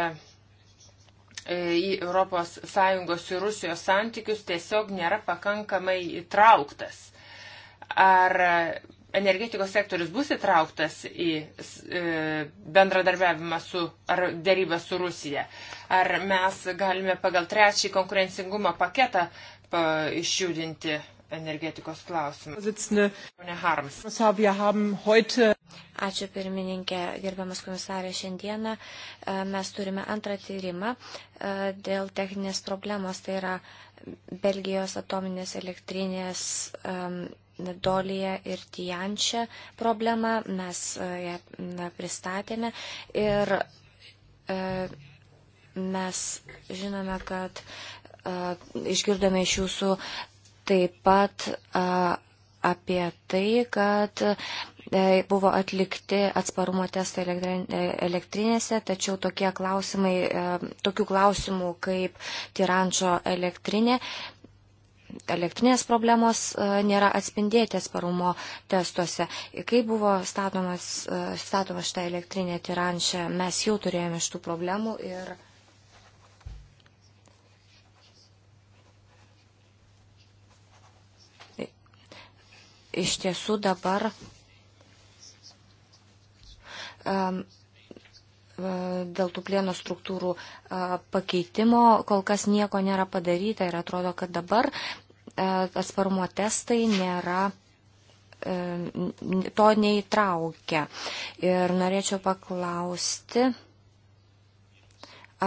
e, į ES ir Rusijos santykius tiesiog nėra pakankamai įtrauktas. Ar energetikos sektorius bus įtrauktas į e, bendradarbiavimą su, ar dėrybą su Rusija? Ar mes galime pagal trečiąjį konkurencingumo paketą pa, išjudinti energetikos klausimą? Pone Harms. Ačiū pirmininkė, gerbiamas komisarė, šiandieną e, mes turime antrą tyrimą e, dėl techninės problemos, tai yra Belgijos atominės elektrinės Dolija ir Tijančia problemą, mes ją e, na, pristatėme ir e, mes žinome, kad e, išgirdome iš jūsų taip pat e, apie tai, kad e, buvo atlikti atsparumo testai e, elektrinėse, tačiau tokie klausimai, tokių klausimų kaip tirančio elektrinė elektrinės problemos e, nėra atspindėti atsparumo testuose. Kai buvo statomas, e, statomas šitą elektrinę tirančią, mes jau turėjome šitų problemų ir. Iš tiesų dabar um, E, dėl tų plieno struktūrų e, pakeitimo kol kas nieko nėra padaryta ir atrodo, kad dabar e, atsparumo testai nėra to neįtraukia. Ir norėčiau paklausti,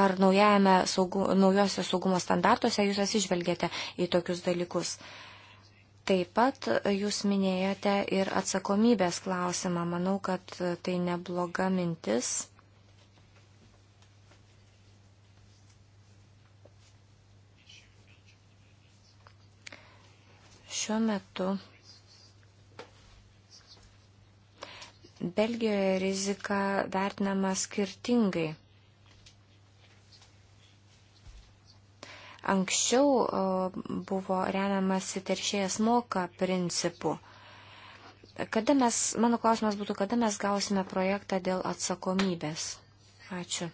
ar naujajame saugu, naujose saugumo standartuose jūs atsižvelgėte į tokius dalykus. Taip pat jūs minėjote ir atsakomybės klausimą. Manau, kad tai nebloga mintis. šiuo metu Belgijoje rizika vertinama skirtingai. Anksčiau buvo remiamasi teršėjas moka principu. Kada mes, mano klausimas būtų, kada mes gausime projektą dėl atsakomybės? Ačiū.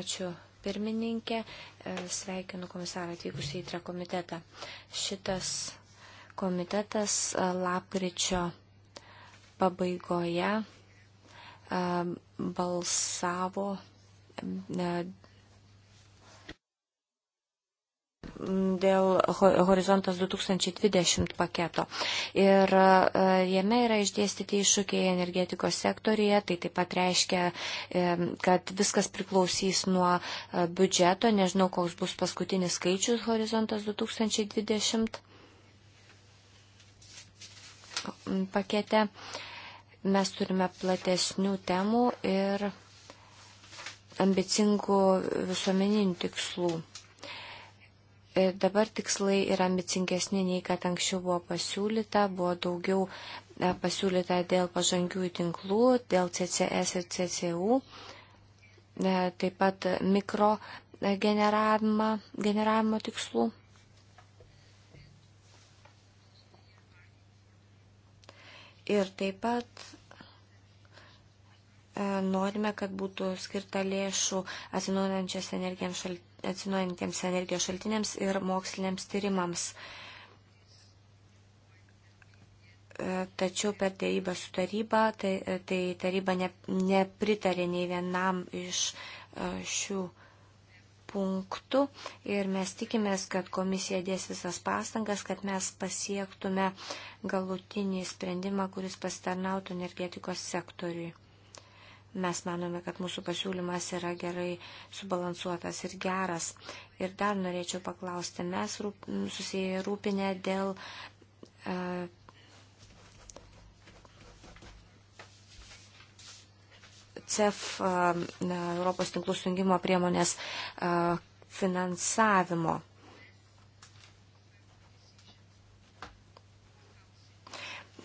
Ačiū pirmininkė, e, sveikinu komisarą atvykusį į tre komitetą. Šitas komitetas e, lapkričio pabaigoje e, balsavo dėl Horizontas 2020 paketo. Ir e, jame yra išdėstyti iššūkiai energetikos sektorija, tai taip pat reiškia, e, kad viskas priklausys nuo e, biudžeto, nežinau, koks bus paskutinis skaičius Horizontas 2020 pakete. Mes turime platesnių temų ir ambicingų visuomeninių tikslų. E, dabar tikslai yra ambicingesni nei kad anksčiau buvo pasiūlyta, buvo daugiau e, pasiūlyta dėl pažangių tinklų, dėl CCS ir CCU, e, taip pat mikro generavimo, generavimo tikslų. Ir taip pat norime, kad būtų skirta lėšų atsinaujančias energijos šalt, atsinaujantiems energijos šaltiniams ir moksliniams tyrimams. E, tačiau per dėrybą su taryba, tai, e, tai taryba ne, nepritarė nei vienam iš e, šių punktų ir mes tikimės, kad komisija dės visas pastangas, kad mes pasiektume galutinį sprendimą, kuris pasitarnautų energetikos sektoriui. Mes manome, kad mūsų pasiūlymas yra gerai subalansuotas ir geras. Ir dar norėčiau paklausti, mes rūp, susirūpinę dėl uh, CEF uh, Europos tinklų sujungimo priemonės uh, finansavimo.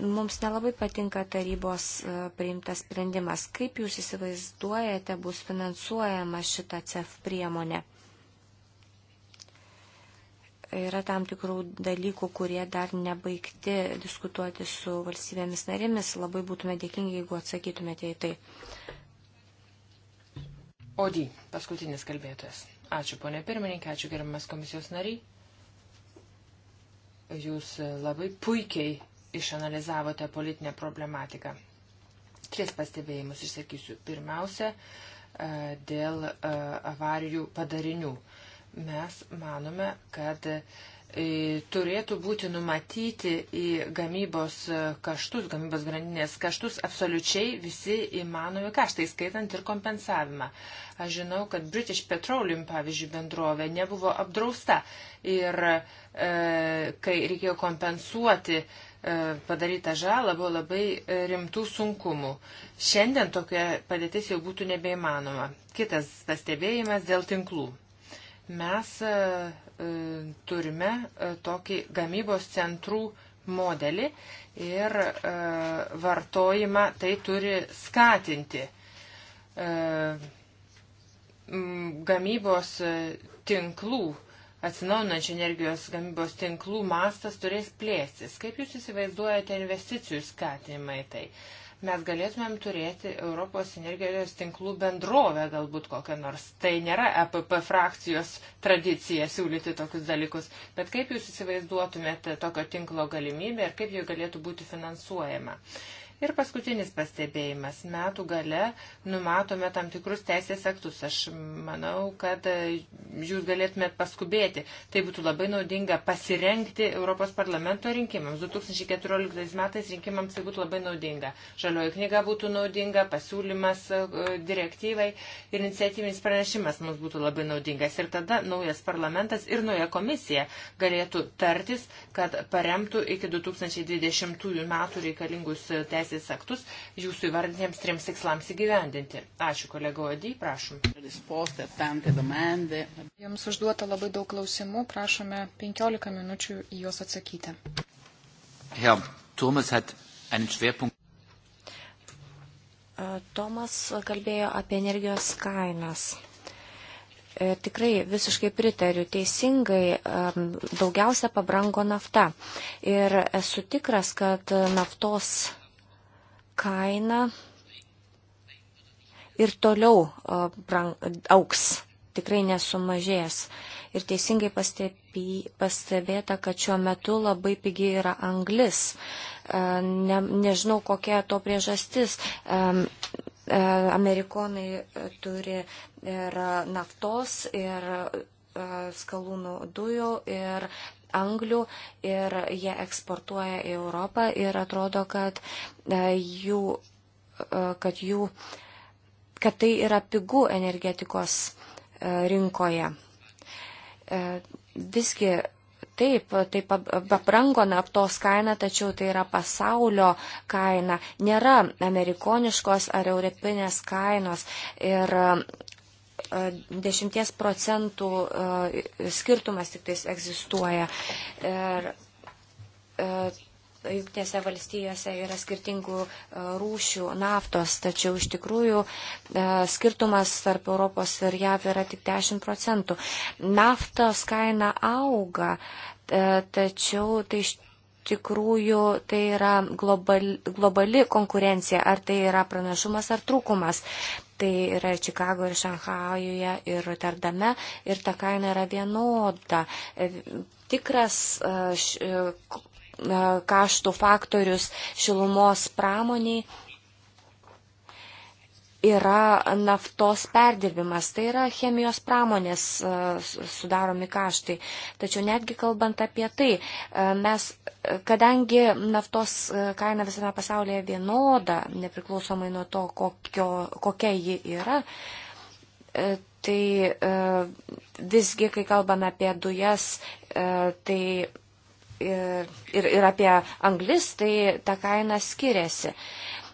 Mums nelabai patinka tarybos e, priimtas sprendimas. Kaip jūs įsivaizduojate, bus finansuojama šita CEF priemonė? Yra tam tikrų dalykų, kurie dar nebaigti diskutuoti su valstybėmis narėmis. Labai būtume dėkingi, jeigu atsakytumėte į tai. Odį, paskutinis kalbėtojas. Ačiū, ponė pirmininkė, ačiū gerbiamas komisijos nariai. Jūs labai puikiai išanalizavote politinę problematiką. Tris pastebėjimus išsakysiu. Pirmiausia, e, dėl e, avarijų padarinių. Mes manome, kad e, turėtų būti numatyti į gamybos kaštus, gamybos grandinės kaštus absoliučiai visi įmanomi kaštai, skaitant ir kompensavimą. Aš žinau, kad British Petroleum, pavyzdžiui, bendrovė nebuvo apdrausta ir e, kai reikėjo kompensuoti e, E, padarytą žalą buvo labai e, rimtų sunkumų. Šiandien tokia padėtis jau būtų nebeįmanoma. Kitas pastebėjimas dėl tinklų. Mes e, turime tokį gamybos centrų modelį ir vartojimą tai turi skatinti. Gamybos tinklų atsinaujinančių energijos gamybos tinklų mastas turės plėstis. Kaip Jūs įsivaizduojate investicijų skatinimai tai? Mes galėtumėm turėti Europos energijos tinklų bendrovę galbūt kokią nors. Tai nėra EPP frakcijos tradicija siūlyti tokius dalykus. Bet kaip Jūs įsivaizduotumėte tokio tinklo galimybę ir kaip jų galėtų būti finansuojama? Uh, Ir paskutinis pastebėjimas. Metų gale numatome tam tikrus teisės aktus. Aš manau, kad jūs galėtumėt paskubėti. Tai būtų labai naudinga pasirenkti Europos parlamento rinkimams. 2014 metais rinkimams tai būtų labai naudinga. Žalioji knyga būtų naudinga, pasiūlymas e, direktyvai ir iniciatyvinis pranešimas mums būtų labai naudingas. Ir tada naujas parlamentas ir nauja komisija galėtų tartis, kad paremtų iki 2020 metų reikalingus teisės teisės aktus jūsų įvardintiems trims tikslams įgyvendinti. Ačiū, kolego Odį, prašom. Jums užduota labai daug klausimų, prašome 15 minučių į juos atsakyti. Herr Turmes hat einen Schwerpunkt. Tomas kalbėjo apie energijos kainas. Ir e, tikrai visiškai pritariu, teisingai daugiausia pabrango nafta. Ir esu tikras, kad naftos kaina ir toliau auks, tikrai nesumažės. Ir teisingai pastebė, pastebėta, kad šiuo metu labai pigiai yra anglis. E, ne, nežinau, kokia to priežastis. E, e, amerikonai turi ir naftos, ir skalūnų dujų, ir anglių ir jie eksportuoja į Europą ir atrodo, kad e, jų, e, kad jų, kad tai yra pigų energetikos e, rinkoje. Visgi Taip, taip pabrango naftos kaina, tačiau tai yra pasaulio kaina. Nėra amerikoniškos ar europinės kainos. Ir 10 procentų e, skirtumas tik tais egzistuoja. Ir e, jungtinėse valstijose yra skirtingų e, rūšių naftos, tačiau iš tikrųjų skirtumas tarp Europos ir JAV yra tik 10 procentų. Naftos kaina auga, tačiau tai iš tikrųjų tikrųjų tai yra globali, globali konkurencija, ar tai yra pranašumas ar trūkumas. Tai yra ir Čikago, ir Šanhajuje, ir Rotterdame, ir ta kaina yra vienoda. E, tikras e, e, kaštų faktorius šilumos pramoniai yra naftos perdirbimas, tai yra chemijos pramonės e, sudaromi kaštai. Tačiau netgi kalbant apie tai, e, mes, e, kadangi naftos kaina visame pasaulyje vienoda, nepriklausomai nuo to, kokio, kokia ji yra, tai visgi, kai kalbame apie dujas, tai ir, ir apie anglis, tai ta kaina skiriasi.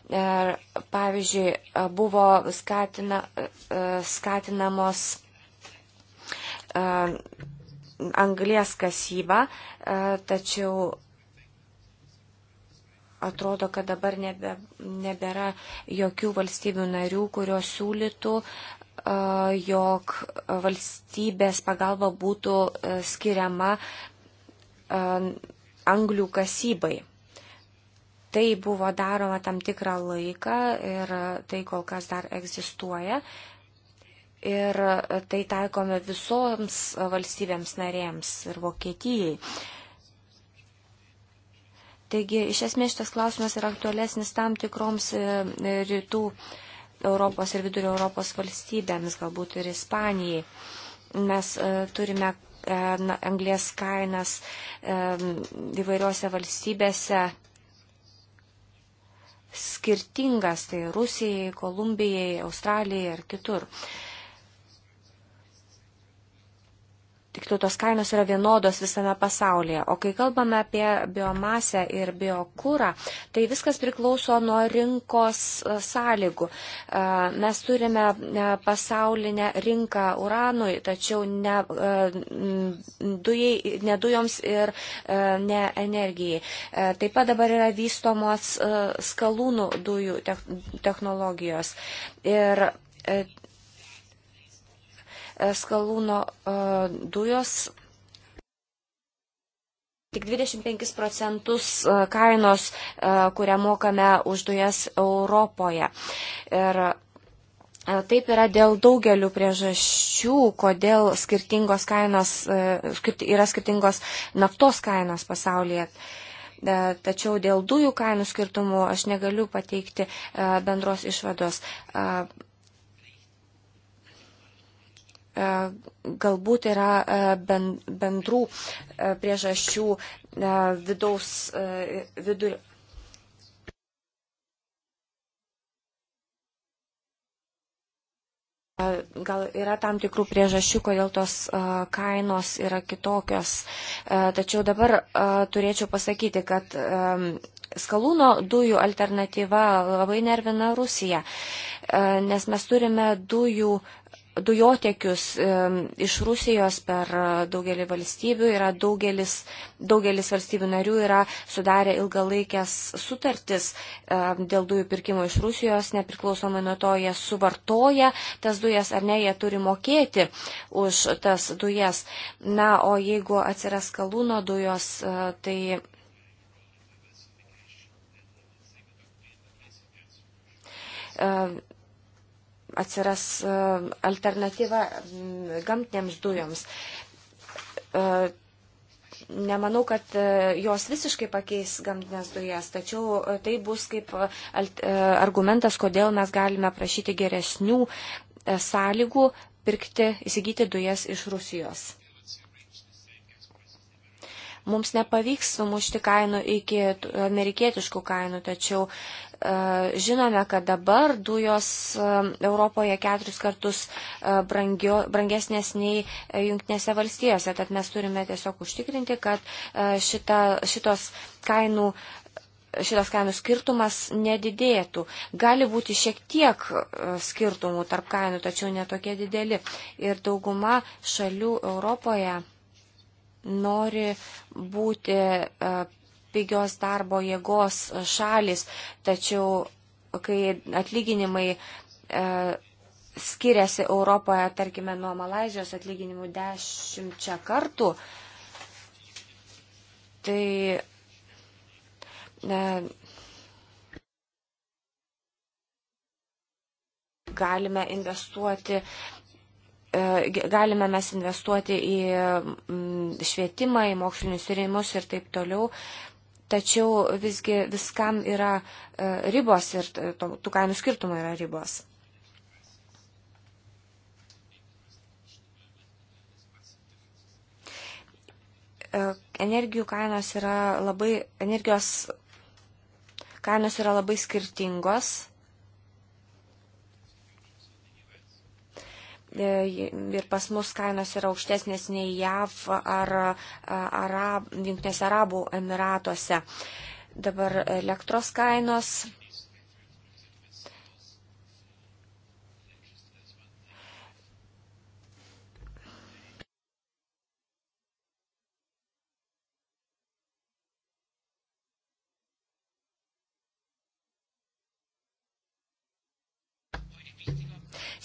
Ir, pavyzdžiui, buvo skatina, skatinamos e, anglės kasyba, e, tačiau atrodo, kad dabar nebe, nebėra jokių valstybių narių, kurios siūlytų, e, jog valstybės pagalba būtų skiriama anglių kasybai. Tai buvo daroma tam tikrą laiką ir tai kol kas dar egzistuoja. Ir tai taikome visoms valstybėms narėms ir Vokietijai. Taigi, iš esmės šitas klausimas yra aktualesnis tam tikroms e, e, rytų Europos ir vidurio Europos valstybėms, galbūt ir Ispanijai. Mes e, turime anglės kainas įvairiuose valstybėse skirtingas tai Rusijai, Kolumbijai, Australijai ar kitur. Uh, tiksliau tos kainos yra vienodos visame pasaulyje. O kai kalbame apie biomasę ir biokūrą, tai viskas priklauso nuo rinkos e, sąlygų. E, mes turime e, pasaulinę rinką uranui, tačiau ne, dujai, ne dujoms ir ne energijai. Taip pat dabar yra vystomos skalūnų dujų technologijos. Ir skalūno e, dujos Tik 25 procentus e, kainos, e, kurią mokame už dujas Europoje. Ir taip yra dėl daugelių priežasčių, kodėl skirtingos kainos, yra skirtingos naftos kainos pasaulyje. Tačiau dėl dujų kainų skirtumų aš negaliu pateikti bendros išvados. E, galbūt yra e, bendrų e, priežasčių vidaus vidur. Gal yra tam tikrų priežasčių, kodėl tos kainos yra kitokios. Tačiau dabar turėčiau pasakyti, kad skalūno dujų alternatyva labai nervina Rusiją, nes mes turime dujų dujotiekius iš Rusijos per daugelį valstybių yra daugelis, daugelis valstybių narių yra sudarę ilgalaikės sutartis dėl dujų pirkimo iš Rusijos, nepriklausomai nuo to, jie suvartoja tas dujas ar ne, jie turi mokėti už tas dujas. Na, o jeigu atsiras kalūno dujos, e, tai e, atsiras e, alternatyva gamtinėms dujoms. E, nemanau, kad e, jos visiškai pakeis gamtinės dujas, tačiau tai bus kaip argumentas, kodėl mes galime prašyti geresnių sąlygų pirkti, įsigyti dujas iš Rusijos. Mums nepavyks sumušti kainų iki amerikietiškų kainų, tačiau uh, E, žinome, kad dabar dujos e, Europoje keturis kartus e, brangio, brangesnės nei jungtinėse valstijose, tad mes turime tiesiog užtikrinti, kad šita, šitos kainų šitas kainų skirtumas nedidėtų. Gali būti šiek tiek skirtumų tarp kainų, tačiau netokie dideli. Ir dauguma šalių Europoje nori būti pigios darbo jėgos šalis, tačiau kai atlyginimai e, skiriasi Europoje, tarkime, nuo Malazijos atlyginimų dešimčia kartų, tai. E, galime investuoti e, galime mes investuoti į švietimą, į mokslinius tyrimus ir taip toliau tačiau visgi viskam yra e, ribos ir tų kainų skirtumų yra ribos. E, energijų kainos yra labai, energijos kainos yra labai skirtingos E, ir pas mus kainos yra aukštesnės nei JAV ar e, Arab, Junktinėse Arabų Emiratuose. Dabar elektros kainos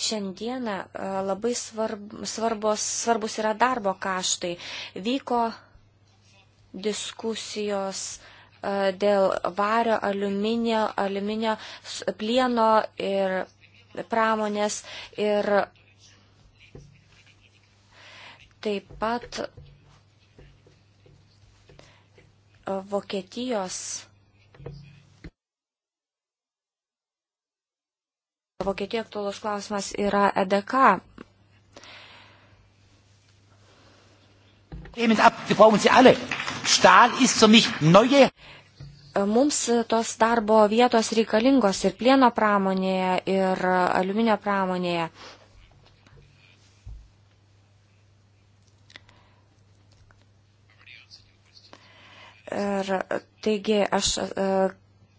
Šiandieną e, labai svarb, svarbos, svarbus yra darbo kaštai. Vyko diskusijos e, dėl vario, aliuminio, aliuminio plieno ir pramonės ir taip pat Vokietijos Vokietija aktuolus klausimas yra EDK. Mums tos darbo vietos reikalingos ir plieno pramonėje, ir aliuminio pramonėje. Ir taigi aš e,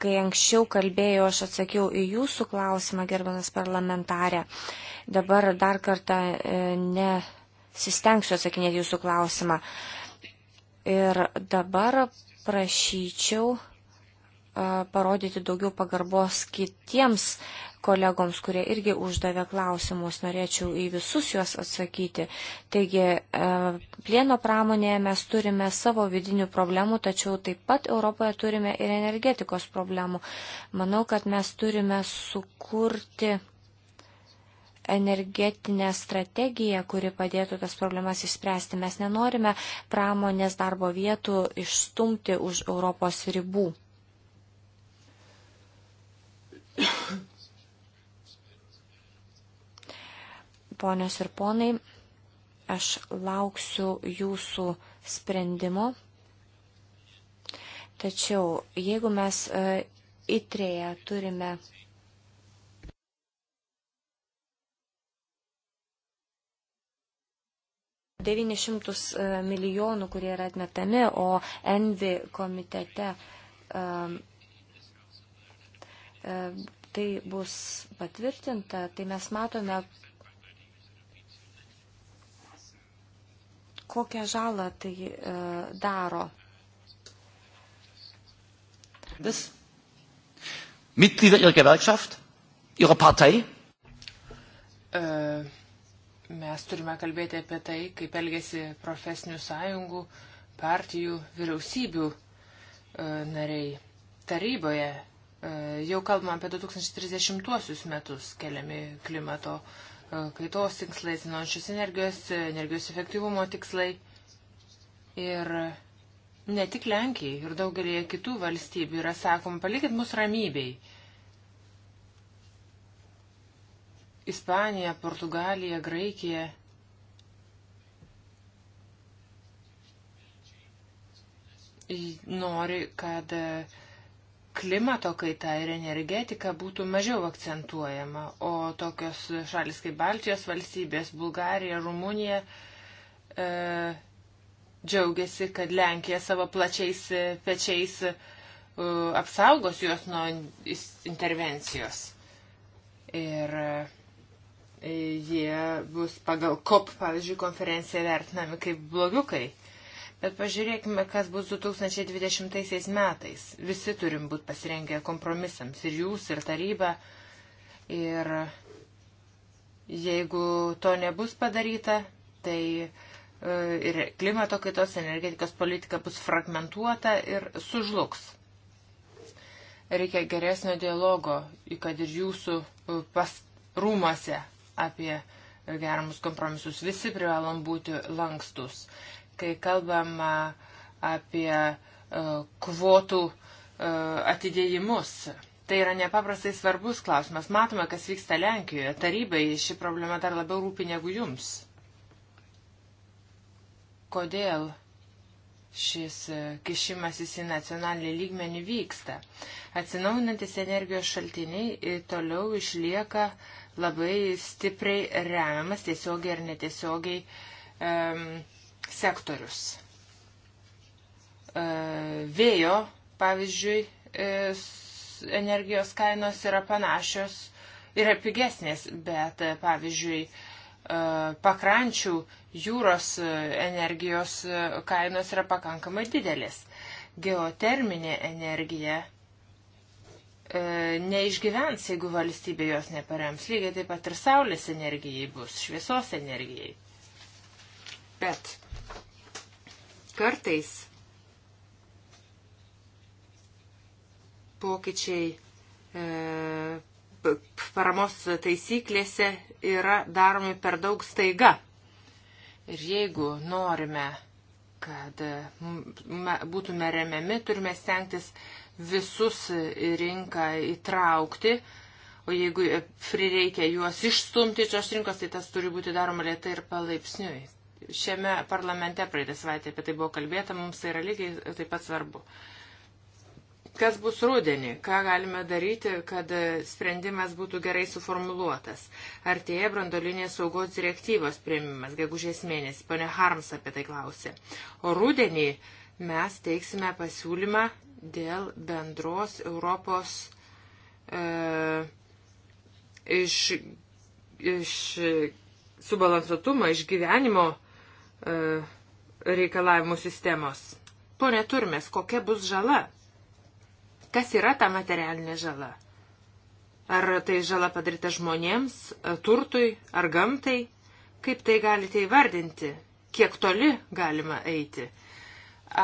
Kai anksčiau kalbėjau, aš atsakiau į jūsų klausimą, gerbamas parlamentarė. Dabar dar kartą e, nesistengsiu atsakinėti jūsų klausimą. Ir dabar prašyčiau e, parodyti daugiau pagarbos kitiems kolegoms, kurie irgi uždavė klausimus. Norėčiau į visus juos atsakyti. Taigi, e, plieno pramonėje mes turime savo vidinių problemų, tačiau taip pat Europoje turime ir energetikos problemų. Manau, kad mes turime sukurti energetinę strategiją, kuri padėtų tas problemas išspręsti. Mes nenorime pramonės darbo vietų išstumti už Europos ribų. Ponios ir ponai, aš lauksiu jūsų sprendimo. Tačiau jeigu mes įtrėje e, turime devynis šimtus e, milijonų, kurie yra atmetami, o Envi komitete e, tai bus patvirtinta, tai mes matome, kokią žalą tai e, daro. Das. Mitglieder ihrer Gewerkschaft, ihrer Partei? E, mes turime kalbėti apie tai, kaip elgesi profesinių sąjungų, partijų, vyriausybių e, nariai. Taryboje e, jau kalbam apie 2030 metus keliami klimato E, kaitos tikslai, atsinaujančios energijos, energijos efektyvumo tikslai. Ir ne tik Lenkijai, ir daugelėje kitų valstybių yra sakoma, palikit mus ramybei. Ispanija, Portugalija, Graikija. Nori, kad uh, klimato kaita ir energetika būtų mažiau akcentuojama, o tokios šalis kaip Baltijos valstybės, Bulgarija, Rumunija e, džiaugiasi, kad Lenkija savo plačiais e, pečiais e, apsaugos juos nuo intervencijos. Ir e, jie bus pagal COP, pavyzdžiui, konferenciją vertinami kaip blogiukai. E, Bet pažiūrėkime, kas bus 2020 metais. Visi turim būti pasirengę kompromisams. Ir jūs, ir taryba. Ir jeigu to nebus padaryta, tai e, ir klimato kaitos energetikos politika bus fragmentuota ir sužlugs. Reikia geresnio dialogo, kad ir jūsų e, pas, rūmose apie geramus kompromisus. Visi privalom būti lankstus kai kalbama apie e, kvotų e, atidėjimus. Tai yra nepaprastai svarbus klausimas. Matome, kas vyksta Lenkijoje. Tarybai ši problema dar labiau rūpi negu jums. Kodėl šis e, kišimasis į nacionalinį lygmenį vyksta? Atsinaujinantis energijos šaltiniai toliau išlieka labai stipriai remiamas tiesiogiai ar netiesiogiai. Um, sektorius. E, vėjo, pavyzdžiui, e, energijos kainos yra panašios, yra pigesnės, bet, e, pavyzdžiui, pakrančių jūros energijos kainos yra pakankamai didelis. Geoterminė energija neišgyvens, jeigu valstybė jos neparems. Lygiai taip pat ir saulės energijai bus, šviesos energijai. Bet Kartais pokyčiai e, paramos taisyklėse yra daromi per daug staiga. Ir jeigu norime, kad e, būtume remiami, turime stengtis visus rinką įtraukti, o jeigu e, prireikia juos išstumti iš šios rinkos, tai tas turi būti daroma lietai ir palaipsniui šiame parlamente praeitą savaitę apie tai buvo kalbėta, mums tai yra lygiai taip pat svarbu. Kas bus rudenį, ką galime daryti, kad sprendimas būtų gerai suformuluotas. Artėja brandolinės saugos direktyvos prieimimas, gegužės mėnesį, ponė Harms apie tai klausė. O rudenį mes teiksime pasiūlymą dėl bendros Europos e, iš, iš subalansuotumo, išgyvenimo E, reikalavimų sistemos. Pone Turmės, kokia bus žala? Kas yra ta materialinė žala? Ar tai žala padaryta žmonėms, e, turtui ar gamtai? Kaip tai galite įvardinti? Kiek toli galima eiti?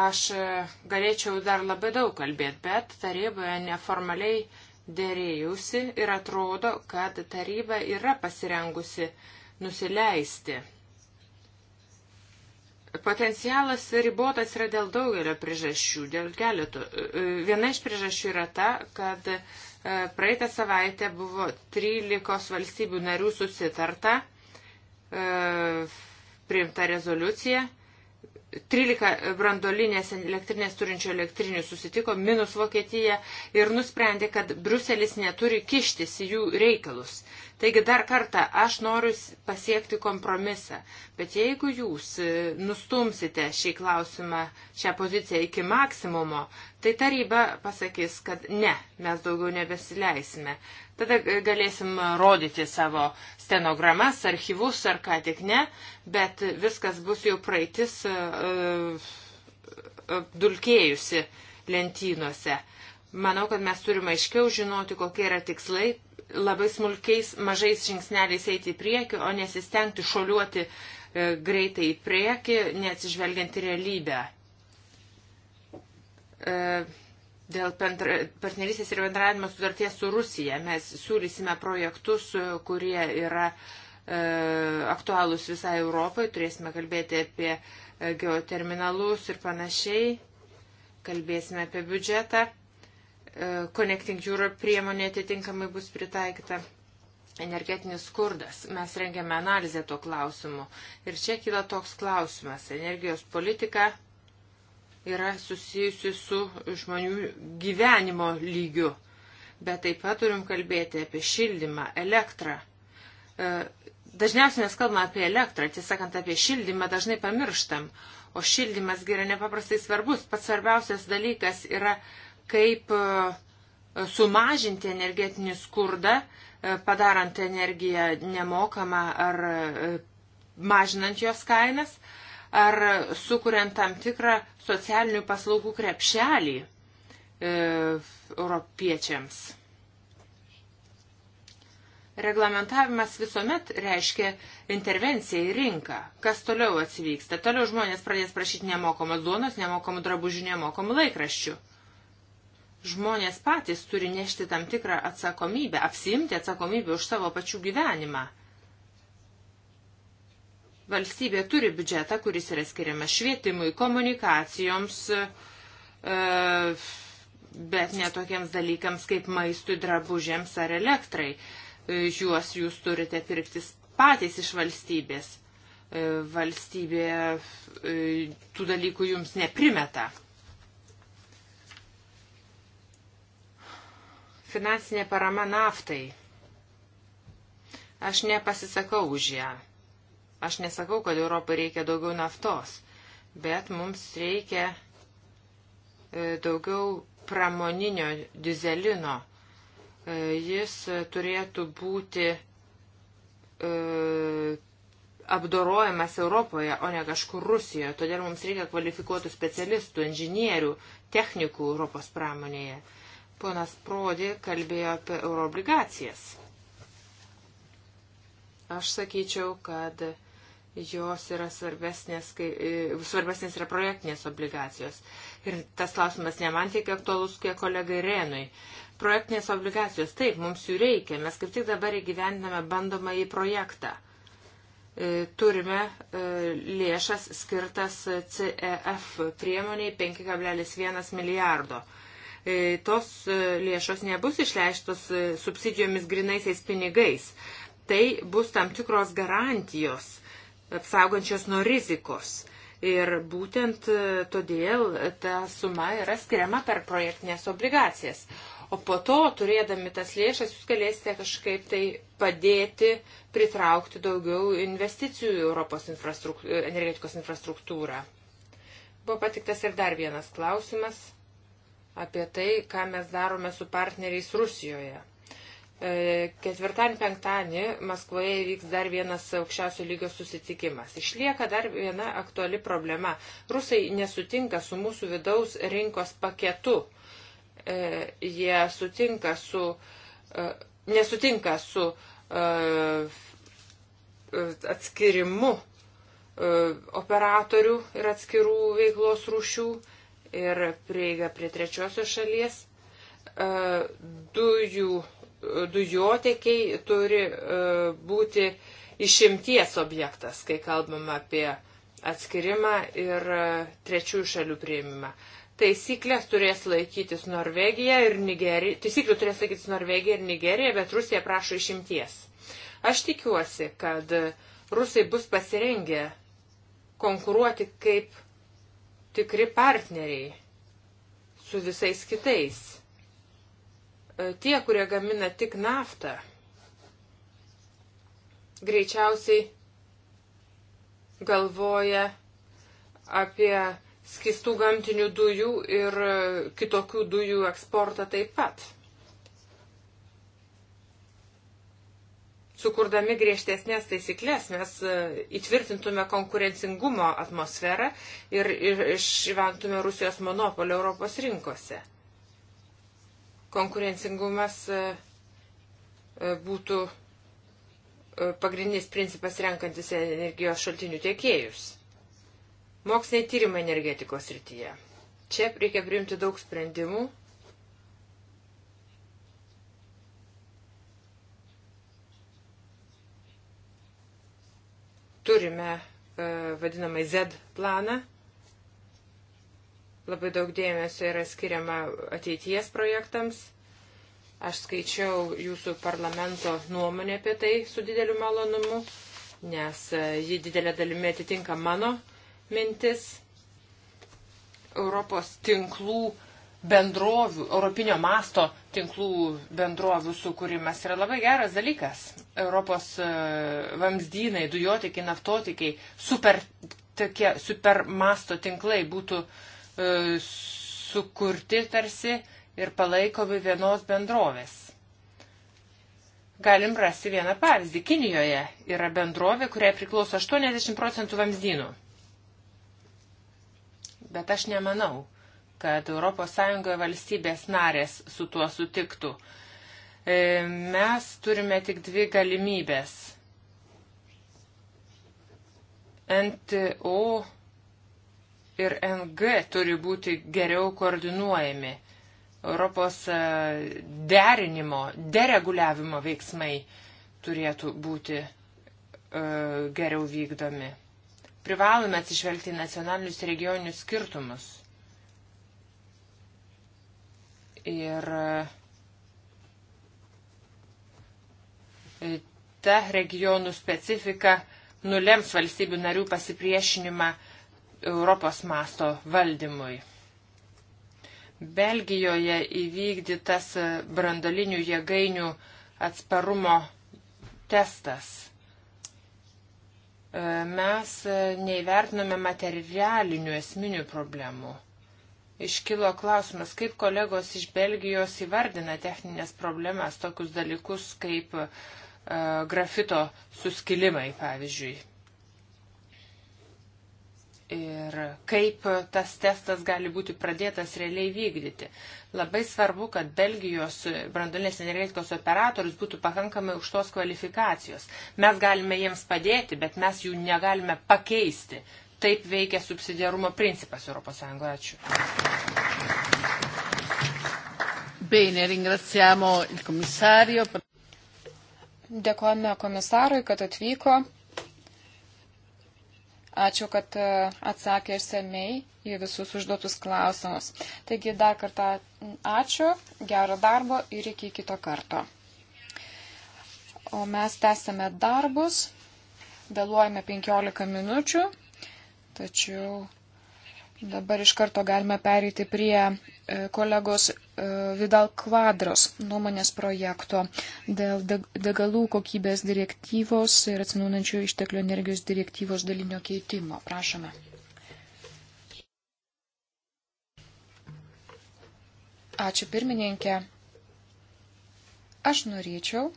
Aš e, galėčiau dar labai daug kalbėti, bet taryboje neformaliai dėrėjusi ir atrodo, kad taryba yra pasirengusi nusileisti Potencialas ribotas yra dėl daugelio priežasčių, dėl keletų. E, viena iš priežasčių yra ta, kad e, praeitą savaitę buvo 13 valstybių narių susitarta, e, priimta rezoliucija 13 brandolinės elektrinės turinčių elektrinių susitiko, minus Vokietija, ir nusprendė, kad Bruselis neturi kištis į jų reikalus. Taigi dar kartą aš noriu pasiekti kompromisą, bet jeigu jūs e, nustumsite šį klausimą, šią poziciją iki maksimumo, tai taryba pasakys, kad ne, mes daugiau nebesileisime. Tada galėsim rodyti savo stenogramas, archyvus ar ką tik ne, bet viskas bus jau praeitis e, e, apdulkėjusi lentynuose. Manau, kad mes turime aiškiau žinoti, kokie yra tikslai, labai smulkiais, mažais žingsneliais eiti į priekį, o nesistengti šoliuoti e, greitai į priekį, neatsižvelgiant į realybę. Dėl partnerystės ir bendravimo sutarties su Rusija mes siūlysime projektus, kurie yra e, aktualūs visai Europai. Turėsime kalbėti apie e, geoterminalus ir panašiai. Kalbėsime apie biudžetą. E, Connecting Europe priemonė atitinkamai bus pritaikyta. Energetinis skurdas. Mes rengiame analizę tuo klausimu. Ir čia kyla toks klausimas. Energijos politika yra susijusi su žmonių gyvenimo lygiu. Bet taip pat turim kalbėti apie šildymą, elektrą. E, dažniausiai mes kalbame apie elektrą, tiesąkant apie šildymą dažnai pamirštam. O šildymas yra nepaprastai svarbus. Pats svarbiausias dalykas yra, kaip e, sumažinti energetinį skurdą, e, padarant energiją nemokamą ar mažinant jos kainas ar sukuriant tam tikrą socialinių paslaugų krepšelį e, europiečiams. Reglamentavimas visuomet reiškia intervenciją į rinką. Kas toliau atsivyksta? Toliau žmonės pradės prašyti nemokamos duonos, nemokamų drabužių, nemokamų laikraščių. Žmonės patys turi nešti tam tikrą atsakomybę, apsiimti atsakomybę už savo pačių gyvenimą. Valstybė turi biudžetą, kuris yra skiriamas švietimui, komunikacijoms, e, bet netokiems dalykams kaip maistui, drabužėms ar elektrai. E, juos jūs turite pirktis patys iš valstybės. E, valstybė tų dalykų jums neprimeta. Finansinė parama naftai. Aš nepasisakau už ją. Aš nesakau, kad Europai reikia daugiau naftos, bet mums reikia e, daugiau pramoninio dizelino. E, jis turėtų būti e, apdorojamas Europoje, o ne kažkur Rusijoje. Todėl mums reikia kvalifikuotų specialistų, inžinierių, technikų Europos pramonėje. Ponas Prodi kalbėjo apie euroobligacijas. Aš sakyčiau, kad jos yra svarbesnės, kai, e, svarbesnės yra projektinės obligacijos. Ir tas klausimas ne man tiek aktualus, kiek kolegai Renui. Projektinės obligacijos, taip, mums jų reikia. Mes kaip tik dabar įgyvendiname bandomąjį projektą. E, turime e, lėšas skirtas CEF priemoniai 5,1 milijardo tos lėšos nebus išleistos subsidijomis grinaisiais pinigais. Tai bus tam tikros garantijos apsaugančios nuo rizikos. Ir būtent e, todėl ta suma yra skiriama per projektinės obligacijas. O po to, turėdami tas lėšas, jūs galėsite kažkaip tai padėti pritraukti daugiau investicijų į Europos infrastruktūrą, e, energetikos infrastruktūrą. Buvo patiktas ir dar vienas klausimas apie tai, ką mes darome su partneriais Rusijoje. E, ketvirtadienį, penktadienį Maskvoje įvyks dar vienas aukščiausio lygio susitikimas. Išlieka dar viena aktuali problema. Rusai nesutinka su mūsų vidaus rinkos paketu. E, jie sutinka su, e, nesutinka su atskirimu operatorių ir atskirų veiklos rūšių ir prieiga prie trečiosios šalies dujų dujotekiai turi e, būti išimties objektas, kai kalbam apie atskirimą ir e, trečiųjų šalių prieimimą. Taisyklės turės laikytis Norvegija ir Nigerija, taisyklių turės laikytis Norvegija ir Nigerija, bet Rusija prašo išimties. Aš tikiuosi, kad rusai bus pasirengę konkuruoti kaip tikri partneriai su visais kitais E, tie, kurie gamina tik naftą, greičiausiai galvoja apie skistų gamtinių dujų ir e, kitokių dujų eksportą taip pat. Sukurdami griežtesnės taisyklės mes e, įtvirtintume konkurencingumo atmosferą ir išvengtume Rusijos monopolio Europos rinkose konkurencingumas e, e, būtų e, pagrindinis principas renkantis energijos šaltinių tiekėjus. Moksliniai tyrimai energetikos rytyje. Čia reikia priimti daug sprendimų. Turime vadinamai Z planą, Labai daug dėmesio yra skiriama ateities projektams. Aš skaičiau jūsų parlamento nuomonę apie tai su dideliu malonumu, nes e, ji didelė dalimi atitinka mano mintis. Europos tinklų bendrovių, europinio masto tinklų bendrovių sukūrimas yra labai geras dalykas. Europos e, vamzdynai, dujotikiai, naftotikiai, super, tokie, super masto tinklai būtų uh, E, sukurti tarsi ir palaikomi vienos bendrovės. Galim rasti vieną pavyzdį. Kinijoje yra bendrovė, kuriai priklauso 80 procentų vamzdynų. Bet aš nemanau, kad ES valstybės narės su tuo sutiktų. E, mes turime tik dvi galimybės. NTO ir NG turi būti geriau koordinuojami. Europos e, derinimo, dereguliavimo veiksmai turėtų būti e, geriau vykdomi. Privalome atsižvelgti nacionalinius ir regioninius skirtumus. Ir e, ta regionų specifika nulems valstybių narių pasipriešinimą e, Europos masto valdymui. Belgijoje įvykdytas brandolinių jėgainių atsparumo testas. E, mes neįvertiname materialinių esminių problemų. Iškilo klausimas, kaip kolegos iš Belgijos įvardina techninės problemas, tokius dalykus kaip e, grafito suskilimai, pavyzdžiui ir kaip tas testas gali būti pradėtas realiai vykdyti. Labai svarbu, kad Belgijos branduolinės energetikos operatorius būtų pakankamai aukštos kvalifikacijos. Mes galime jiems padėti, bet mes jų negalime pakeisti. Taip veikia subsidiarumo principas ES. Ačiū. Bene, ringraziamo il commissario. Dėkojame komisarui, kad atvyko. Ačiū, kad e, atsakė išsamei į visus užduotus klausimus. Taigi dar kartą ačiū, gero darbo ir iki kito karto. O mes tęsime darbus, vėluojame 15 minučių, tačiau Dabar iš karto galime pereiti prie e, kolegos e, Vidal Kvadros nuomonės projekto dėl degalų kokybės direktyvos ir atsinaujančių išteklių energijos direktyvos dalinio keitimo. Prašome. Ačiū pirmininkė. Aš norėčiau.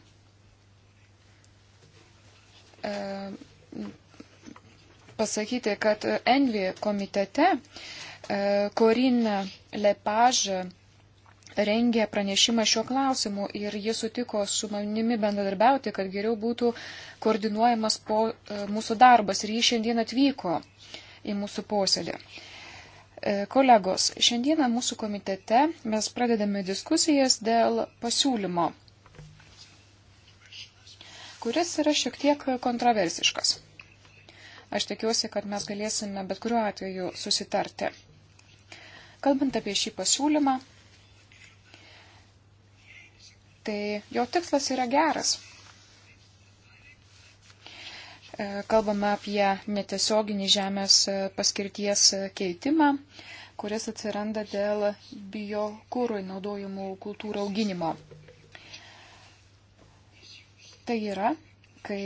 E, pasakyti, kad Envi komitete Korin e, Lepaž rengė pranešimą šiuo klausimu ir jie sutiko su manimi bendradarbiauti, kad geriau būtų koordinuojamas po e, mūsų darbas ir jį šiandien atvyko į mūsų posėdį. E, kolegos, šiandieną mūsų komitete mes pradedame diskusijas dėl pasiūlymo, kuris yra šiek tiek kontroversiškas. Aš tikiuosi, kad mes galėsime bet kuriuo atveju susitarti. Kalbant apie šį pasiūlymą, tai jo tikslas yra geras. E, kalbame apie netiesioginį žemės paskirties keitimą, kuris atsiranda dėl biokūrui naudojimų kultūrų auginimo. Tai yra, kai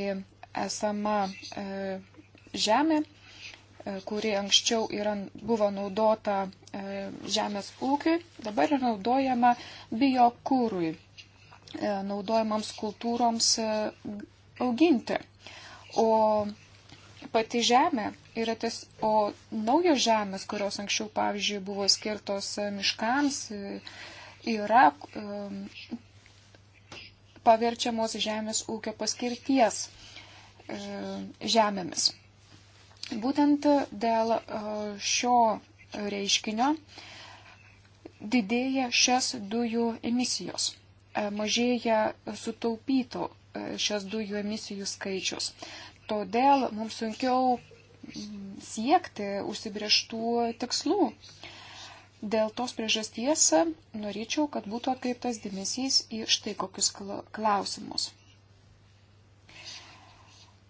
esama e, žemė, e, kuri anksčiau yra, buvo naudota e, žemės ūkiui, dabar yra naudojama biokūrui, e, naudojamams kultūroms auginti. O pati žemė yra tas, o naujos žemės, kurios anksčiau, pavyzdžiui, buvo skirtos miškams, yra paverčiamos žemės ūkio paskirties žemėmis. Būtent e, dėl e, šio reiškinio didėja šias dujų emisijos, e, mažėja sutaupyto šias dujų emisijų skaičius. Todėl mums sunkiau siekti užsibrieštų tikslų. Dėl tos priežasties norėčiau, kad būtų atkreiptas dėmesys į štai kokius klausimus.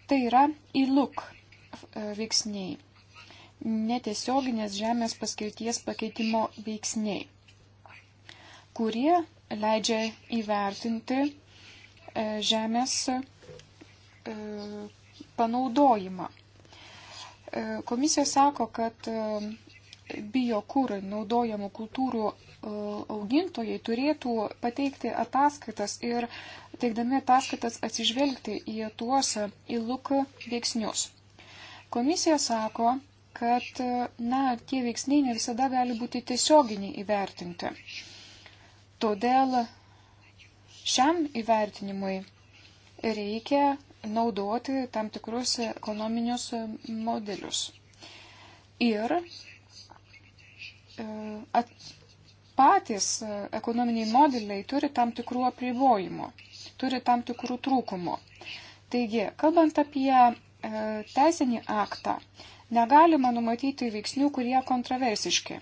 Tai yra į e look E, veiksniai. Netiesioginės žemės paskirties pakeitimo veiksniai, kurie leidžia įvertinti e, žemės e, panaudojimą. Komisija sako, kad biokūrai naudojamų kultūrų augintojai turėtų pateikti ataskaitas ir teikdami ataskaitas atsižvelgti į tuos įluk veiksnius. Komisija sako, kad na, tie veiksniai ne visada gali būti tiesioginiai įvertinti. Todėl šiam įvertinimui reikia naudoti tam tikrus ekonominius modelius. Ir e, at, patys ekonominiai modeliai turi tam tikrų apribojimų, turi tam tikrų trūkumų. Taigi, kalbant apie E, teisinį aktą negalima numatyti veiksnių, kurie kontroversiški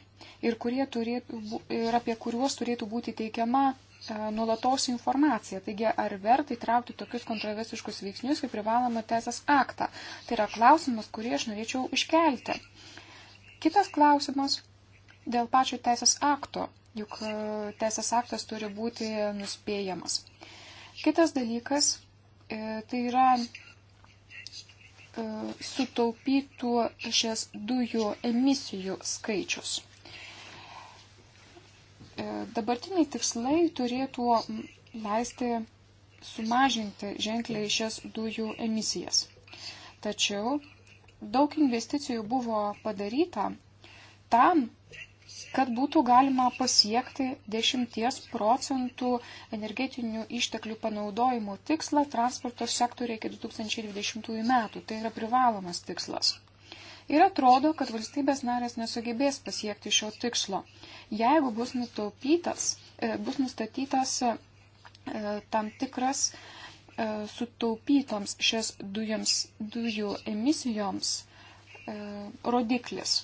ir, kurie turėtų, ir apie kuriuos turėtų būti teikiama e, nulatos informacija. Taigi, ar verta įtraukti tokius kontroversiškus veiksnius kaip privalomą teisės aktą? Tai yra klausimas, kurį aš norėčiau iškelti. Kitas klausimas dėl pačio teisės akto, juk e, teisės aktas turi būti nuspėjamas. Kitas dalykas tai yra E, sutaupytų šias dujų emisijų skaičius. E, dabartiniai tikslai turėtų leisti sumažinti ženkliai šias dujų emisijas. Tačiau daug investicijų buvo padaryta tam, kad būtų galima pasiekti 10 procentų energetinių išteklių panaudojimo tikslą transporto sektoriai iki 2020 metų. Tai yra privalomas tikslas. Ir atrodo, kad valstybės narės nesugebės pasiekti šio tikslo, jeigu bus, e, bus nustatytas e, tam tikras e, sutaupytoms šias dujoms, dujų emisijoms rodiklis.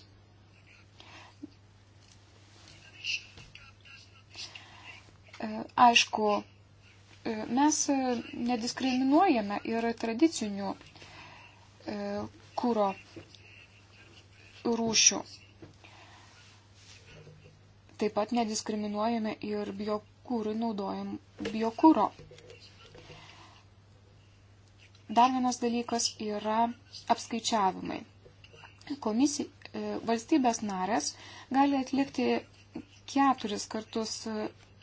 E, aišku, e, mes nediskriminuojame ir tradicinių e, kūro rūšių. Taip pat nediskriminuojame ir biokūrų naudojam biokūro. Dar vienas dalykas yra apskaičiavimai. Komisija, valstybės narės gali atlikti keturis kartus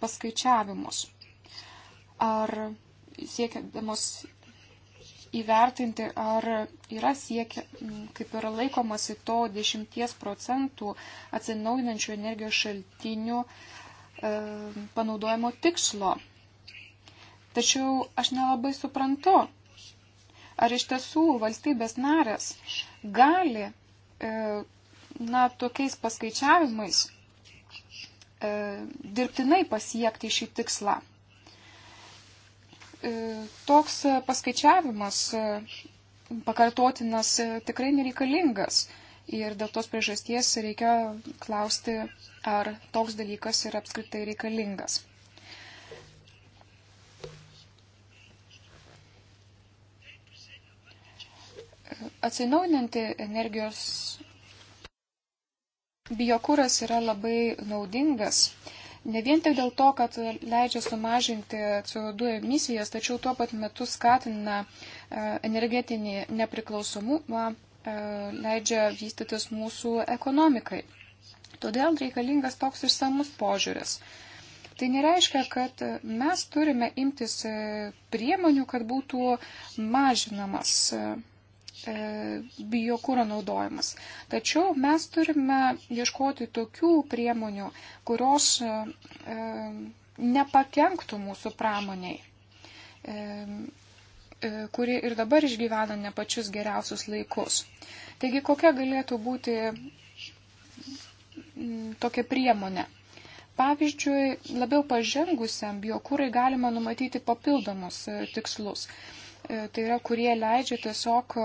paskaičiavimus. Ar siekiamos įvertinti, ar yra siekia, kaip yra laikomasi to 10 procentų atsinaujinančių energijos šaltinių e, panaudojimo tikslo. Tačiau aš nelabai suprantu, ar iš tiesų valstybės narės gali, e, na, tokiais paskaičiavimais E, dirbtinai pasiekti šį tikslą. E, toks paskaičiavimas e, pakartotinas tikrai nereikalingas ir dėl tos priežasties reikia klausti, ar toks dalykas yra apskritai reikalingas. Atsinaujinanti energijos Biokūras yra labai naudingas. Ne vien tik dėl to, kad leidžia sumažinti CO2 emisijas, tačiau tuo pat metu skatina e, energetinį nepriklausomumą, e, leidžia vystytis mūsų ekonomikai. Todėl reikalingas toks išsamus požiūris. Tai nereiškia, kad mes turime imtis e, priemonių, kad būtų mažinamas E, biokūro naudojimas. Tačiau mes turime ieškoti tokių priemonių, kurios e, e, nepakenktų mūsų pramoniai kuri ir dabar išgyvena ne pačius geriausius laikus. Taigi kokia galėtų būti tokia priemonė? Pavyzdžiui, labiau pažengusiam biokūrai galima numatyti papildomus tikslus. E, tai yra, kurie leidžia tiesiog e,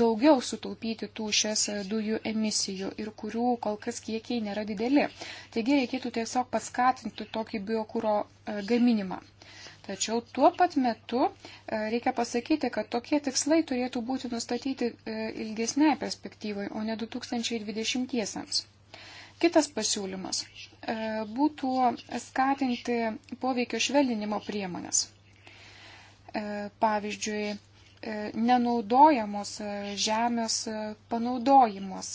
daugiau sutaupyti tų šias e, dujų emisijų ir kurių kol kas kiekiai nėra dideli. Taigi reikėtų tiesiog paskatinti tokį biokūro gaminimą. Tačiau tuo pat metu reikia pasakyti, kad tokie tikslai turėtų būti nustatyti ilgesnėje perspektyvoje, o ne 2020-iesiams. Kitas pasiūlymas būtų skatinti poveikio švelninimo priemonės. E, pavyzdžiui, e, nenaudojamos e, žemės panaudojimas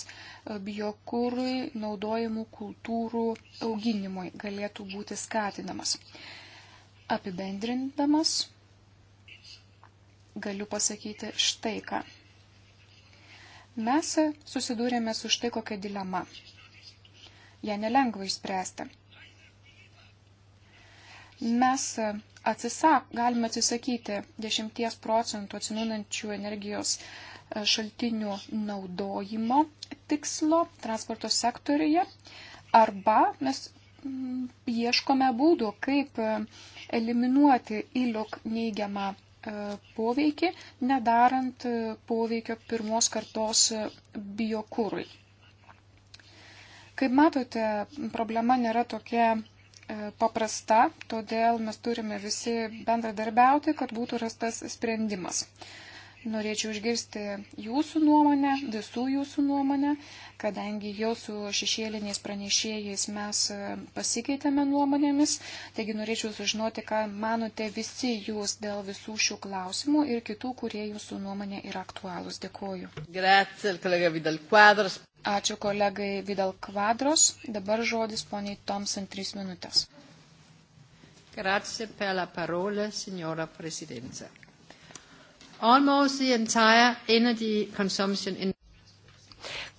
biokūrui naudojimų kultūrų auginimui galėtų būti skatinamas. Apibendrindamas galiu pasakyti štai ką. Mes susidūrėme su štai kokia dilema. Ja nelengva išspręsti. Mes e, atsisak, galime atsisakyti 10 procentų atsinaujančių energijos e, šaltinių naudojimo tikslo transporto sektoriuje arba mes mm, ieškome būdų, kaip e, eliminuoti įliuk neigiamą poveikį, nedarant poveikio pirmos kartos biokūrui. Kaip matote, problema nėra tokia E, paprasta, todėl mes turime visi bendradarbiauti, kad būtų rastas sprendimas. Norėčiau išgirsti jūsų nuomonę, visų jūsų nuomonę, kadangi jau su šešėliniais pranešėjais mes e, pasikeitėme nuomonėmis, taigi norėčiau sužinoti, ką manote visi jūs dėl visų šių klausimų ir kitų, kurie jūsų nuomonė yra aktualūs. Dėkuoju. Grazie, kolega Vidal Quadras. Ačiū kolegai Vidal Kvadros. Dabar žodis poniai Thompson 3 minutės. Grazie per la parola, signora Presidenza. Almost the entire energy consumption in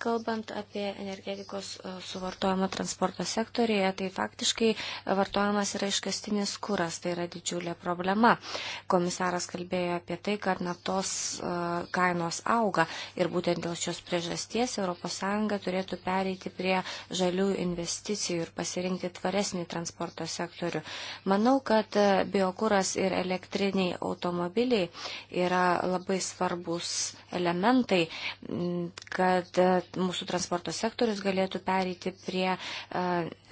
Kalbant apie energetikos e, suvartojimą transporto sektorėje, tai faktiškai vartojimas yra iškastinis kuras, tai yra didžiulė problema. Komisaras kalbėjo apie tai, kad naftos e, kainos auga ir būtent dėl šios priežasties ES turėtų pereiti prie žalių investicijų ir pasirinkti tvaresnį transporto sektorių. Manau, kad e, biokuras ir elektriniai automobiliai yra labai svarbus elementai, kad mūsų transporto sektorius galėtų pereiti prie e,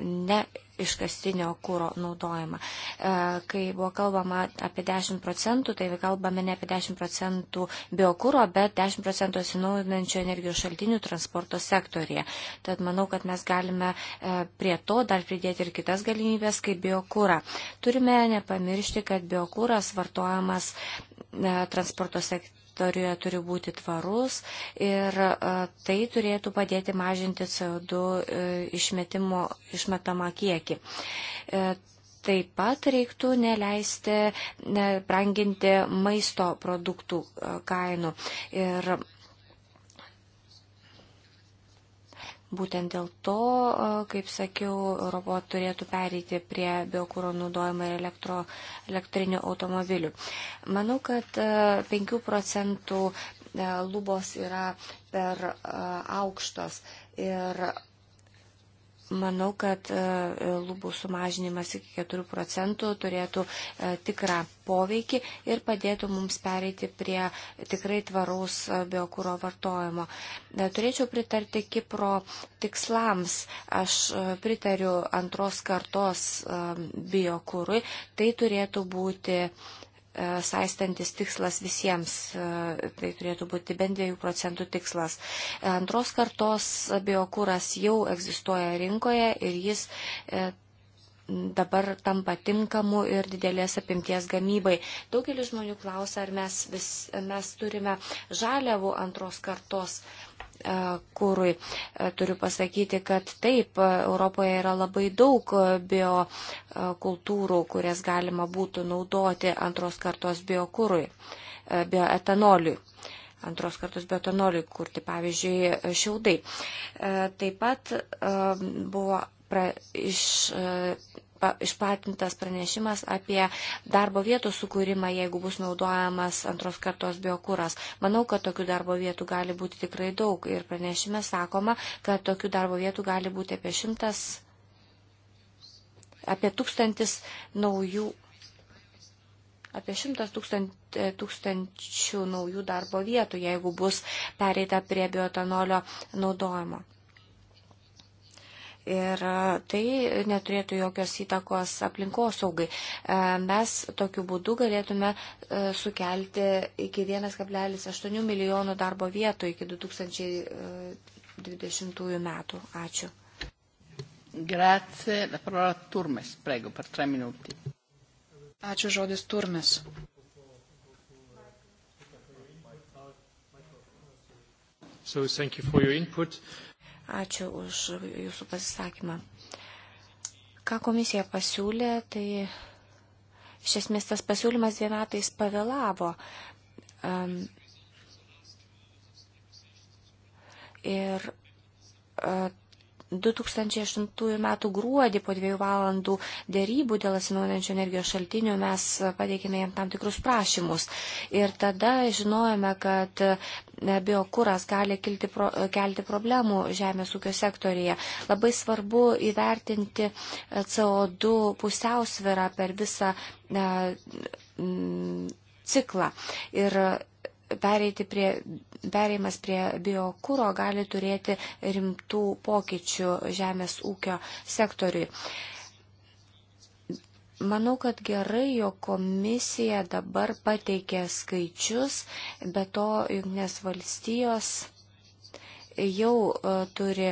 ne iškastinio kūro naudojimą. E, kai buvo kalbama apie 10 procentų, tai kalbame ne apie 10 procentų biokūro, bet 10 procentų atsinaujinančio energijos šaltinių transporto sektorija. Tad manau, kad mes galime e, prie to dar pridėti ir kitas galimybės, kaip biokūra. Turime nepamiršti, kad biokūras vartojamas transporto sektoriuje sektoriuje turi būti tvarus ir e, tai turėtų padėti mažinti CO2 e, išmetimo, išmetamą kiekį. E, taip pat reiktų neleisti branginti maisto produktų kainų. Ir Būtent dėl to, e, kaip sakiau, Europo turėtų pereiti prie biokūro naudojimo ir elektro, elektrinių automobilių. Manau, kad 5 e, procentų e, lubos yra per aukštos ir Manau, kad e, lubų sumažinimas iki 4 procentų turėtų e, tikrą poveikį ir padėtų mums pereiti prie tikrai tvaraus e, biokūro vartojimo. Turėčiau pritarti Kipro tikslams. Aš pritariu antros kartos biokūrui. Tai turėtų būti E, saistantis tikslas visiems, e, tai turėtų būti bent 2 procentų tikslas. Antros kartos biokūras jau egzistuoja rinkoje ir jis e, dabar tampa tinkamu ir didelės apimties gamybai. Daugelis žmonių klausia, ar mes, vis, mes turime žaliavų antros kartos. Uh, E, kūrui. E, turiu pasakyti, kad taip, e, Europoje yra labai daug biokultūrų, kurias galima būtų naudoti antros kartos biokūrui, bioetanoliui. Antros kartos bioetanoliui kurti, pavyzdžiui, šiaudai. Taip pat buvo pra, iš pa, išplatintas pranešimas apie darbo vietų sukūrimą, jeigu bus naudojamas antros kartos biokūras. Manau, kad tokių darbo vietų gali būti tikrai daug ir pranešime sakoma, kad tokių darbo vietų gali būti apie šimtas, apie tūkstantis naujų. Apie šimtas tūkstant, e, tūkstančių naujų darbo vietų, jeigu bus pereita prie biotanolio naudojimo. Ir e, tai neturėtų jokios įtakos aplinkosaugai. E, mes tokiu būdu galėtume e, sukelti iki 1,8 milijonų darbo vietų iki 2020 metų. Ačiū. Grazie. La parola Turmes, prego, per tre minuti. Ačiū žodis Turmes. So thank you for your input. Uh, Ačiū už jūsų pasisakymą. Ką komisija pasiūlė, tai iš esmės tas pasiūlymas dviem metais pavėlavo. Um, ir uh, 2008 m. gruodį po dviejų valandų dėrybų dėl atsinaujančių energijos šaltinių mes pateikėme jam tam tikrus prašymus. Ir tada žinojame, kad e, biokūras gali kilti pro, e, kelti problemų žemės ūkio sektorija. Labai svarbu įvertinti e, CO2 pusiausvirą per visą. Ne, ciklą. Ir pereiti prie, pereimas prie biokūro gali turėti rimtų pokyčių žemės ūkio sektoriui. Manau, kad gerai, jo komisija dabar pateikė skaičius, bet to jungtinės valstijos jau e, turi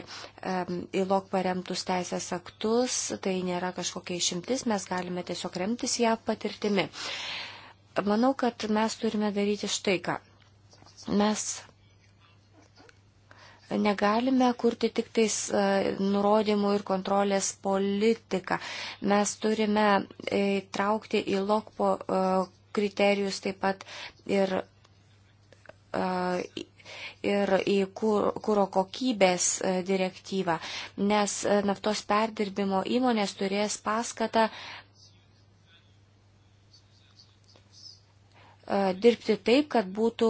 įlok paremtus teisės aktus, tai nėra kažkokia išimtis, mes galime tiesiog remtis ją patirtimi. Manau, kad mes turime daryti štai ką. Mes negalime kurti tik tais e, nurodymų ir kontrolės politiką. Mes turime e, traukti į lokpo e, kriterijus taip pat ir, ir į kūro kokybės direktyvą, nes naftos perdirbimo įmonės turės paskatą E, dirbti taip, kad būtų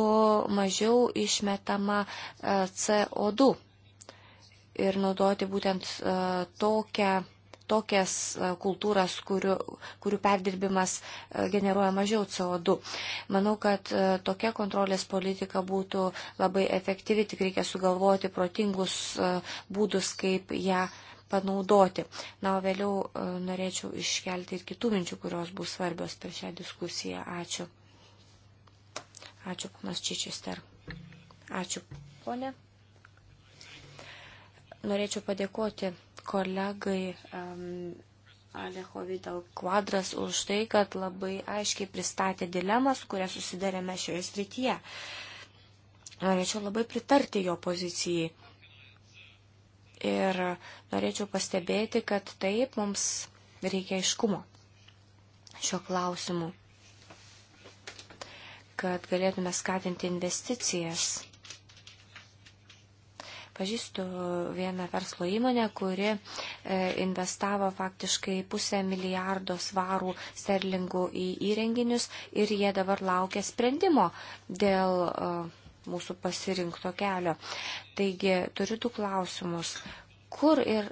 mažiau išmetama e, CO2 ir naudoti būtent e, tokią, tokias kultūras, kurių, kurių perdirbimas generuoja mažiau CO2. Manau, kad tokia kontrolės politika būtų labai efektyvi, tik reikia sugalvoti protingus būdus, kaip ją panaudoti. Na, o vėliau norėčiau iškelti ir kitų minčių, kurios bus svarbios per šią diskusiją. Ačiū. Ačiū, panas Čičister. Ačiū, ponė. Norėčiau padėkoti kolegai um, Alejo Vidal Kvadras už tai, kad labai aiškiai pristatė dilemą, su kuria susidarėme šioje srityje. Norėčiau labai pritarti jo pozicijai. Ir norėčiau pastebėti, kad taip mums reikia aiškumo šio klausimu kad galėtume skatinti investicijas. Pažįstu vieną verslo įmonę, kuri e, investavo faktiškai pusę milijardo svarų sterlingų į įrenginius ir jie dabar laukia sprendimo dėl e, mūsų pasirinkto kelio. Taigi turiu du klausimus. Kur ir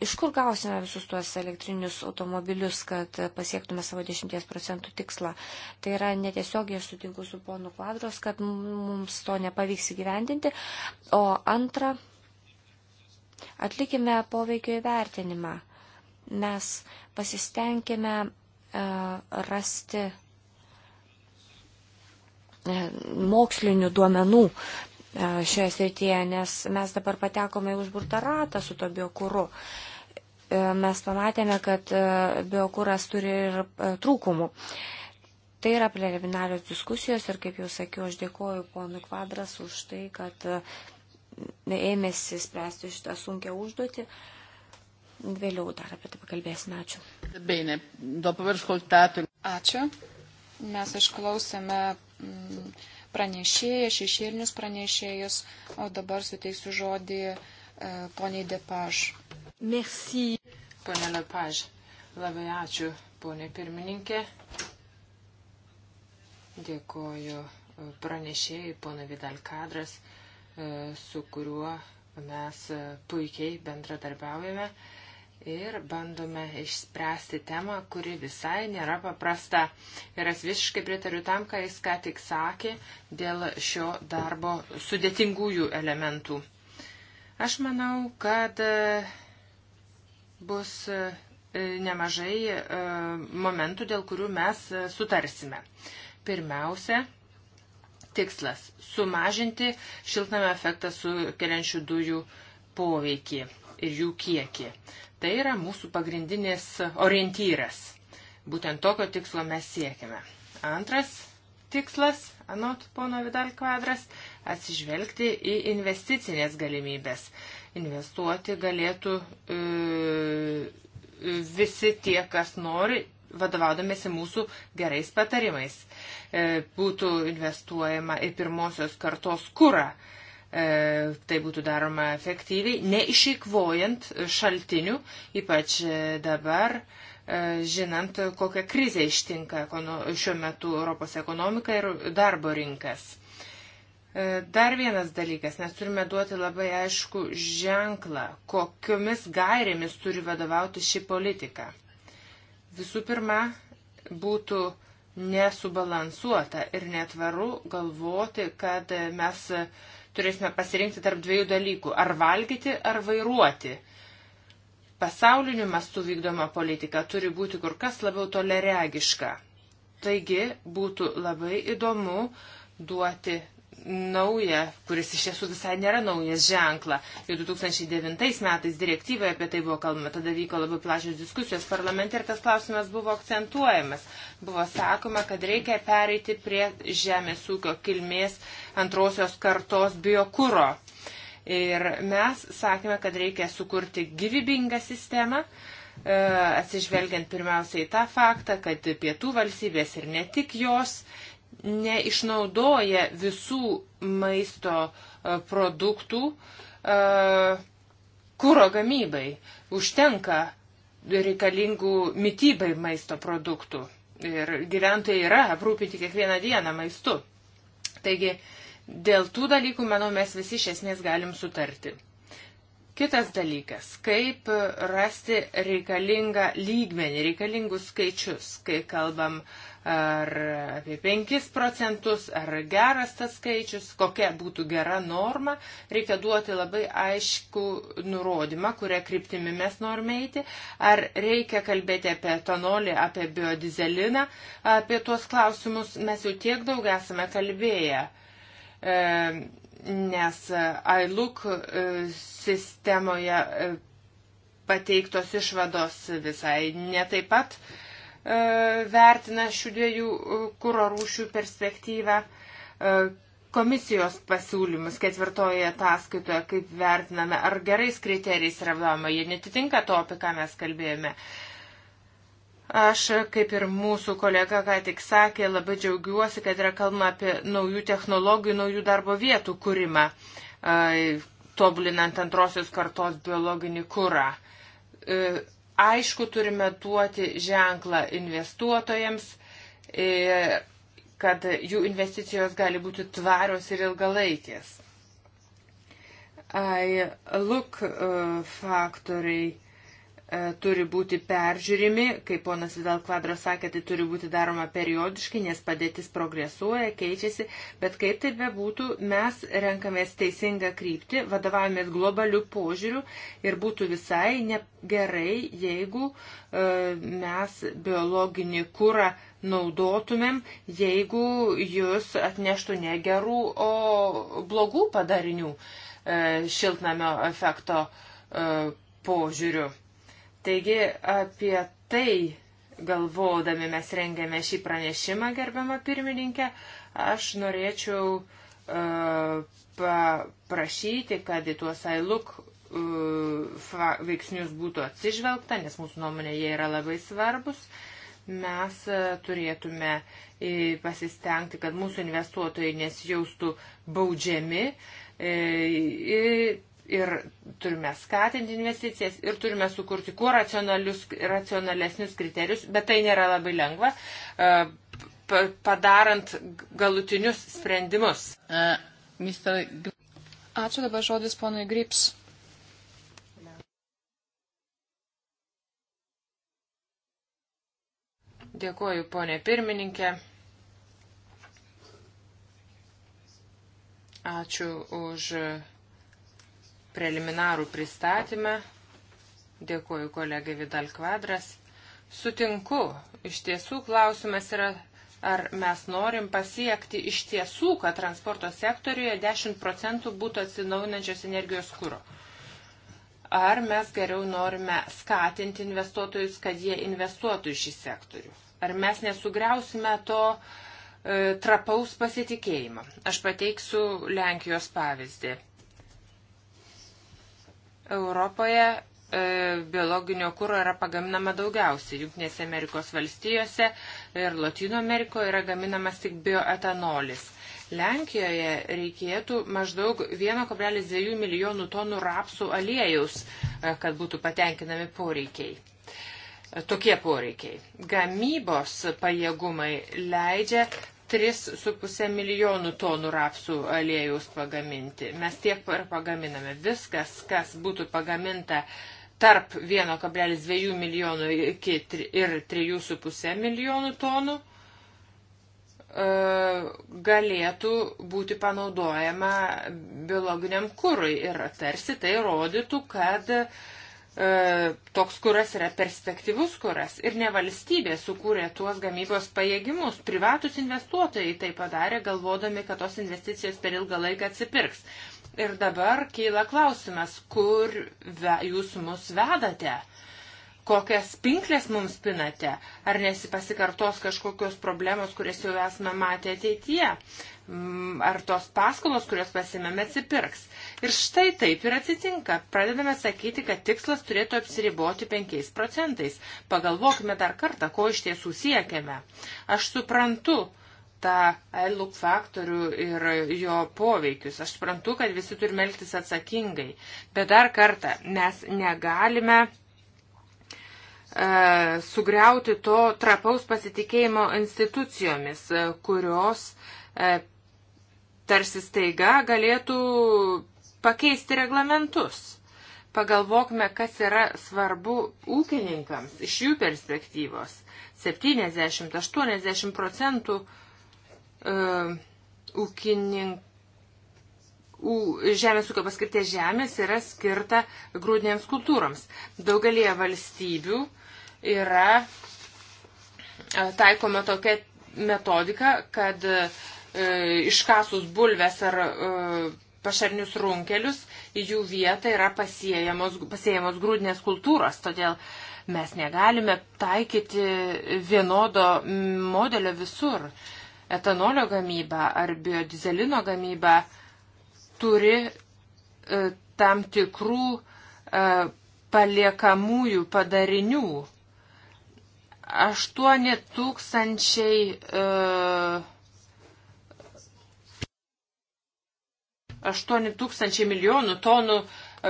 iš kur gausime visus tuos elektrinius automobilius, kad pasiektume savo 10 procentų tikslą. Tai yra netiesiogiai aš sutinku su ponu kvadros, kad mums to nepavyks įgyvendinti. O antra, atlikime poveikio įvertinimą. Mes pasistengėme e, rasti e, mokslinių duomenų E, šioje srityje, nes mes dabar patekome į užburtą ratą su to biokūru. E, mes pamatėme, kad e, biokūras turi ir trūkumų. Tai yra preliminarios diskusijos ir, kaip jau sakiau, aš dėkoju ponui Kvadras už tai, kad ėmėsi spręsti šitą sunkę užduotį. Vėliau dar apie tai pakalbėsime. Ačiū. Bene, dopo aver ascoltato. Ačiū. Mes išklausėme. Mm, pranešėją, šešėlinius pranešėjus, o dabar suteiksiu žodį e, poniai Depaž. Merci. Pone Lepaž, labai ačiū, ponė pirmininkė. Dėkoju e, pranešėjai, ponai Vidal Kadras, e, su kuriuo mes e, puikiai bendradarbiaujame. E, ir bandome išspręsti temą, kuri visai nėra paprasta. Ir aš visiškai pritariu tam, ką jis ką tik sakė dėl šio darbo sudėtingųjų elementų. Aš manau, kad e, bus e, nemažai e, momentų, dėl kurių mes sutarsime. Pirmiausia, tikslas - sumažinti šiltnamio efektą sukeliančių dujų poveikį ir jų kiekį. Tai yra mūsų pagrindinis orientyras. Būtent tokio tikslo mes siekime. Antras tikslas, anot pono Vidal kvadras, atsižvelgti į investicinės galimybės. Investuoti galėtų e, e, visi tie, kas nori, vadovaudomėsi mūsų gerais patarimais. E, būtų investuojama į pirmosios kartos kūrą. E, E, tai būtų daroma efektyviai, neišeikvojant šaltinių, ypač e, dabar, e, žinant, kokią krizę ištinka šiuo metu Europos ekonomika ir darbo rinkas. Dar vienas dalykas, mes turime duoti labai aišku ženklą, kokiomis gairėmis turi vadovauti ši politika. Visų pirma, būtų nesubalansuota ir netvaru galvoti, kad mes uh, turėsime pasirinkti tarp dviejų dalykų - ar valgyti, ar vairuoti. Pasauliniu mastu vykdoma politika turi būti kur kas labiau toleregiška. Taigi būtų labai įdomu duoti naują, kuris iš tiesų visai nėra naujas ženklą. Jau 2009 metais direktyvoje apie tai buvo kalbama, tada vyko labai plačios diskusijos parlamente ir tas klausimas buvo akcentuojamas. Buvo sakoma, kad reikia pereiti prie žemės ūkio kilmės antrosios kartos biokūro. Ir mes sakėme, kad reikia sukurti gyvybingą sistemą, e, atsižvelgiant pirmiausiai tą faktą, kad pietų valstybės ir ne tik jos neišnaudoja visų maisto e, produktų e, kūro gamybai. Užtenka reikalingų mytybai maisto produktų. Ir gyventojai yra aprūpinti kiekvieną dieną maistu. Taigi, dėl tų dalykų, manau, mes visi iš esmės galim sutarti. Kitas dalykas - kaip rasti reikalingą lygmenį, reikalingus skaičius, kai kalbam uh, ar apie 5 procentus, ar geras tas skaičius, kokia būtų gera norma, reikia duoti labai aišku nurodymą, kurią kryptimi mes norime eiti, ar reikia kalbėti apie etanolį, apie biodizeliną, apie tuos klausimus mes jau tiek daug esame kalbėję. E, nes e, ILUK e, sistemoje e, pateiktos išvados visai netaip pat E, vertina šių dviejų e, kūro rūšių perspektyvą. E, komisijos pasiūlymus ketvirtoje ataskaitoje, kaip vertiname, ar gerais kriterijais yra vadovama, jie netitinka to, apie ką mes kalbėjome. Aš, kaip ir mūsų kolega ką tik sakė, labai džiaugiuosi, kad yra kalbama apie naujų technologijų, naujų darbo vietų kūrimą, tobulinant antrosios kartos biologinį kūrą aišku turime duoti ženklą investuotojams, e, kad jų investicijos gali būti tvarios ir ilgalaikės. I look uh, faktoriai E, turi būti peržiūrimi, kaip ponas Vidal Kvadras sakė, tai turi būti daroma periodiškai, nes padėtis progresuoja, keičiasi, bet kaip tai bebūtų, mes renkamės teisingą kryptį, vadovavomės globalių požiūrių ir būtų visai gerai, jeigu e, mes biologinį kūrą naudotumėm, jeigu jūs atneštų ne gerų, o blogų padarinių e, šiltnamio efekto požiūriu Taigi apie tai galvodami mes rengėme šį pranešimą, gerbiamą pirmininkę, aš norėčiau uh, e, paprašyti, kad į tuos ailuk uh, e, veiksnius būtų atsižvelgta, nes mūsų nuomonė jie yra labai svarbus. Mes uh, turėtume pasistengti, kad mūsų investuotojai nesijaustų baudžiami. E, e, ir turime skatinti investicijas, ir turime sukurti kuo racionalesnius kriterijus, bet tai nėra labai lengva, e, padarant galutinius sprendimus. E, Ačiū dabar žodis ponui Grips. Dėkuoju, ponė pirmininkė. Ačiū už preliminarų pristatymą. Dėkuoju kolegai Vidal Kvadras. Sutinku, iš tiesų klausimas yra, ar mes norim pasiekti iš tiesų, kad transporto sektoriuje 10 procentų būtų atsinaujinančios energijos kūro ar mes geriau norime skatinti investuotojus, kad jie investuotų į šį sektorių. Ar mes nesugriausime to e, trapaus pasitikėjimo. Aš pateiksiu Lenkijos pavyzdį. Europoje e, biologinio kūro yra pagaminama daugiausiai. Junktinėse Amerikos valstijose ir Latino Amerikoje yra gaminamas tik bioetanolis. Lenkijoje reikėtų maždaug 1,2 milijonų tonų rapsų aliejaus, e, kad būtų patenkinami poreikiai. E, tokie poreikiai. Gamybos pajėgumai leidžia 3,5 milijonų tonų rapsų aliejus pagaminti. Mes tiek ir pagaminame. Viskas, kas būtų pagaminta tarp 1,2 milijonų ir 3,5 milijonų tonų, e, galėtų būti panaudojama biologiniam kūrui. Ir tarsi tai rodytų, kad uh, E, toks kuras yra perspektyvus kuras ir ne valstybė sukūrė tuos gamybos pajėgimus, privatus investuotojai tai padarė, galvodami, kad tos investicijos per ilgą laiką atsipirks. Ir dabar keila klausimas, kur ve, jūs mus vedate, kokias pinklės mums pinate, ar nesipasikartos kažkokios problemos, kurias jau esame matę ateityje, ar tos paskolos, kurios pasimėme, atsipirks. Ir štai taip ir atsitinka. Pradedame sakyti, kad tikslas turėtų apsiriboti 5 procentais. Pagalvokime dar kartą, ko iš tiesų siekiame. Aš suprantu tą look faktorių ir jo poveikius. Aš suprantu, kad visi turime elgtis atsakingai. Bet dar kartą, mes negalime e, sugriauti to trapaus pasitikėjimo institucijomis, e, kurios e, tarsi staiga galėtų pakeisti reglamentus. Pagalvokime, kas yra svarbu ūkininkams iš jų perspektyvos. 70-80 procentų uh, ūkininkų žemės ūkio paskirties žemės yra skirta grūdinėms kultūroms. Daugelėje valstybių yra e, taikoma tokia metodika, kad e, iškasus bulves ar e, pašarnius runkelius, į jų vietą yra pasiejamos grūdinės kultūros. Todėl mes negalime taikyti vienodo modelio visur. Etanolio gamyba ar biodizelino gamyba turi e, tam tikrų e, paliekamųjų padarinių. 8 tūkstančiai e, 8 tūkstančiai milijonų tonų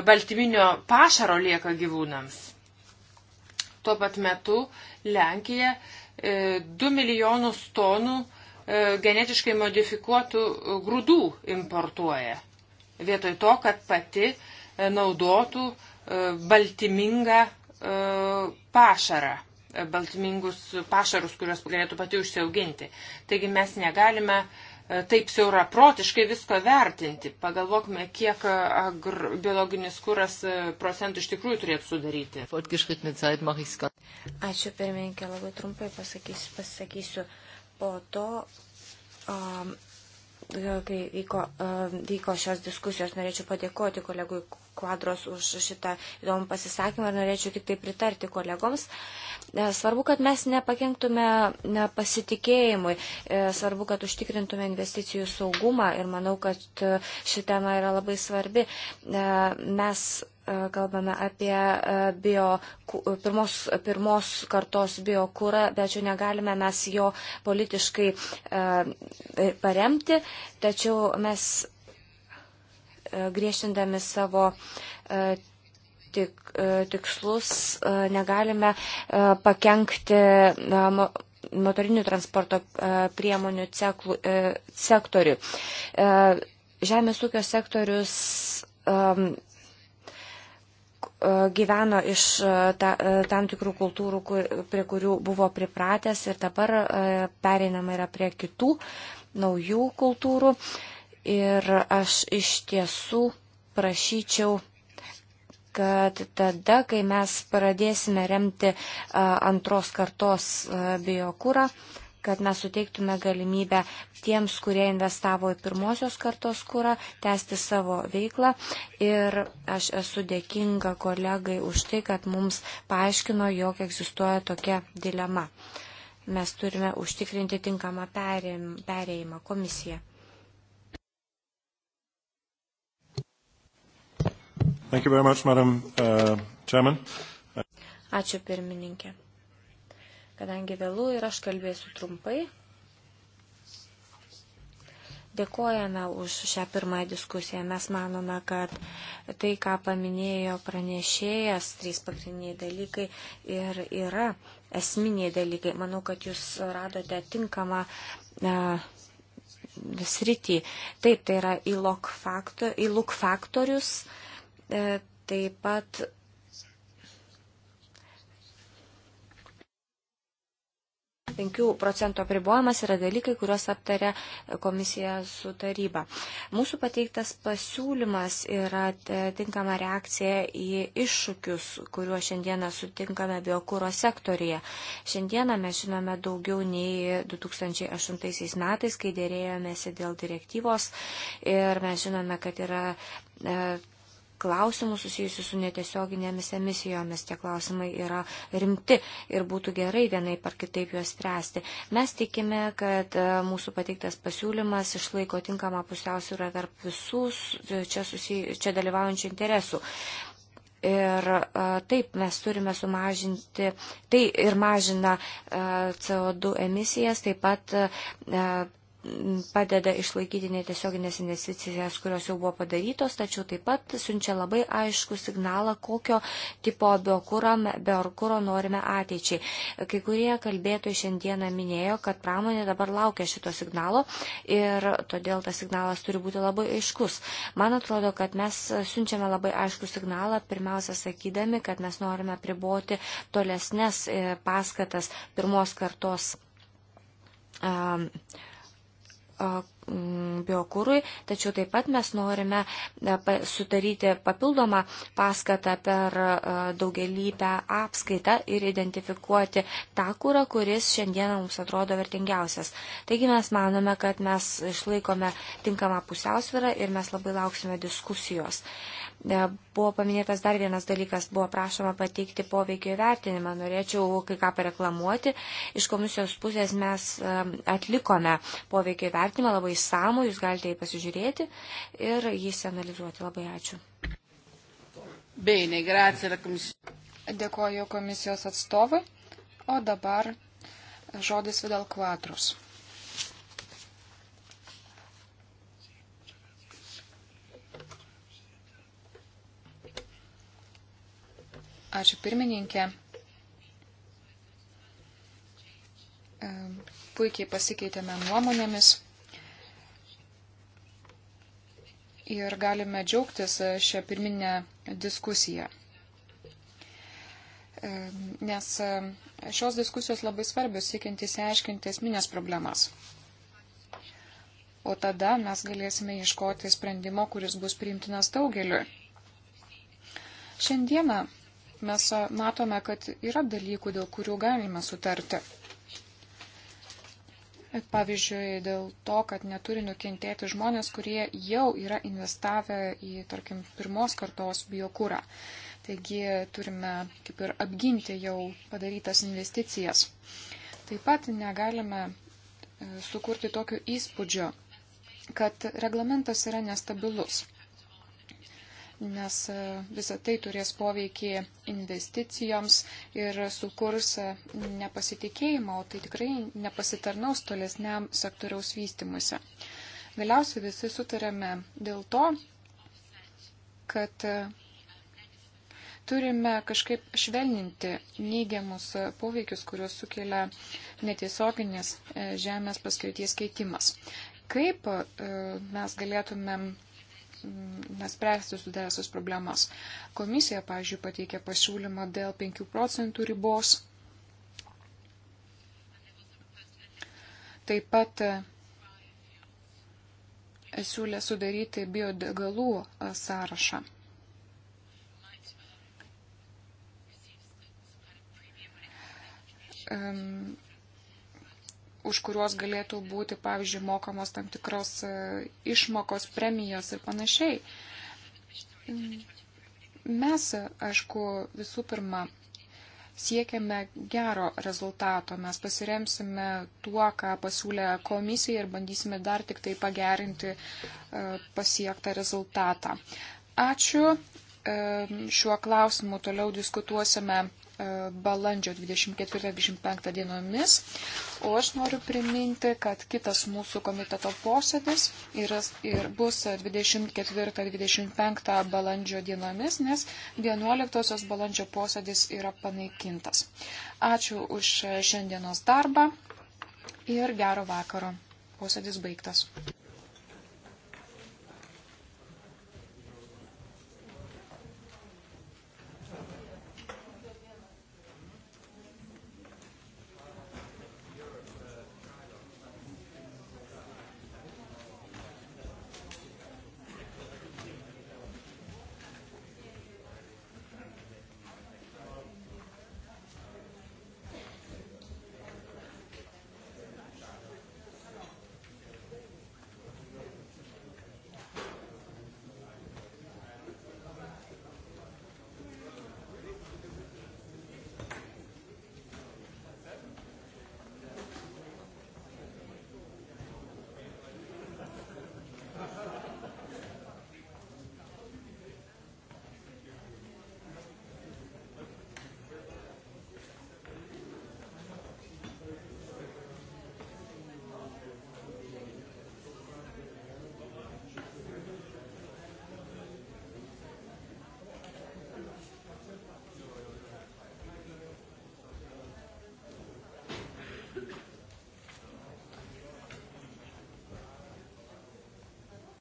baltyminio pašaro lieka gyvūnams. Tuo pat metu Lenkija 2 e, milijonus tonų e, genetiškai modifikuotų grūdų importuoja. Vietoj to, kad pati e, naudotų baltymingą pašarą, baltymingus pašarus, kuriuos galėtų pati užsiauginti. Taigi mes negalime uh, taip siauraprotiškai visko vertinti. Pagalvokime, kiek agr, biologinis kuras e, procentų iš tikrųjų turėtų sudaryti. Ačiū pirmininkė, labai trumpai pasakysiu. pasakysiu. Po to, um, kai vyko, um, vyko šios diskusijos, norėčiau padėkoti kolegui kvadros už šitą įdomų pasisakymą ir norėčiau tik tai pritarti kolegoms. E, svarbu, kad mes nepakenktume pasitikėjimui, e, svarbu, kad užtikrintume investicijų saugumą ir manau, kad e, ši tema yra labai svarbi. Mes kalbame apie bio, pirmos, pirmos kartos biokūrą, bet jau negalime mes jo politiškai paremti, tačiau mes E, griežtindami savo e, tik, e, tikslus negalime pakengti motorinių transporto priemonių ceklų, sektorių. Žemės ūkio sektorius gyveno iš ta, tam tikrų kultūrų, kur, prie kurių buvo pripratęs ir dabar pereinama yra prie kitų naujų kultūrų. Uh, Ir aš iš tiesų prašyčiau kad tada, kai mes pradėsime remti antros kartos biokūrą, kad mes suteiktume galimybę tiems, kurie investavo į pirmosios kartos kūrą, tęsti savo veiklą. Ir aš esu dėkinga kolegai už tai, kad mums paaiškino, jog egzistuoja tokia dilema. Mes turime užtikrinti tinkamą perėjimą komisiją. Thank you very much, Madam uh, Chairman. Ačiū pirmininkė. Kadangi vėlų ir aš kalbėsiu trumpai, dėkojame už šią pirmąją diskusiją. Mes manome, kad tai, ką paminėjo pranešėjas, trys pagrindiniai dalykai ir yra esminiai dalykai. Manau, kad jūs radote tinkamą. E, Srity. Taip, tai yra įlok faktorius, E, taip pat penkių procentų apribojimas yra dalykai, kuriuos aptarė komisija su taryba. Mūsų pateiktas pasiūlymas yra tinkama reakcija į iššūkius, kuriuo šiandieną sutinkame biokūro sektorija. Šiandieną mes žinome daugiau nei 2008 metais, kai dėrėjomėsi dėl direktyvos ir mes žinome, kad yra. E, klausimų susijusių su netiesioginėmis emisijomis. Tie klausimai yra rimti ir būtų gerai vienai par kitaip juos spręsti. Mes tikime, kad e, mūsų pateiktas pasiūlymas išlaiko tinkamą pusiausvyrą tarp visų čia, susi... čia dalyvaujančių interesų. Ir a, e, taip mes turime sumažinti, tai ir mažina a, e, CO2 emisijas, taip pat a, padeda išlaikyti netiesioginės investicijas, kurios jau buvo padarytos, tačiau taip pat siunčia labai aišku signalą, kokio tipo biokūro norime ateičiai. Kai kurie kalbėtojai šiandieną minėjo, kad pramonė dabar laukia šito signalo ir todėl tas signalas turi būti labai aiškus. Man atrodo, kad mes siunčiame labai aišku signalą, pirmiausia sakydami, kad mes norime priboti tolesnes e, paskatas pirmos kartos. Um, biokūrui, tačiau taip pat mes norime sudaryti papildomą paskatą per daugelįpę apskaitą ir identifikuoti tą kūrą, kuris šiandieną mums atrodo vertingiausias. Taigi mes manome, kad mes išlaikome tinkamą pusiausvyrą ir mes labai lauksime diskusijos. Uh, E, buvo paminėtas dar vienas dalykas, buvo prašoma pateikti poveikio įvertinimą. Norėčiau kai ką pareklamuoti. Iš komisijos pusės mes e, atlikome poveikio įvertinimą labai samų, jūs galite jį pasižiūrėti ir jį analizuoti. Labai ačiū. Bene, grazie, la komisija. Dėkoju komisijos atstovui. O dabar žodis Vidal Kvatrus. Ačiū pirmininkė. E, puikiai pasikeitėme nuomonėmis. Ir galime džiaugtis šią pirminę diskusiją. E, nes šios diskusijos labai svarbios, siekiant įsiaiškinti esminės problemas. O tada mes galėsime ieškoti sprendimo, kuris bus priimtinas daugeliu. Šiandieną mes matome, kad yra dalykų, dėl kurių galime sutarti. Pavyzdžiui, dėl to, kad neturi nukentėti žmonės, kurie jau yra investavę į, tarkim, pirmos kartos biokūrą. Taigi turime kaip ir apginti jau padarytas investicijas. Taip pat negalime e, sukurti tokio įspūdžio, kad reglamentas yra nestabilus nes e, visa tai turės poveikį investicijoms ir sukurs e, nepasitikėjimą, o tai tikrai nepasitarnaus tolesniam sektoriaus vystimuose. Galiausiai visi sutarėme dėl to, kad e, turime kažkaip švelninti neigiamus poveikius, kuriuos sukelia netiesioginis žemės paskirties keitimas. Kaip mes galėtumėm Mm, spręsti sudėjusios problemas. Komisija, pavyzdžiui, pateikė pasiūlymą dėl 5 procentų ribos. Taip pat e, siūlė sudaryti biodegalų e, sąrašą. Um, už kuriuos galėtų būti, pavyzdžiui, mokamos tam tikros e, išmokos, premijos ir panašiai. Mes, aišku, visų pirma, siekiame gero rezultato. Mes pasiremsime tuo, ką pasiūlė komisija ir bandysime dar tik tai pagerinti e, pasiektą rezultatą. Ačiū. E, šiuo klausimu toliau diskutuosime E, balandžio 24-25 dienomis. O aš noriu priminti, kad kitas mūsų komiteto posėdis yra, ir bus 24-25 balandžio dienomis, nes 11 balandžio posėdis yra panaikintas. Ačiū už šiandienos darbą ir gero vakaro. Posėdis baigtas.